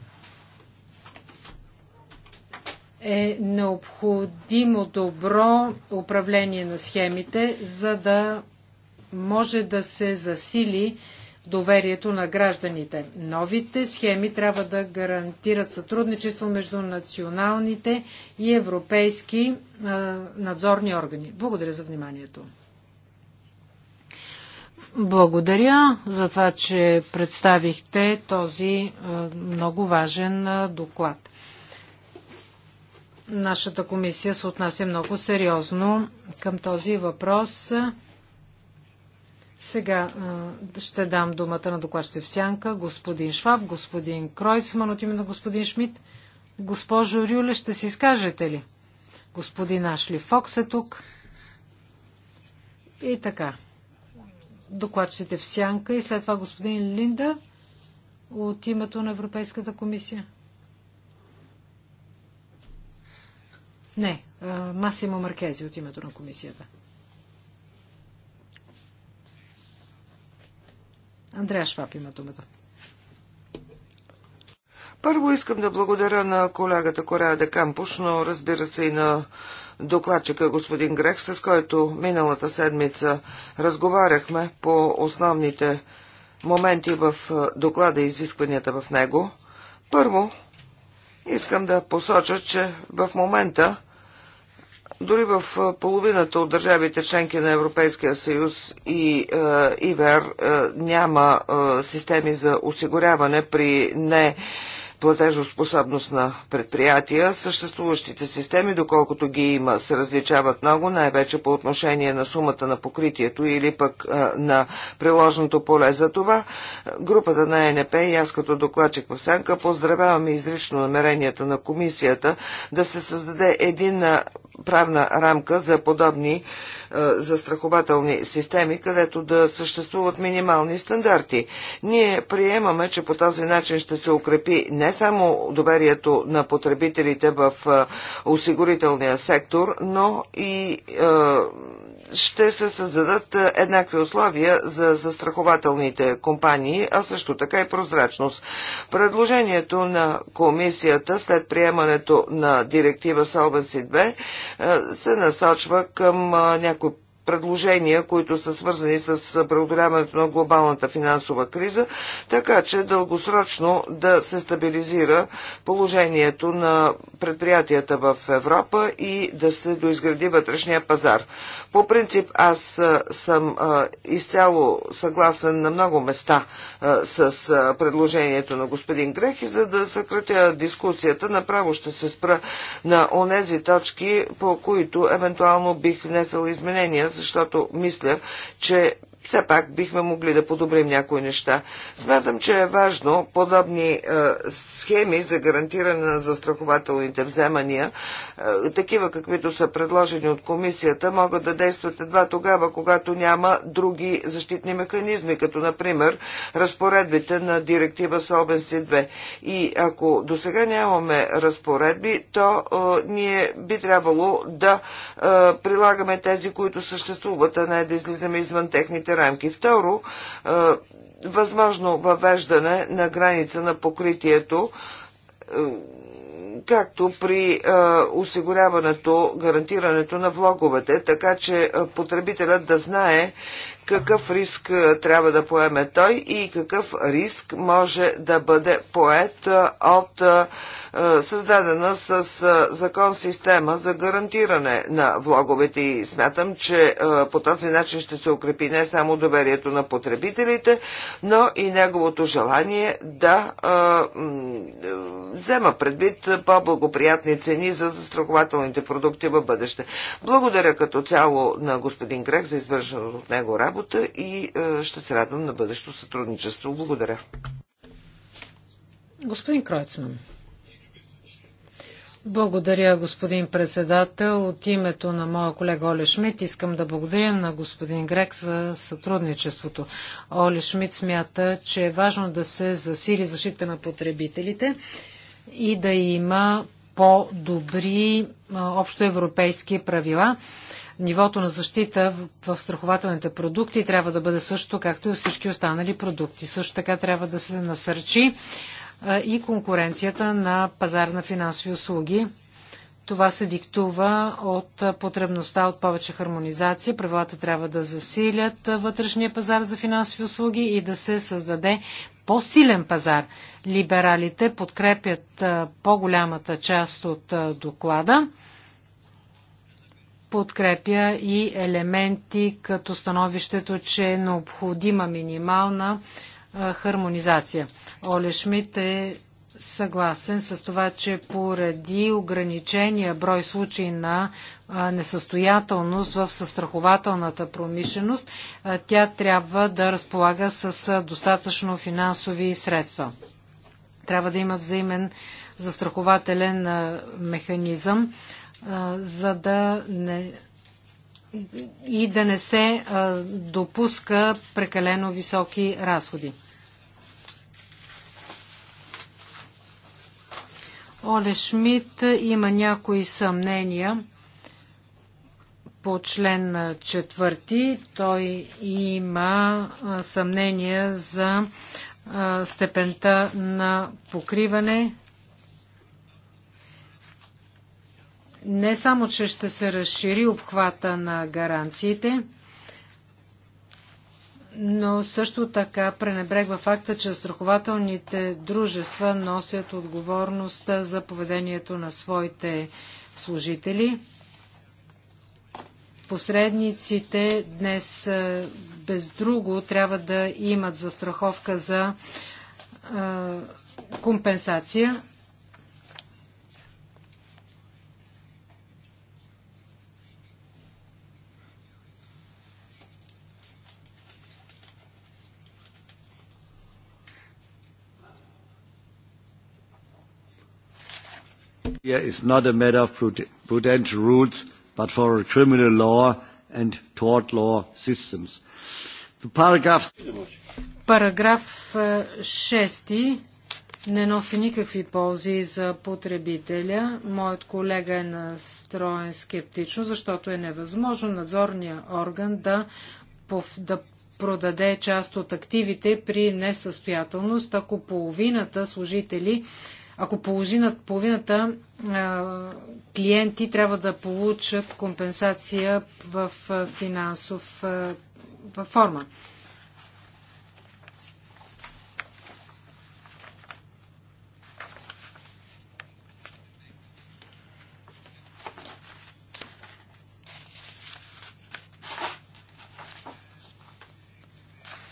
S2: е необходимо добро управление на схемите, за да може да се засили доверието на гражданите. Новите схеми трябва да гарантират сътрудничество между националните и европейски надзорни органи. Благодаря за вниманието. Благодаря за това, че представихте този много важен доклад. Нашата комисия се отнася много сериозно към този въпрос. Сега ще дам думата на докладчите в сянка, господин Шваб, господин Кройцман от името на господин Шмидт. Госпожо Рюле, ще си изкажете ли? Господин Ашли Фокс е тук. И така. Докладчите в сянка и след това господин Линда от името на Европейската комисия. Не, Масимо Маркези от името на комисията.
S3: Андрея Шваб има думата. Първо искам да благодаря на колегата Корея де Кампуш, но разбира се и на докладчика господин Грех, с който миналата седмица разговаряхме по основните моменти в е, доклада и изискванията в него. Първо, искам да посоча, че в момента дори в половината от държавите членки на Европейския съюз и е, ИВЕР е, няма е, системи за осигуряване при не платежоспособност на предприятия. Съществуващите системи, доколкото ги има, се различават много, най-вече по отношение на сумата на покритието или пък а, на приложното поле. За това групата на ЕНП и аз като докладчик в Сенка поздравяваме изрично намерението на комисията да се създаде един правна рамка за подобни е, застрахователни системи, където да съществуват минимални стандарти. Ние приемаме, че по този начин ще се укрепи не само доверието на потребителите в е, осигурителния сектор, но и е, ще се създадат е, еднакви условия за застрахователните компании, а също така и прозрачност. Предложението на комисията след приемането на директива Solvency 2 е, се насочва към е, някои предложения, които са свързани с преодоляването на глобалната финансова криза, така че дългосрочно да се стабилизира положението на предприятията в Европа и да се доизгради вътрешния пазар. По принцип аз съм изцяло съгласен на много места с предложението на господин Грех и за да съкратя дискусията, направо ще се спра на онези точки, по които евентуално бих внесъл изменения, защото мисля, че все пак бихме могли да подобрим някои неща. Смятам, че е важно подобни е, схеми за гарантиране на застрахователните вземания, е, такива каквито са предложени от комисията, могат да действат едва тогава, когато няма други защитни механизми, като например разпоредбите на директива Solvency 2. И ако до сега нямаме разпоредби, то е, ние би трябвало да е, прилагаме тези, които съществуват, а не да излизаме извън техните европейските рамки. Второ, е, възможно въвеждане на граница на покритието е, както при е, осигуряването, гарантирането на влоговете, така че потребителят да знае какъв риск трябва да поеме той и какъв риск може да бъде поет от създадена с закон система за гарантиране на влоговете и смятам, че по този начин ще се укрепи не само доверието на потребителите, но и неговото желание да взема предвид по-благоприятни цени за застрахователните продукти в бъдеще. Благодаря като цяло на господин Грех за извършеното от него работа работа и е, ще се радвам на бъдещо сътрудничество. Благодаря.
S2: Господин Кройцман. Благодаря, господин председател. От името на моя колега Оле Шмидт искам да благодаря на господин Грек за сътрудничеството. Оле Шмидт смята, че е важно да се засили защита на потребителите и да има по-добри общоевропейски правила нивото на защита в страхователните продукти трябва да бъде също, както и всички останали продукти. Също така трябва да се насърчи и конкуренцията на пазар на финансови услуги. Това се диктува от потребността от повече хармонизация. Правилата трябва да засилят вътрешния пазар за финансови услуги и да се създаде по-силен пазар. Либералите подкрепят по-голямата част от доклада подкрепя и елементи като становището, че е необходима минимална хармонизация. Оле Шмидт е съгласен с това, че поради ограничения брой случаи на несъстоятелност в състрахователната промишленост, тя трябва да разполага с достатъчно финансови средства. Трябва да има взаимен застрахователен механизъм за да не и да не се допуска прекалено високи разходи. Оле Шмидт има някои съмнения по член четвърти. Той има съмнения за степента на покриване. не само, че ще се разшири обхвата на гаранциите, но също така пренебрегва факта, че страхователните дружества носят отговорността за поведението на своите служители. Посредниците днес без друго трябва да имат застраховка за компенсация.
S1: Here is not a matter of prudential rules, but for a criminal law and tort law systems. The paragraph...
S2: Параграф 6 е, не носи никакви ползи за потребителя. Моят колега е настроен скептично, защото е невъзможно надзорния орган да, да продаде част от активите при несъстоятелност, ако половината служители ако половината, половината клиенти трябва да получат компенсация в финансов форма.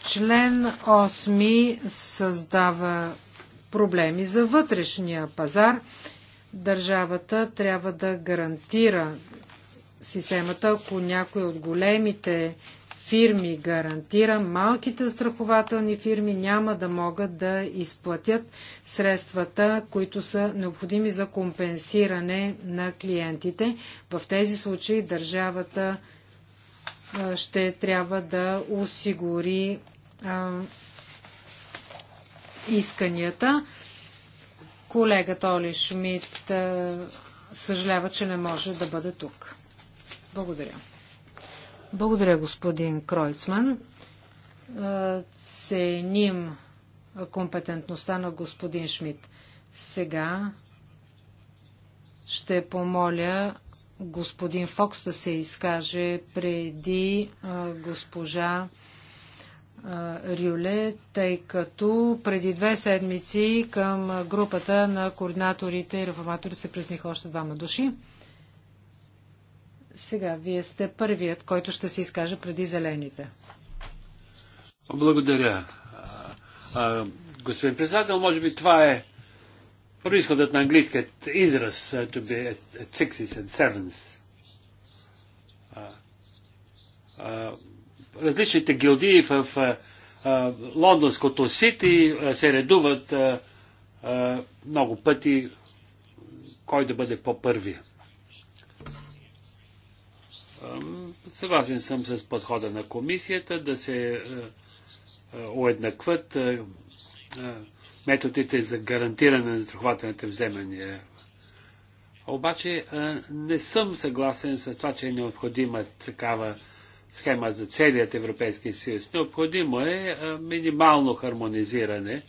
S2: Член 8 създава проблеми за вътрешния пазар. Държавата трябва да гарантира системата, ако някой от големите фирми гарантира, малките страхователни фирми няма да могат да изплатят средствата, които са необходими за компенсиране на клиентите. В тези случаи държавата ще трябва да осигури исканията. Колегата Оли Шмидт е, съжалява, че не може да бъде тук. Благодаря. Благодаря, господин Кройцман. Е, ценим компетентността на господин Шмидт. Сега ще помоля господин Фокс да се изкаже преди е, госпожа Рюле, тъй като преди две седмици към групата на координаторите и реформатори се призниха още двама души. Сега, вие сте първият, който ще се изкаже преди зелените.
S1: Благодаря. А, господин председател, може би това е происходът на английският израз, to be at, at sixes and sevens. А, а, различните гилдии в лондонското сити се редуват много пъти кой да бъде по-първи. Съгласен съм с подхода на комисията да се уеднакват методите за гарантиране на страхователните вземания. Обаче не съм съгласен с това, че е необходима такава схема за целият Европейски съюз. Необходимо е минимално хармонизиране,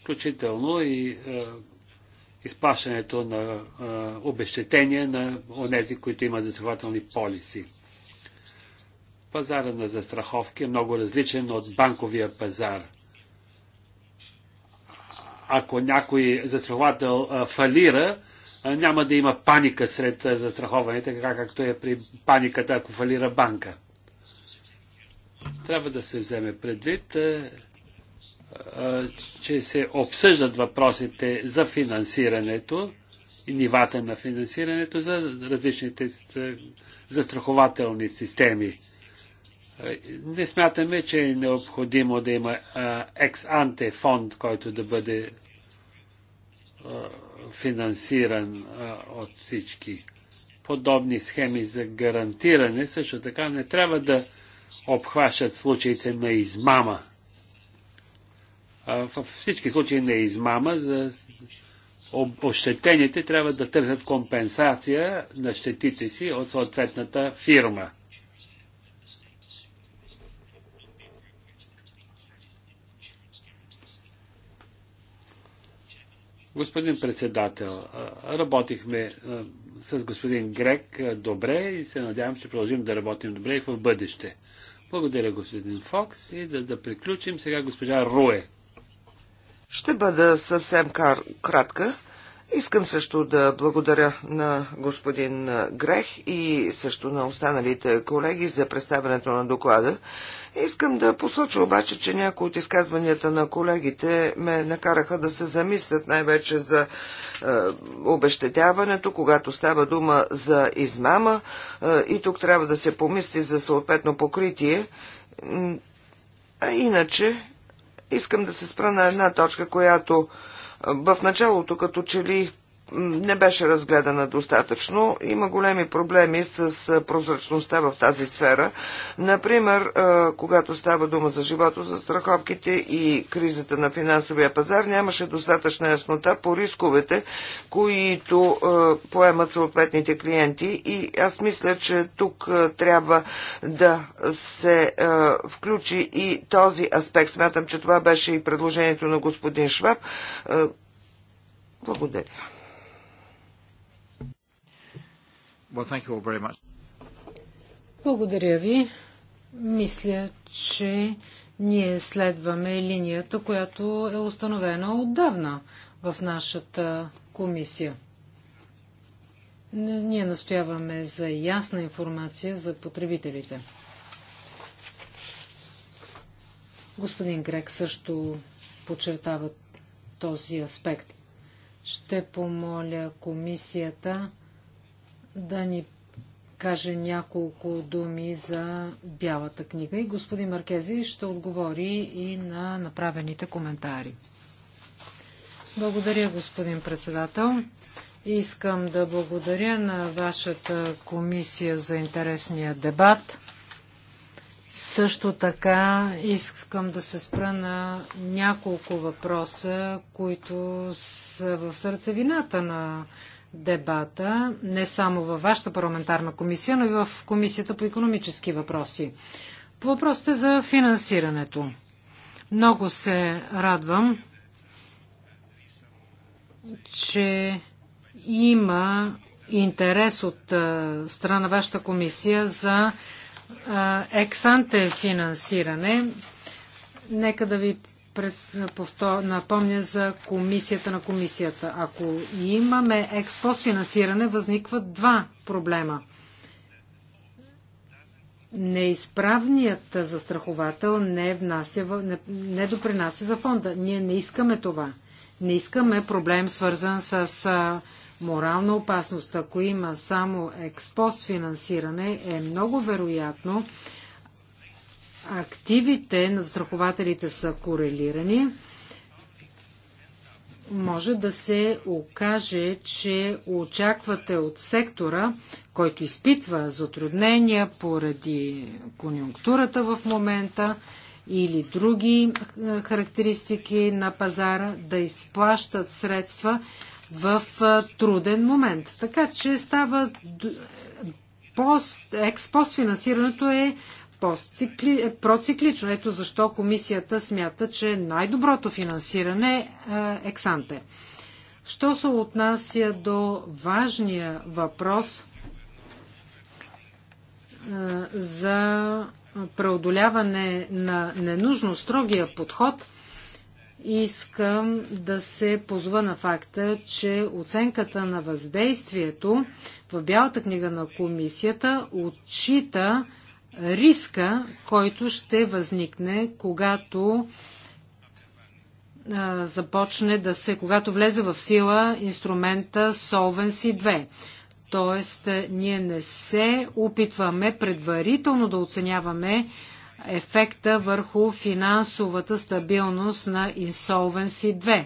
S1: включително и изплащането на обещетения на онези, които имат застрахователни полиси. Пазара на застраховки е много различен от банковия пазар. Ако някой застраховател фалира, е, няма да има паника сред е, застрахованите, така както е при паниката, ако фалира банка. Трябва да се вземе предвид, е, че се обсъждат въпросите за финансирането и нивата на финансирането за различните застрахователни системи. Не смятаме, че е необходимо да има екс-анте фонд, който да бъде финансиран а, от всички. Подобни схеми за гарантиране също така не трябва да обхващат случаите на измама. А, във всички случаи на измама за ощетените трябва да търсят компенсация на щетите си от съответната фирма. Господин председател, работихме с господин Грек добре и се надявам, че продължим да работим добре и в бъдеще. Благодаря, господин Фокс. И да, да приключим сега госпожа Руе.
S3: Ще бъда съвсем кратка. Искам също да благодаря на господин Грех и също на останалите колеги за представянето на доклада. Искам да посоча обаче, че някои от изказванията на колегите ме накараха да се замислят най-вече за е, обещетяването, когато става дума за измама е, и тук трябва да се помисли за съответно покритие. А иначе искам да се спра на една точка, която в началото, като че ли не беше разгледана достатъчно. Има големи проблеми с прозрачността в тази сфера. Например, когато става дума за живото, за страховките и кризата на финансовия пазар, нямаше достатъчна яснота по рисковете, които поемат съответните клиенти. И аз мисля, че тук трябва да се включи и този аспект. Смятам, че това беше и предложението на господин Шваб. Благодаря.
S2: Благодаря ви. Мисля, че ние следваме линията, която е установена отдавна в нашата комисия. Ние настояваме за ясна информация за потребителите. Господин Грек също подчертава този аспект. Ще помоля комисията да ни каже няколко думи за Бялата книга и господин Маркези ще отговори и на направените коментари. Благодаря, господин председател. Искам да благодаря на вашата комисия за интересния дебат. Също така искам да се спра на няколко въпроса, които са в сърцевината на дебата не само във вашата парламентарна комисия, но и в Комисията по економически въпроси. По въпросите за финансирането. Много се радвам, че има интерес от страна на вашата комисия за ексанте финансиране. Нека да ви през, повтор, напомня за комисията на комисията. Ако имаме експост финансиране, възникват два проблема. Неизправният застраховател не, внася, не, не допринася за фонда. Ние не искаме това. Не искаме проблем свързан с а, морална опасност. Ако има само експост финансиране, е много вероятно, активите на застрахователите са корелирани, може да се окаже, че очаквате от сектора, който изпитва затруднения поради конюнктурата в момента или други е, характеристики на пазара, да изплащат средства в е, труден момент. Така че става е, експост финансирането е е проциклично. Ето защо комисията смята, че най-доброто финансиране е ексанте. Що се отнася до важния въпрос е, за преодоляване на ненужно строгия подход, искам да се позва на факта, че оценката на въздействието в Бялата книга на комисията отчита риска, който ще възникне, когато започне да се, когато влезе в сила инструмента Solvency 2. Тоест, е, ние не се опитваме предварително да оценяваме ефекта върху финансовата стабилност на Insolvency 2.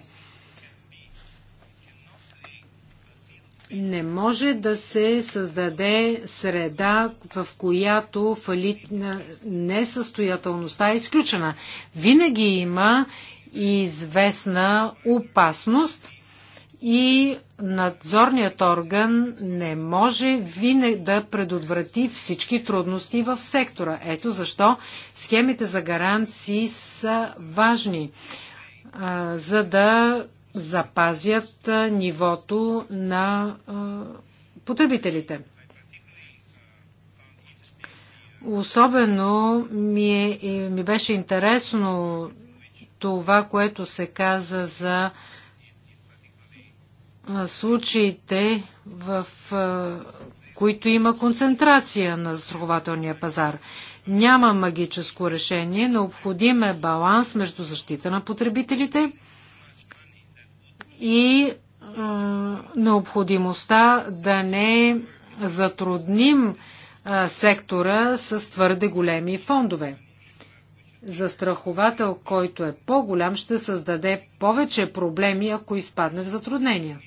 S2: Не може да се създаде среда, в която фалит... несъстоятелността е изключена. Винаги има известна опасност и надзорният орган не може винаги да предотврати всички трудности в сектора. Ето защо схемите за гаранции са важни, а, за да запазят нивото на потребителите. Особено ми, е, е, ми беше интересно това, което се каза за случаите, в които има концентрация на страхователния пазар. Няма магическо решение, необходим е баланс между защита на потребителите и необходимостта да не затрудним сектора с твърде големи фондове. Застраховател, който е по-голям, ще създаде повече проблеми, ако изпадне в затруднения.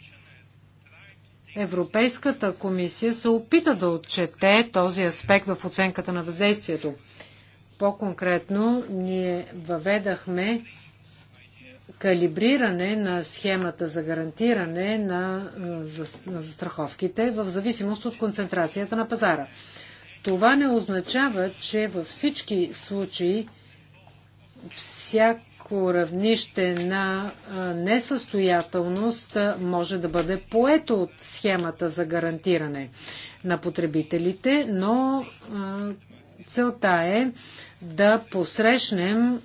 S2: Европейската комисия се опита да отчете този аспект в оценката на въздействието. По-конкретно, ние въведахме калибриране на схемата за гарантиране на застраховките в зависимост от концентрацията на пазара. Това не означава, че във всички случаи всяко равнище на несъстоятелност може да бъде поето от схемата за гарантиране на потребителите, но Целта е да посрещнем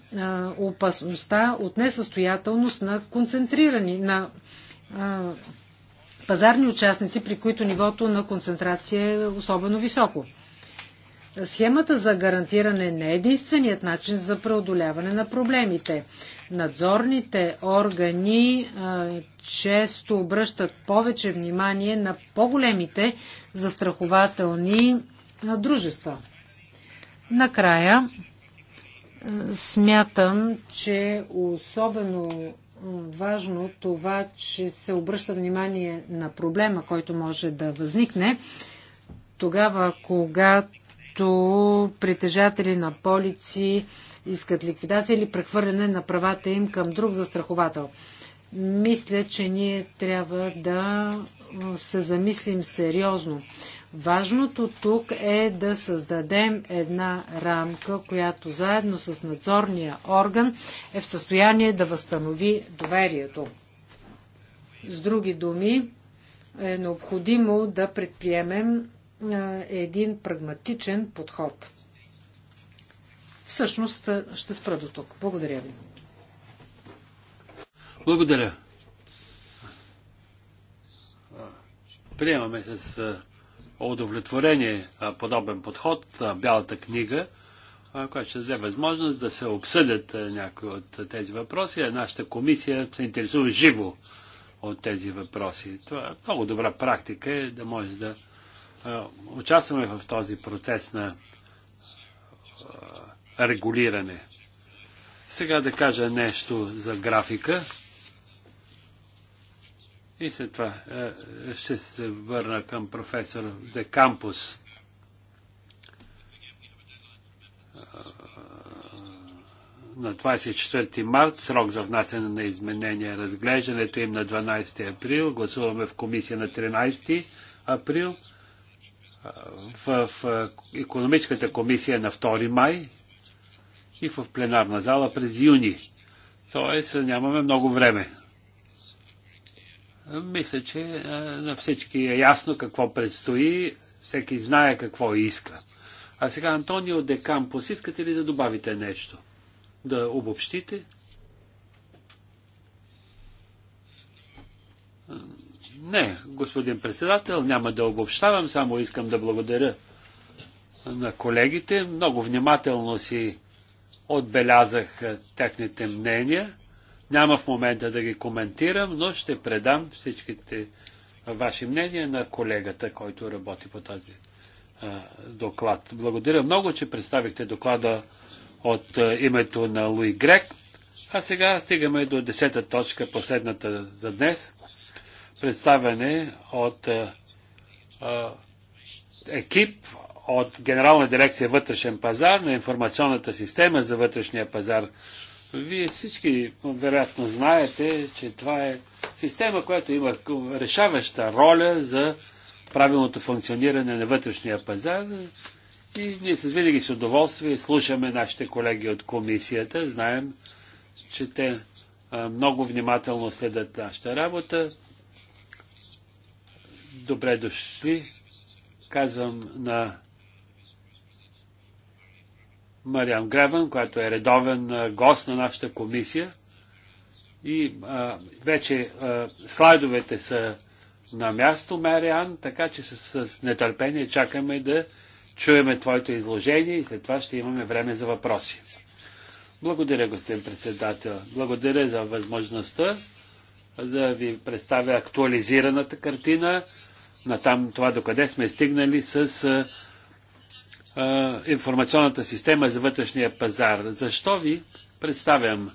S2: опасността от несъстоятелност на концентрирани, на пазарни участници, при които нивото на концентрация е особено високо. Схемата за гарантиране не е единственият начин за преодоляване на проблемите. Надзорните органи а, често обръщат повече внимание на по-големите застрахователни а, дружества. Накрая е, смятам, че особено важно това, че се обръща внимание на проблема, който може да възникне, тогава, когато притежатели на полици искат ликвидация или прехвърляне на правата им към друг застраховател. Мисля, че ние трябва да се замислим сериозно. Важното тук е да създадем една рамка, която заедно с надзорния орган е в състояние да възстанови доверието. С други думи, е необходимо да предприемем един прагматичен подход. Всъщност ще спра до тук. Благодаря ви.
S1: Благодаря. Приемаме с удовлетворение подобен подход, Бялата книга, която ще даде възможност да се обсъдят някои от тези въпроси. Нашата комисия се интересува живо от тези въпроси. Това е много добра практика е да може да участваме в този процес на регулиране. Сега да кажа нещо за графика. И след това е, ще се върна към професор Де Кампус. Е, на 24 март срок за внасяне на изменения, разглеждането им на 12 април. Гласуваме в комисия на 13 април. Е, в економическата комисия на 2 май и в пленарна зала през юни. Тоест нямаме много време. Мисля, че е, на всички е ясно какво предстои, всеки знае какво иска. А сега Антонио де Кампос, искате ли да добавите нещо? Да обобщите? Е, не, господин председател, няма да обобщавам, само искам да благодаря на колегите. Много внимателно си отбелязах е, техните мнения. Няма в момента да ги коментирам, но ще предам всичките ваши мнения на колегата, който работи по този доклад. Благодаря много, че представихте доклада от името на Луи Грек. А сега стигаме до десета точка, последната за днес. Представяне от а, а, екип от Генерална дирекция вътрешен пазар на информационната система за вътрешния пазар вие всички вероятно знаете, че това е система, която има решаваща роля за правилното функциониране на вътрешния пазар. И ние с винаги с удоволствие слушаме нашите колеги от комисията. Знаем, че те много внимателно следят нашата работа. Добре дошли, казвам на Мариан Гребен, която е редовен гост на нашата комисия. И а, вече а, слайдовете са на място, Мариан, така че с, с нетърпение чакаме да чуеме твоето изложение и след това ще имаме време за въпроси. Благодаря, господин председател. Благодаря за възможността да ви представя актуализираната картина на там това докъде сме стигнали с информационната система за вътрешния пазар. Защо ви представям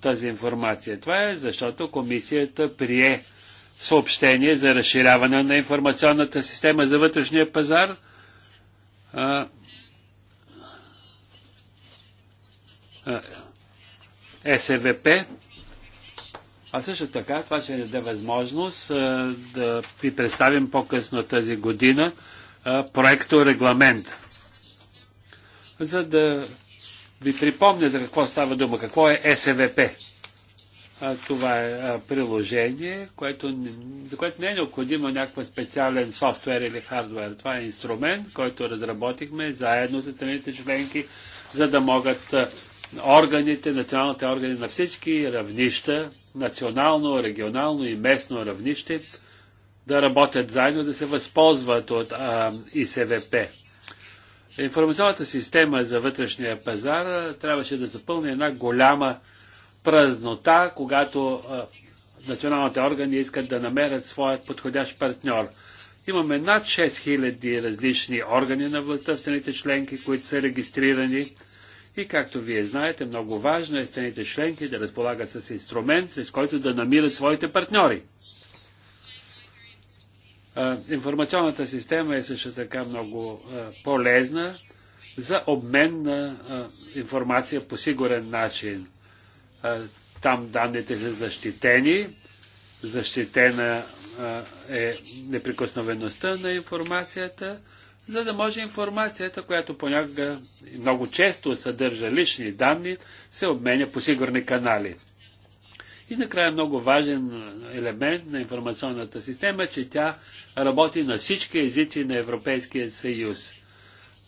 S1: тази информация? Това е защото комисията прие съобщение за разширяване на информационната система за вътрешния пазар. СВП. А също така, това ще ни даде възможност а, да ви представим по-късно тази година проекто регламент за да ви припомня за какво става дума, какво е СВП. А, това е а, приложение, което, за което не е необходимо някакъв специален софтуер или хардвер. Това е инструмент, който разработихме заедно с страните членки, за да могат органите, националните органи на всички равнища, национално, регионално и местно равнище, да работят заедно, да се възползват от а, ИСВП. Информационната система за вътрешния пазар трябваше да запълни една голяма празнота, когато националните органи искат да намерят своят подходящ партньор. Имаме над 6000 различни органи на властта в страните членки, които са регистрирани. И както вие знаете, много важно е страните членки да разполагат с инструмент, с който да намират своите партньори. Информационната система е също така много полезна за обмен на информация по сигурен начин. Там данните са защитени, защитена е неприкосновеността на информацията, за да може информацията, която понякога много често съдържа лични данни, се обменя по сигурни канали. И накрая много важен елемент на информационната система, че тя работи на всички езици на Европейския съюз.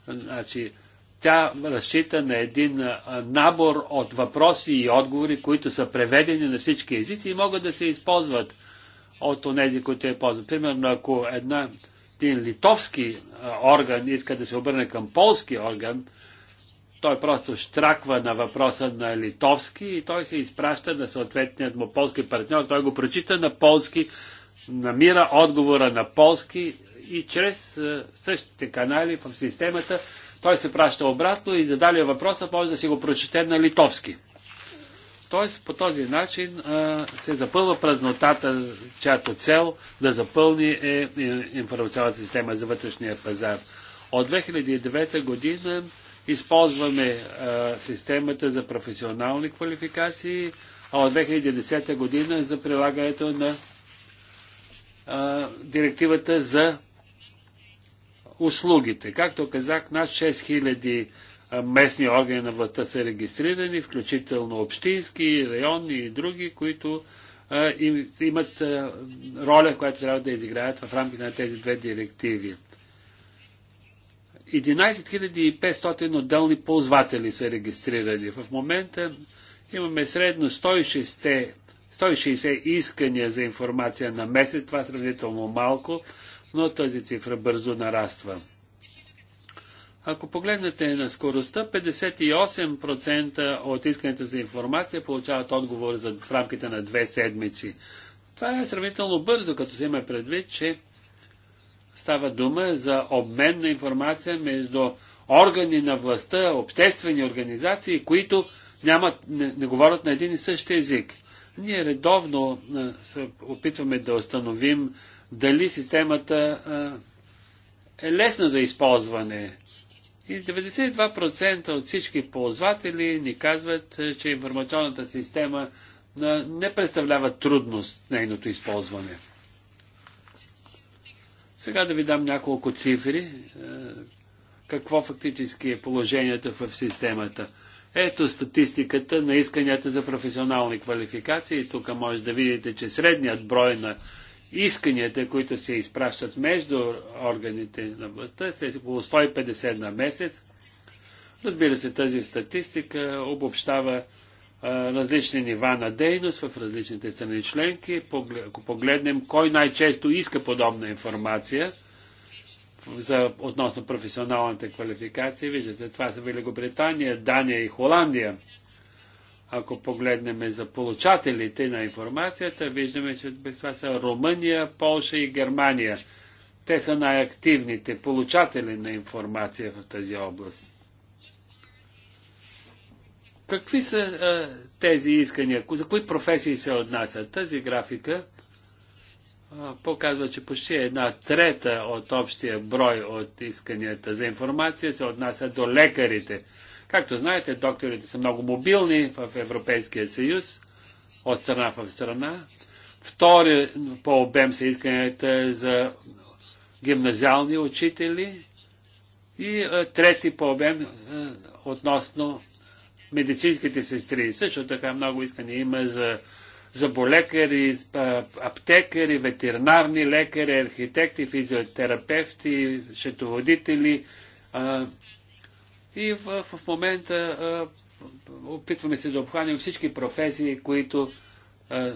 S1: Значи, тя разчита на един набор от въпроси и отговори, които са преведени на всички езици и могат да се използват от тези, които я ползват. Примерно, ако една, един литовски орган иска да се обърне към полски орган, той просто штраква на въпроса на литовски и той се изпраща на съответният му полски партньор. Той го прочита на полски, намира отговора на полски и чрез е, същите канали в системата той се праща обратно и задали въпроса може да си го прочете на литовски. Тоест по този начин а, е, се запълва празнотата, чиято цел да запълни е, е информационната система за вътрешния пазар. От 2009 година Използваме а, системата за професионални квалификации, а от 2010 година за прилагането на а, директивата за услугите. Както казах, над 6000 местни органи на властта са регистрирани, включително общински, районни и други, които а, им, имат а, роля, която трябва да изиграят в рамките на тези две директиви. 11500 отделни ползватели са регистрирани. В момента имаме средно 160, 160 искания за информация на месец. Това е сравнително малко, но тази цифра бързо нараства. Ако погледнете на скоростта, 58% от искането за информация получават отговор за, в рамките на две седмици. Това е сравнително бързо, като се има предвид, че Става дума за обмен на информация между органи на властта, обществени организации, които нямат, не, не говорят на един и същи език. Ние редовно а, се опитваме да установим дали системата а, е лесна за използване. И 92% от всички ползватели ни казват, че информационната система не представлява трудност нейното използване. Сега да ви дам няколко цифри, е, какво фактически е положението в системата. Ето статистиката на исканията за професионални квалификации. Тук може да видите, че средният брой на исканията, които се изпращат между органите на властта, са е около 150 на месец. Разбира се, тази статистика обобщава различни нива на дейност в различните страни членки. Ако погледнем кой най-често иска подобна информация за, относно професионалните квалификации, виждате, това са Великобритания, Дания и Холандия. Ако погледнем за получателите на информацията, виждаме, че това са Румъния, Полша и Германия. Те са най-активните получатели на информация в тази област. Какви са а, тези искания? За кои професии се отнасят? Тази графика а, показва, че почти една трета от общия брой от исканията за информация се отнася до лекарите. Както знаете, докторите са много мобилни в Европейския съюз, от страна в страна. Втори по обем са исканията за гимназиални учители и а, трети по обем а, относно медицинските сестри. Също така много искане има за заболекари, аптекари, ветеринарни лекари, архитекти, физиотерапевти, счетоводители. А, и в, в момента а, опитваме се да обхванем всички професии, които а,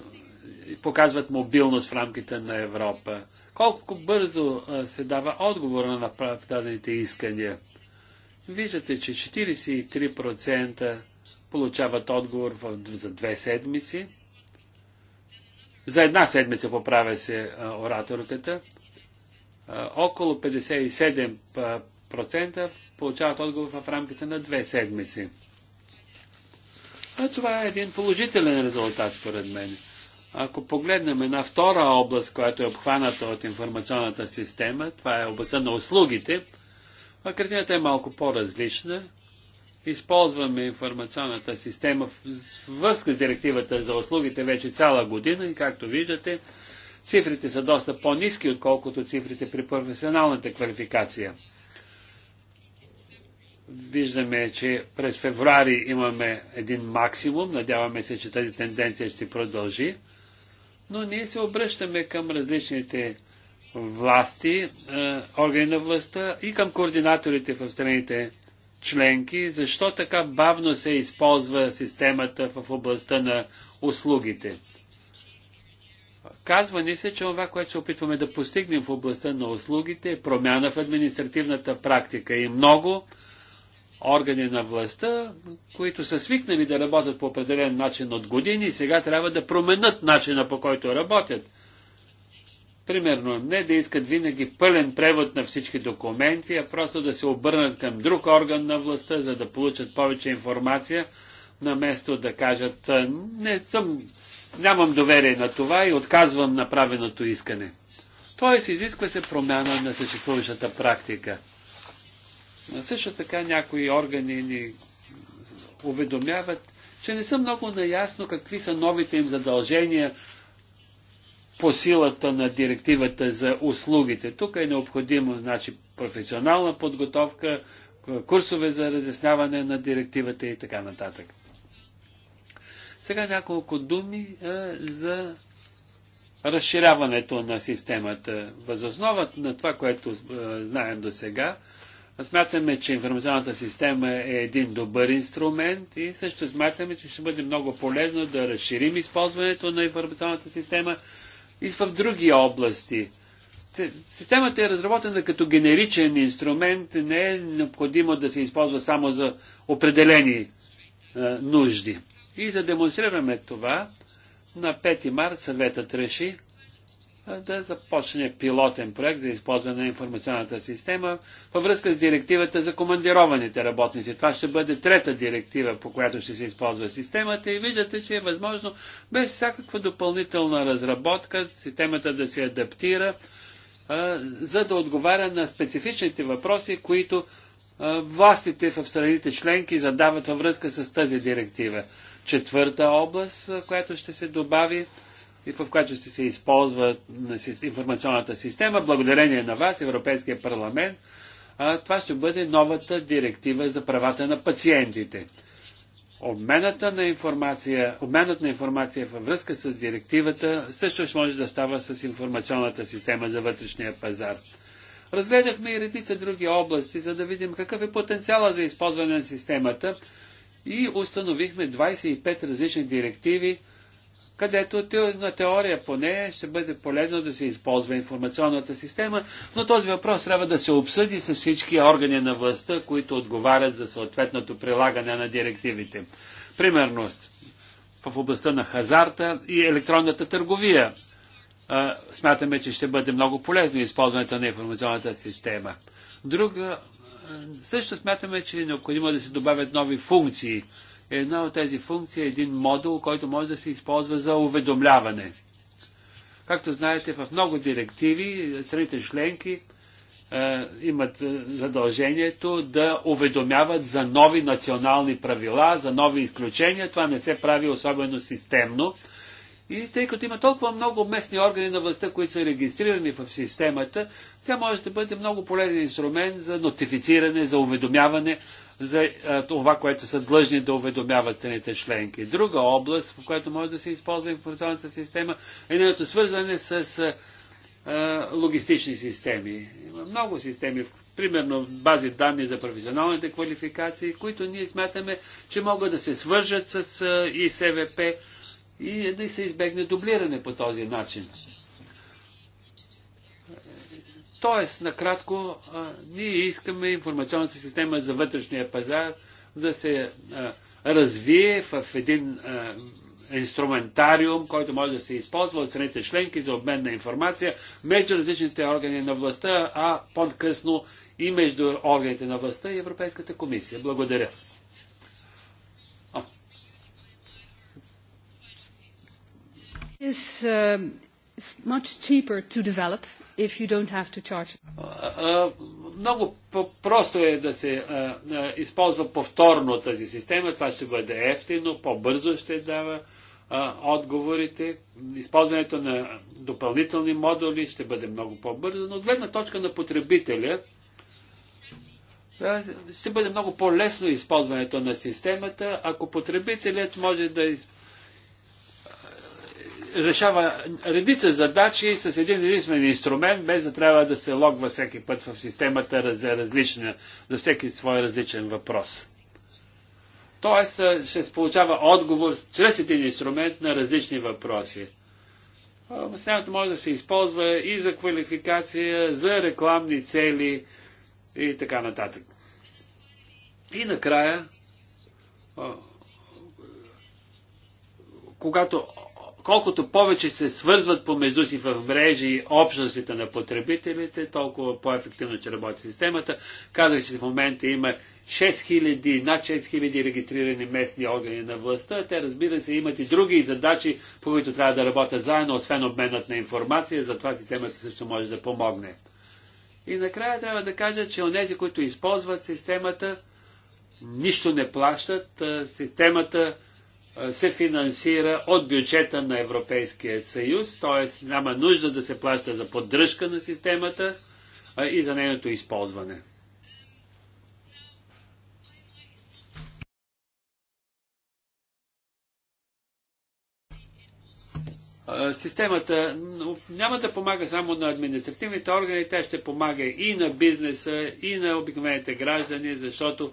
S1: показват мобилност в рамките на Европа. Колко бързо се дава отговор на дадените искания? Виждате, че 43% получават отговор за две седмици. За една седмица поправя се ораторката. Около 57% получават отговор в рамките на две седмици. А това е един положителен резултат, според мен. Ако погледнем една втора област, която е обхваната от информационната система, това е областта на услугите, а картината е малко по-различна. Използваме информационната система в връзка с директивата за услугите вече цяла година и както виждате, цифрите са доста по-низки, отколкото цифрите при професионалната квалификация. Виждаме, че през февруари имаме един максимум. Надяваме се, че тази тенденция ще продължи. Но ние се обръщаме към различните власти, е, органи на властта и към координаторите в страните членки, защо така бавно се използва системата в областта на услугите. Казва ни се, че това, което се опитваме да постигнем в областта на услугите е промяна в административната практика и много органи на властта, които са свикнали да работят по определен начин от години, сега трябва да променят начина по който работят – Примерно, не да искат винаги пълен превод на всички документи, а просто да се обърнат към друг орган на властта, за да получат повече информация, наместо да кажат не съм, нямам доверие на това и отказвам направеното искане. Тоест, изисква се промяна на съществуващата практика. Но също така някои органи ни уведомяват, че не са много наясно какви са новите им задължения по силата на директивата за услугите. Тук е необходимо значи, професионална подготовка, курсове за разясняване на директивата и така нататък. Сега няколко думи е, за разширяването на системата. Възоснова на това, което е, знаем до сега, смятаме, че информационната система е един добър инструмент и също смятаме, че ще бъде много полезно да разширим използването на информационната система, и в други области. Системата е разработена като генеричен инструмент, не е необходимо да се използва само за определени е, нужди. И за да демонстрираме това, на 5 март съветът реши да започне пилотен проект за използване на информационната система във връзка с директивата за командированите работници. Това ще бъде трета директива, по която ще се използва системата и виждате, че е възможно без всякаква допълнителна разработка системата да се адаптира, за да отговаря на специфичните въпроси, които властите в страните членки задават във връзка с тази директива. Четвърта област, която ще се добави и в която ще се използва информационната система. Благодарение на вас, Европейския парламент, това ще бъде новата директива за правата на пациентите. Обмената на информация, обменът на информация във връзка с директивата също ще може да става с информационната система за вътрешния пазар. Разгледахме и редица други области, за да видим какъв е потенциала за използване на системата и установихме 25 различни директиви, където на теория поне ще бъде полезно да се използва информационната система, но този въпрос трябва да се обсъди с всички органи на властта, които отговарят за съответното прилагане на директивите. Примерно в областта на хазарта и електронната търговия. Смятаме, че ще бъде много полезно използването на информационната система. Друга, също смятаме, че е необходимо да се добавят нови функции – Една от тези функции е един модул, който може да се използва за уведомляване. Както знаете, в много директиви страните членки е, имат е, задължението да уведомяват за нови национални правила, за нови изключения. Това не се прави особено системно. И тъй като има толкова много местни органи на властта, които са регистрирани в системата, тя може да бъде много полезен инструмент за нотифициране, за уведомяване за е, това, което са длъжни да уведомяват страните членки. Друга област, в която може да се използва информационната система, е нейното свързване с е, е, логистични системи. Има много системи, примерно бази данни за професионалните квалификации, които ние смятаме, че могат да се свържат с ИСВП и да се избегне дублиране по този начин. Тоест, накратко, ние искаме информационната система за вътрешния пазар да се развие в един инструментариум, който може да се използва от страните членки за обмен на информация между различните органи на властта, а по-късно и между органите на властта и Европейската комисия. Благодаря.
S2: Is, uh, much cheaper to develop if you don't have to charge.
S1: Много просто е да се използва повторно тази система. Това ще бъде ефтино, по-бързо ще дава отговорите. Използването на допълнителни модули ще бъде много по-бързо, но от гледна точка на потребителя ще бъде много по-лесно използването на системата, ако потребителят може да използва решава редица задачи с един единствен инструмент, без да трябва да се логва всеки път в системата за, различна, за всеки свой различен въпрос. Тоест ще се получава отговор чрез един инструмент на различни въпроси. Обяснението може да се използва и за квалификация, за рекламни цели и така нататък. И накрая, когато колкото повече се свързват помежду си в мрежи общностите на потребителите, толкова по-ефективно ще работи системата. Казах, че в момента има 6000, над 6000 регистрирани местни органи на властта. Те, разбира се, имат и други задачи, по които трябва да работят заедно, освен обменът на информация. Затова системата също може да помогне. И накрая трябва да кажа, че онези, които използват системата, нищо не плащат. Системата се финансира от бюджета на Европейския съюз, т.е. няма нужда да се плаща за поддръжка на системата и за нейното използване. Системата няма да помага само на административните органи, тя ще помага и на бизнеса, и на обикновените граждани, защото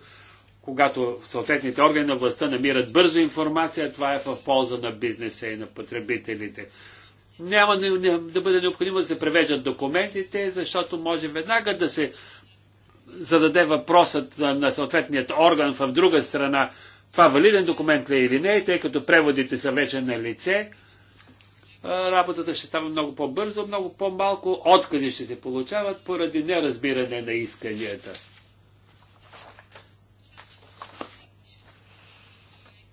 S1: когато съответните органи на властта намират бързо информация, това е в полза на бизнеса и на потребителите. Няма не, не, да бъде необходимо да се превеждат документите, защото може веднага да се зададе въпросът на, на съответният орган в друга страна, това валиден документ ли е или не, тъй като преводите са вече на лице, работата ще става много по-бързо, много по-малко откази ще се получават поради неразбиране на исканията.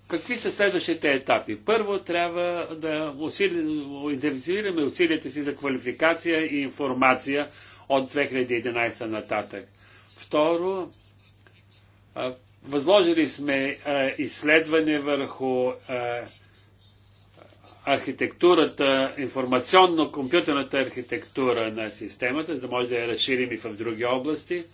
S1: Какви са следващите етапи? Първо трябва да усили, интенсивираме усилията си за квалификация и информация от 2011 нататък. Второ, възложили сме изследване върху архитектурата, информационно-компютърната архитектура на системата, за да може да я разширим и в други области –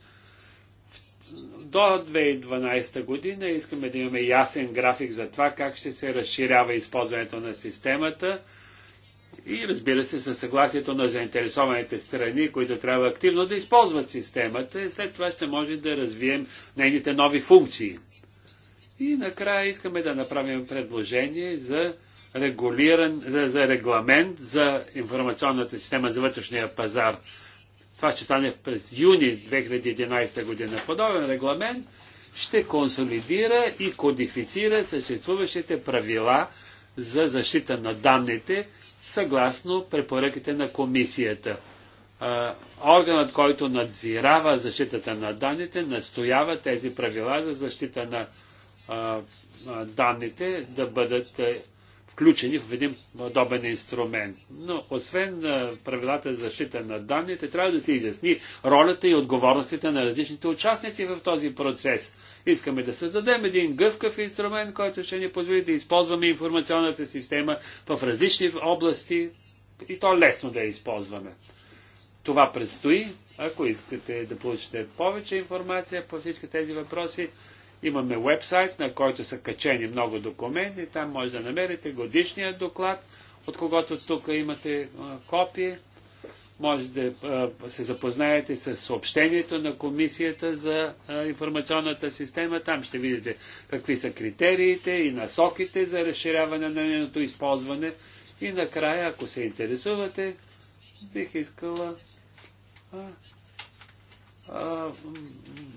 S1: до 2012 година искаме да имаме ясен график за това как ще се разширява използването на системата и разбира се със съгласието на заинтересованите страни, които трябва активно да използват системата и след това ще може да развием нейните нови функции. И накрая искаме да направим предложение за регулиран, за, за регламент за информационната система за вътрешния пазар това ще стане през юни 2011 година. Подобен регламент ще консолидира и кодифицира съществуващите правила за защита на данните съгласно препоръките на комисията. органът, който надзирава защитата на данните, настоява тези правила за защита на данните да бъдат е, включени в един подобен инструмент. Но освен правилата за защита на данните, трябва да се изясни ролята и отговорностите на различните участници в този процес. Искаме да създадем един гъвкав инструмент, който ще ни позволи да използваме информационната система в различни области и то лесно да я използваме. Това предстои. Ако искате да получите повече информация по всички тези въпроси, Имаме вебсайт, на който са качени много документи. Там може да намерите годишния доклад, от когото тук имате копие. Може да се запознаете с съобщението на комисията за информационната система. Там ще видите какви са критериите и насоките за разширяване на нейното използване. И накрая, ако се интересувате, бих искала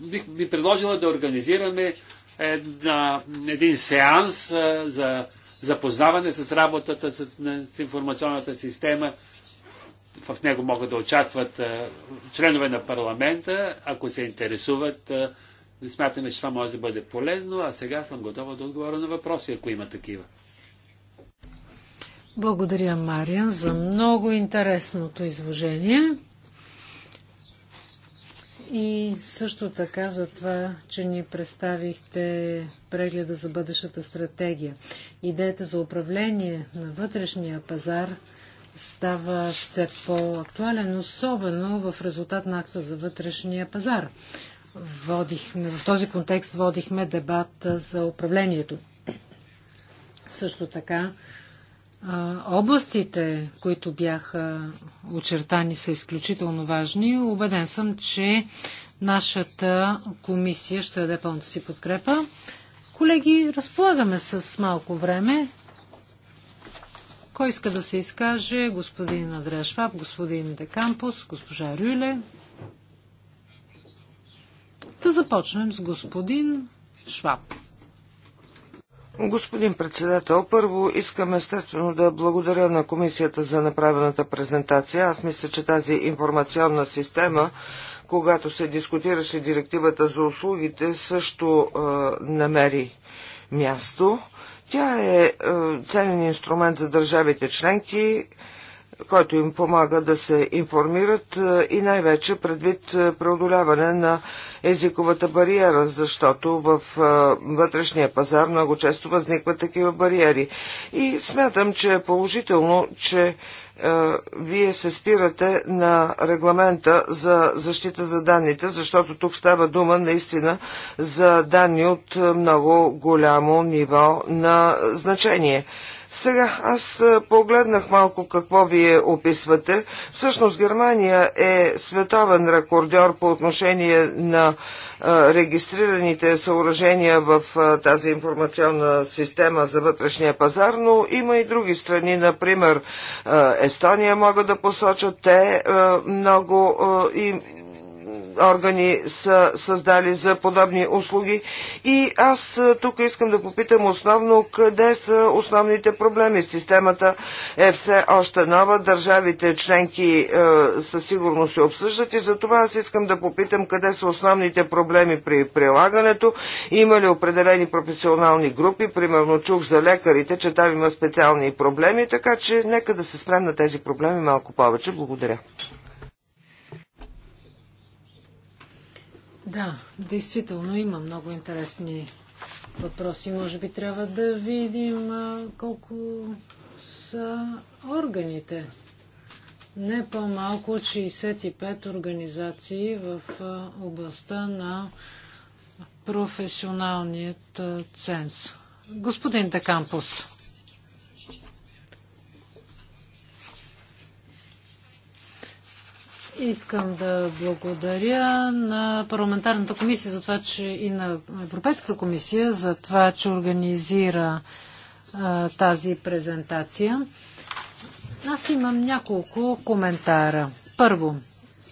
S1: бих би предложила да организираме една, един сеанс а, за запознаване с работата с, на, с информационната система. В него могат да участват а, членове на парламента, ако се интересуват. А, смятаме, че това може да бъде полезно, а сега съм готова да отговоря на въпроси, ако има такива.
S2: Благодаря, Мариан, за много интересното изложение и също така за това, че ни представихте прегледа за бъдещата стратегия. Идеята за управление на вътрешния пазар става все по-актуален, особено в резултат на акта за вътрешния пазар. Водихме, в този контекст водихме дебат за управлението. Също така областите, които бяха очертани, са изключително важни. Обеден съм, че нашата комисия ще даде пълната си подкрепа. Колеги, разполагаме с малко време. Кой иска да се изкаже? Господин Андрея Шваб, господин Декампус, госпожа Рюле. Да започнем с господин
S3: Шваб. Господин председател, първо искам естествено да благодаря на комисията за направената презентация. Аз мисля, че тази информационна система, когато се дискутираше директивата за услугите, също е, намери място. Тя е, е ценен инструмент за държавите членки, който им помага да се информират е, и най-вече предвид е, преодоляване на езиковата бариера, защото в е, вътрешния пазар много често възникват такива бариери. И смятам, че е положително, че вие се спирате на регламента за защита за данните, защото тук става дума наистина за данни от много голямо ниво на значение. Сега аз погледнах малко какво вие описвате. Всъщност Германия е световен рекордьор по отношение на регистрираните съоръжения в тази информационна система за вътрешния пазар, но има и други страни, например Естония могат да посочат те много и органи са създали за подобни услуги. И аз тук искам да попитам основно къде са основните проблеми. Системата е все още нова, държавите членки е, със сигурност се обсъждат и за това аз искам да попитам къде са основните проблеми при прилагането. Има ли определени професионални групи, примерно чух за лекарите, че там има специални проблеми, така че нека да се спрем на тези проблеми малко повече. Благодаря.
S2: Да, действително има много интересни въпроси. Може би трябва да видим колко са органите. Не по-малко от 65 организации в областта на професионалният ценз. Господин Декампус. Искам да благодаря на парламентарната комисия за това, че и на Европейската комисия за това, че организира а, тази презентация. Аз имам няколко коментара. Първо,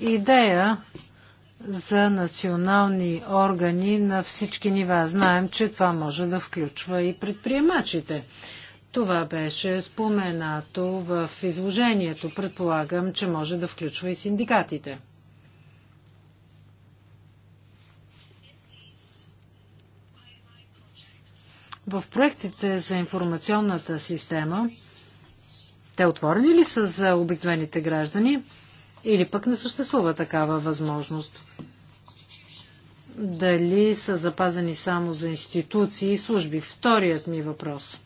S2: идея за национални органи на всички нива. Знаем, че това може да включва и предприемачите. Това беше споменато в изложението. Предполагам, че може да включва и синдикатите. В проектите за информационната система те отворени ли са за обикновените граждани или пък не съществува такава възможност? Дали са запазени само за институции и служби? Вторият ми въпрос –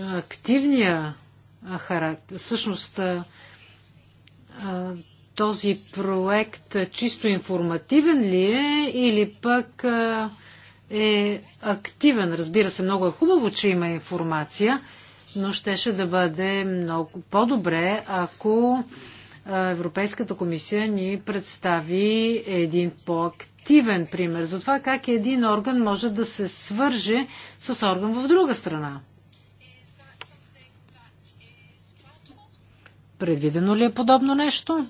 S2: активния характер. Всъщност този проект чисто информативен ли е или пък е активен. Разбира се, много е хубаво, че има информация, но щеше да бъде много по-добре, ако Европейската комисия ни представи един по-активен пример за това как един орган може да се свърже с орган в друга страна. Предвидено ли е подобно нещо?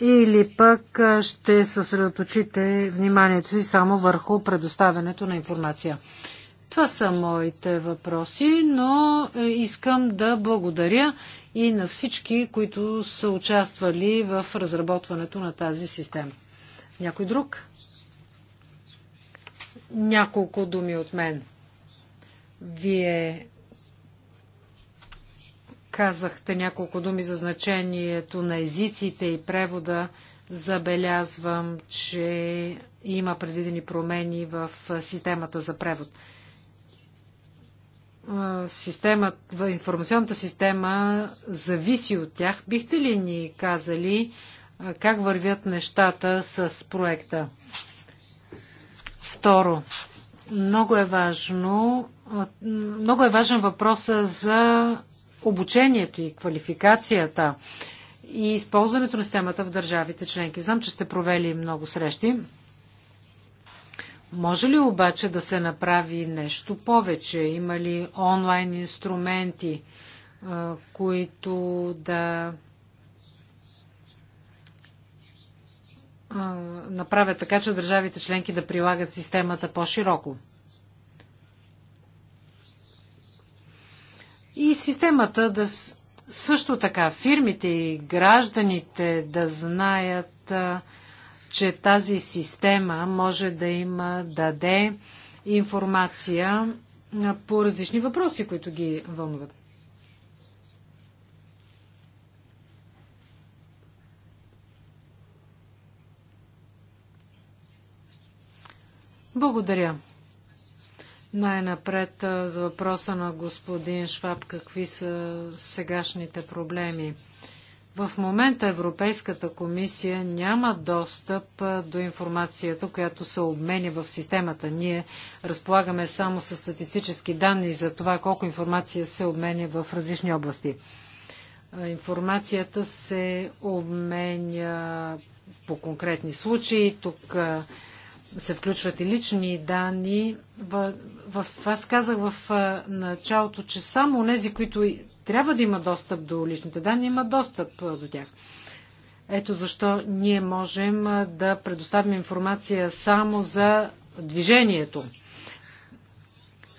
S2: Или пък ще съсредоточите вниманието си само върху предоставянето на информация? Това са моите въпроси, но е, искам да благодаря и на всички, които са участвали в разработването на тази система. Някой друг? Няколко думи от мен. Вие Казахте няколко думи за значението на езиците и превода. Забелязвам, че има предвидени промени в системата за превод. Система, информационната система зависи от тях. Бихте ли ни казали как вървят нещата с проекта? Второ, много е важно много е важен въпрос за обучението и квалификацията и използването на системата в държавите членки. Знам, че сте провели много срещи. Може ли обаче да се направи нещо повече? Има ли онлайн инструменти, които да направят така, че държавите членки да прилагат системата по-широко? И системата да също така фирмите и гражданите да знаят, че тази система може да им даде информация по различни въпроси, които ги вълнуват. Благодаря. Най-напред за въпроса на господин Шваб, какви са сегашните проблеми. В момента Европейската комисия няма достъп до информацията, която се обменя в системата. Ние разполагаме само с статистически данни за това колко информация се обменя в различни области. Информацията се обменя по конкретни случаи. Тук се включват и лични данни. В, в, аз казах в началото, че само тези, които трябва да имат достъп до личните данни, имат достъп до тях. Ето защо ние можем да предоставим информация само за движението.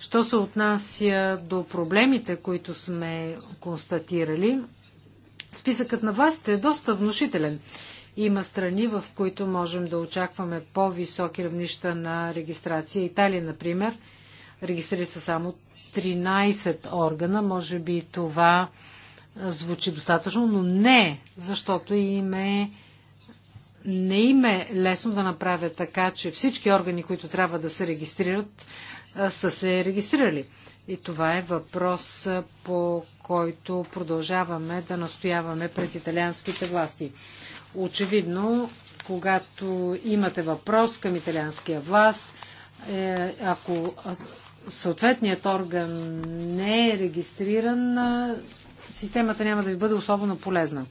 S2: Що се отнася до проблемите, които сме констатирали, списъкът на властите е доста внушителен. Има страни, в които можем да очакваме по-високи равнища на регистрация. Италия, например, регистрира са само 13 органа. Може би това звучи достатъчно, но не, защото им е не им е лесно да направят така, че всички органи, които трябва да се регистрират, са се регистрирали. И това е въпрос, по който продължаваме да настояваме пред италианските власти. Очевидно, когато имате въпрос към италианския власт, е, ако съответният орган не е регистриран, системата няма да ви бъде особено полезна.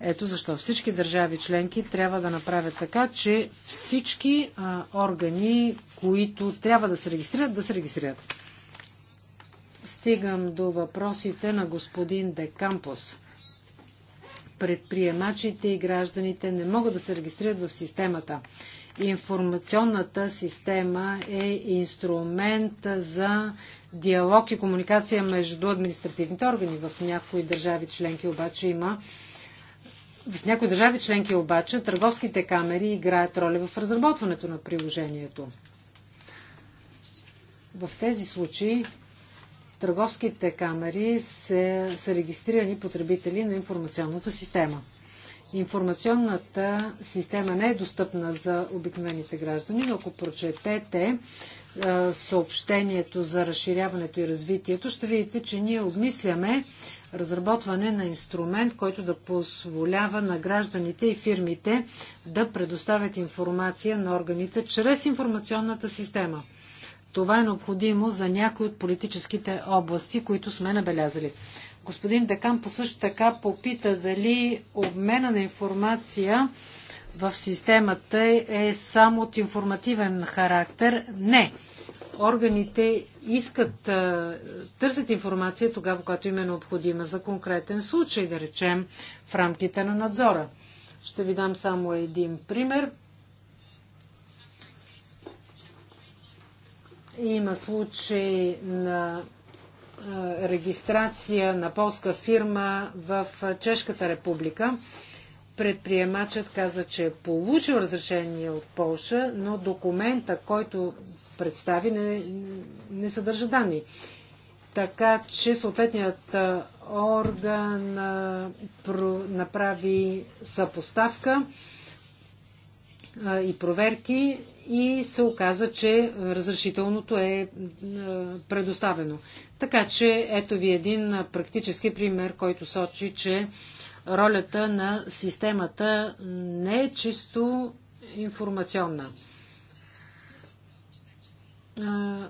S2: Ето защо всички държави членки трябва да направят така, че всички а, органи, които трябва да се регистрират, да се регистрират. Стигам до въпросите на господин Декампус предприемачите и гражданите не могат да се регистрират в системата. Информационната система е инструмент за диалог и комуникация между административните органи. В някои държави членки обаче има в някои държави членки обаче търговските камери играят роля в разработването на приложението. В тези случаи търговските камери са, са регистрирани потребители на информационната система. Информационната система не е достъпна за обикновените граждани, но ако прочетете съобщението за разширяването и развитието, ще видите, че ние обмисляме разработване на инструмент, който да позволява на гражданите и фирмите да предоставят информация на органите чрез информационната система. Това е необходимо за някои от политическите области, които сме набелязали. Господин Декан по също така попита дали обмена на информация в системата е само от информативен характер. Не. Органите искат, търсят информация тогава, когато им е необходима за конкретен случай, да речем, в рамките на надзора. Ще ви дам само един пример. Има случай на регистрация на полска фирма в Чешката република. Предприемачът каза, че е получил разрешение от Полша, но документа, който представи, не, не съдържа данни. Така че съответният орган направи съпоставка и проверки и се оказа, че разрешителното е, е предоставено. Така че ето ви един практически пример, който сочи, че ролята на системата не е чисто информационна.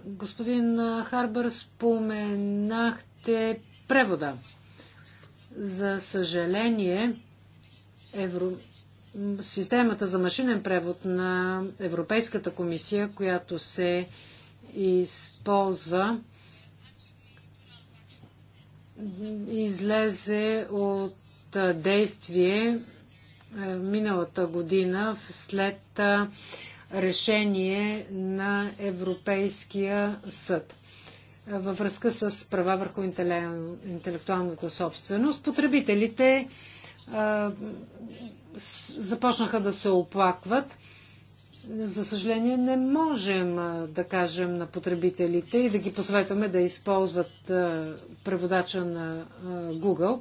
S2: Господин Харбър, споменахте превода. За съжаление, евро системата за машинен превод на Европейската комисия, която се използва, излезе от действие миналата година след решение на Европейския съд във връзка с права върху интелектуалната собственост. Потребителите започнаха да се оплакват. За съжаление, не можем да кажем на потребителите и да ги посветваме да използват преводача на Google,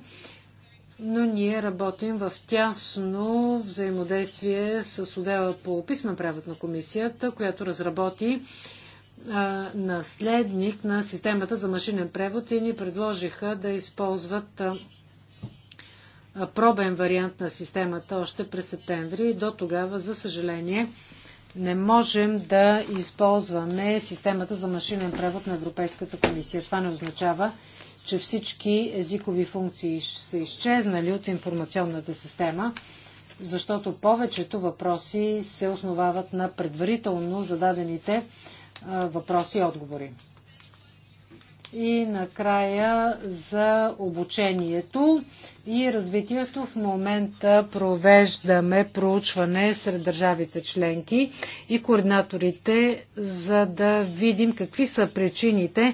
S2: но ние работим в тясно взаимодействие с отдела по писмен превод на комисията, която разработи наследник на системата за машинен превод и ни предложиха да използват пробен вариант на системата още през септември. До тогава, за съжаление, не можем да използваме системата за машинен превод на Европейската комисия. Това не означава, че всички езикови функции са изчезнали от информационната система, защото повечето въпроси се основават на предварително зададените въпроси и отговори. И накрая за обучението и развитието. В момента провеждаме проучване сред държавите членки и координаторите, за да видим какви са причините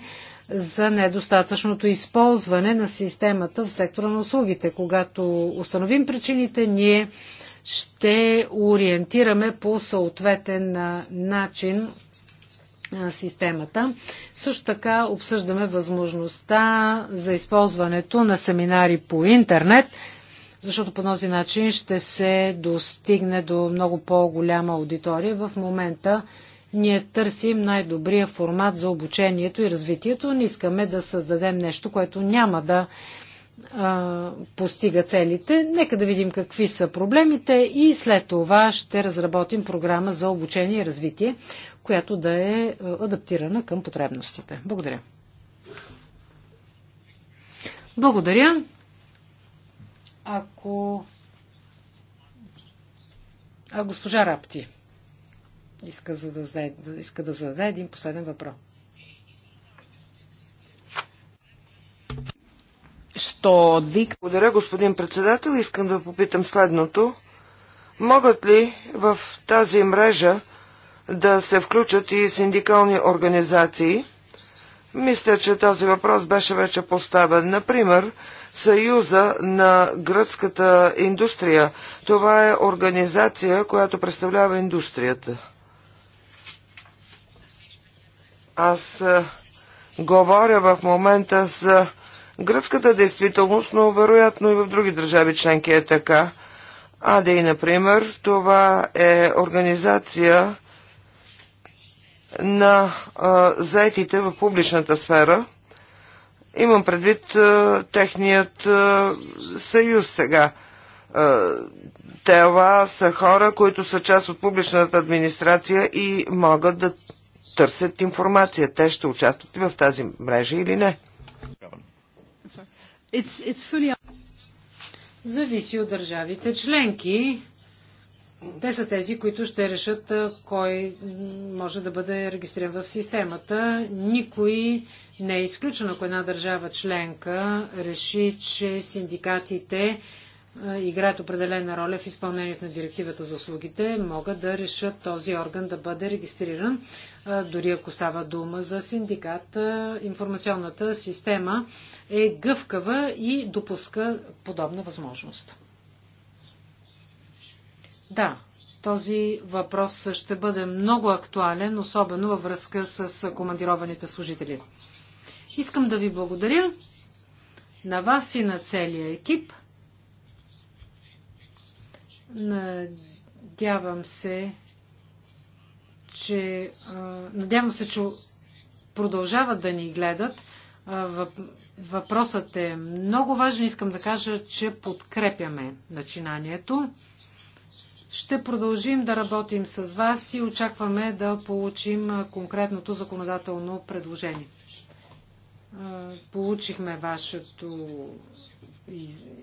S2: за недостатъчното използване на системата в сектора на услугите. Когато установим причините, ние ще ориентираме по съответен начин системата. Също така обсъждаме възможността за използването на семинари по интернет, защото по този начин ще се достигне до много по-голяма аудитория. В момента ние търсим най-добрия формат за обучението и развитието. Не искаме да създадем нещо, което няма да а, постига целите. Нека да видим какви са проблемите и след това ще разработим програма за обучение и развитие която да е, е адаптирана към потребностите. Благодаря. Благодаря. Ако. А госпожа Рапти иска, за да зададе, иска да зададе един последен въпрос.
S3: Що отвик? Благодаря, господин председател. Искам да попитам следното. Могат ли в тази мрежа да се включат и синдикални организации. Мисля, че този въпрос беше вече поставен. Например, Съюза на гръцката индустрия. Това е организация, която представлява индустрията. Аз е, говоря в момента за гръцката действителност, но вероятно и в други държави членки е така. Адей, например, това е организация, на а, заетите в публичната сфера. Имам предвид а, техният а, съюз сега. А, това са хора, които са част от публичната администрация и могат да търсят информация. Те ще участват в тази мрежа или не?
S2: It's, it's fully... Зависи от държавите членки те са тези, които ще решат кой може да бъде регистриран в системата. Никой не е изключен, ако една държава членка реши, че синдикатите играят определена роля в изпълнението на директивата за услугите, могат да решат този орган да бъде регистриран, дори ако става дума за синдикат. Информационната система е гъвкава и допуска подобна възможност. Да, този въпрос ще бъде много актуален, особено във връзка с командированите служители. Искам да ви благодаря на вас и на целия екип. Надявам се, че, надявам се, че продължават да ни гледат. Въпросът е много важен. Искам да кажа, че подкрепяме начинанието. Ще продължим да работим с вас и очакваме да получим конкретното законодателно предложение. Получихме вашето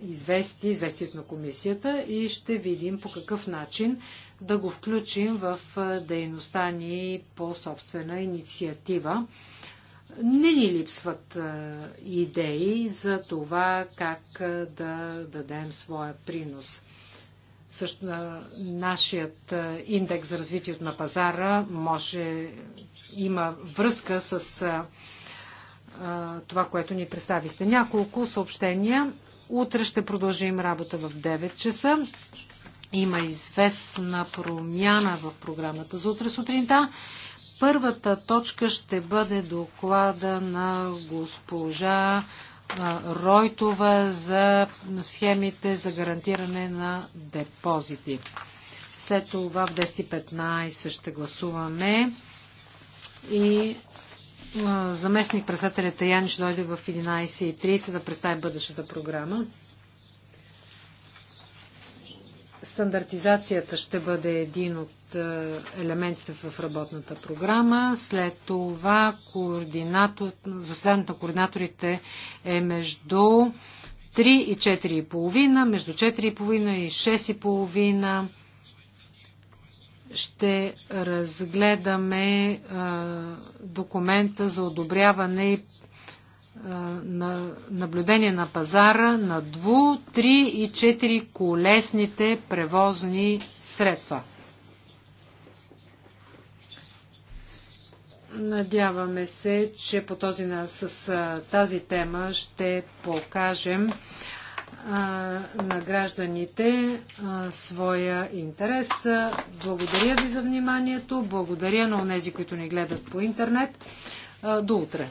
S2: известие, известието на комисията и ще видим по какъв начин да го включим в дейността ни по собствена инициатива. Не ни липсват идеи за това как да дадем своя принос. Също нашият индекс за развитието на пазара може има връзка с а, това, което ни представихте. Няколко съобщения. Утре ще продължим работа в 9 часа. Има известна промяна в програмата за утре сутринта. Първата точка ще бъде доклада на госпожа Ройтова за схемите за гарантиране на депозити. След това в 10.15 ще гласуваме и заместник председателя Таян ще дойде в 11.30 да представи бъдещата програма. Стандартизацията ще бъде един от е, елементите в работната програма. След това заседанието на координаторите е между 3 и 4,5, между 4,5 и 6,5 ще разгледаме а, е, документа за одобряване и е, на наблюдение на пазара на 2, 3 и 4 колесните превозни средства. Надяваме се, че по този, с тази тема ще покажем а, на гражданите а, своя интерес. Благодаря ви за вниманието. Благодаря на онези, които ни гледат по интернет. А, до утре!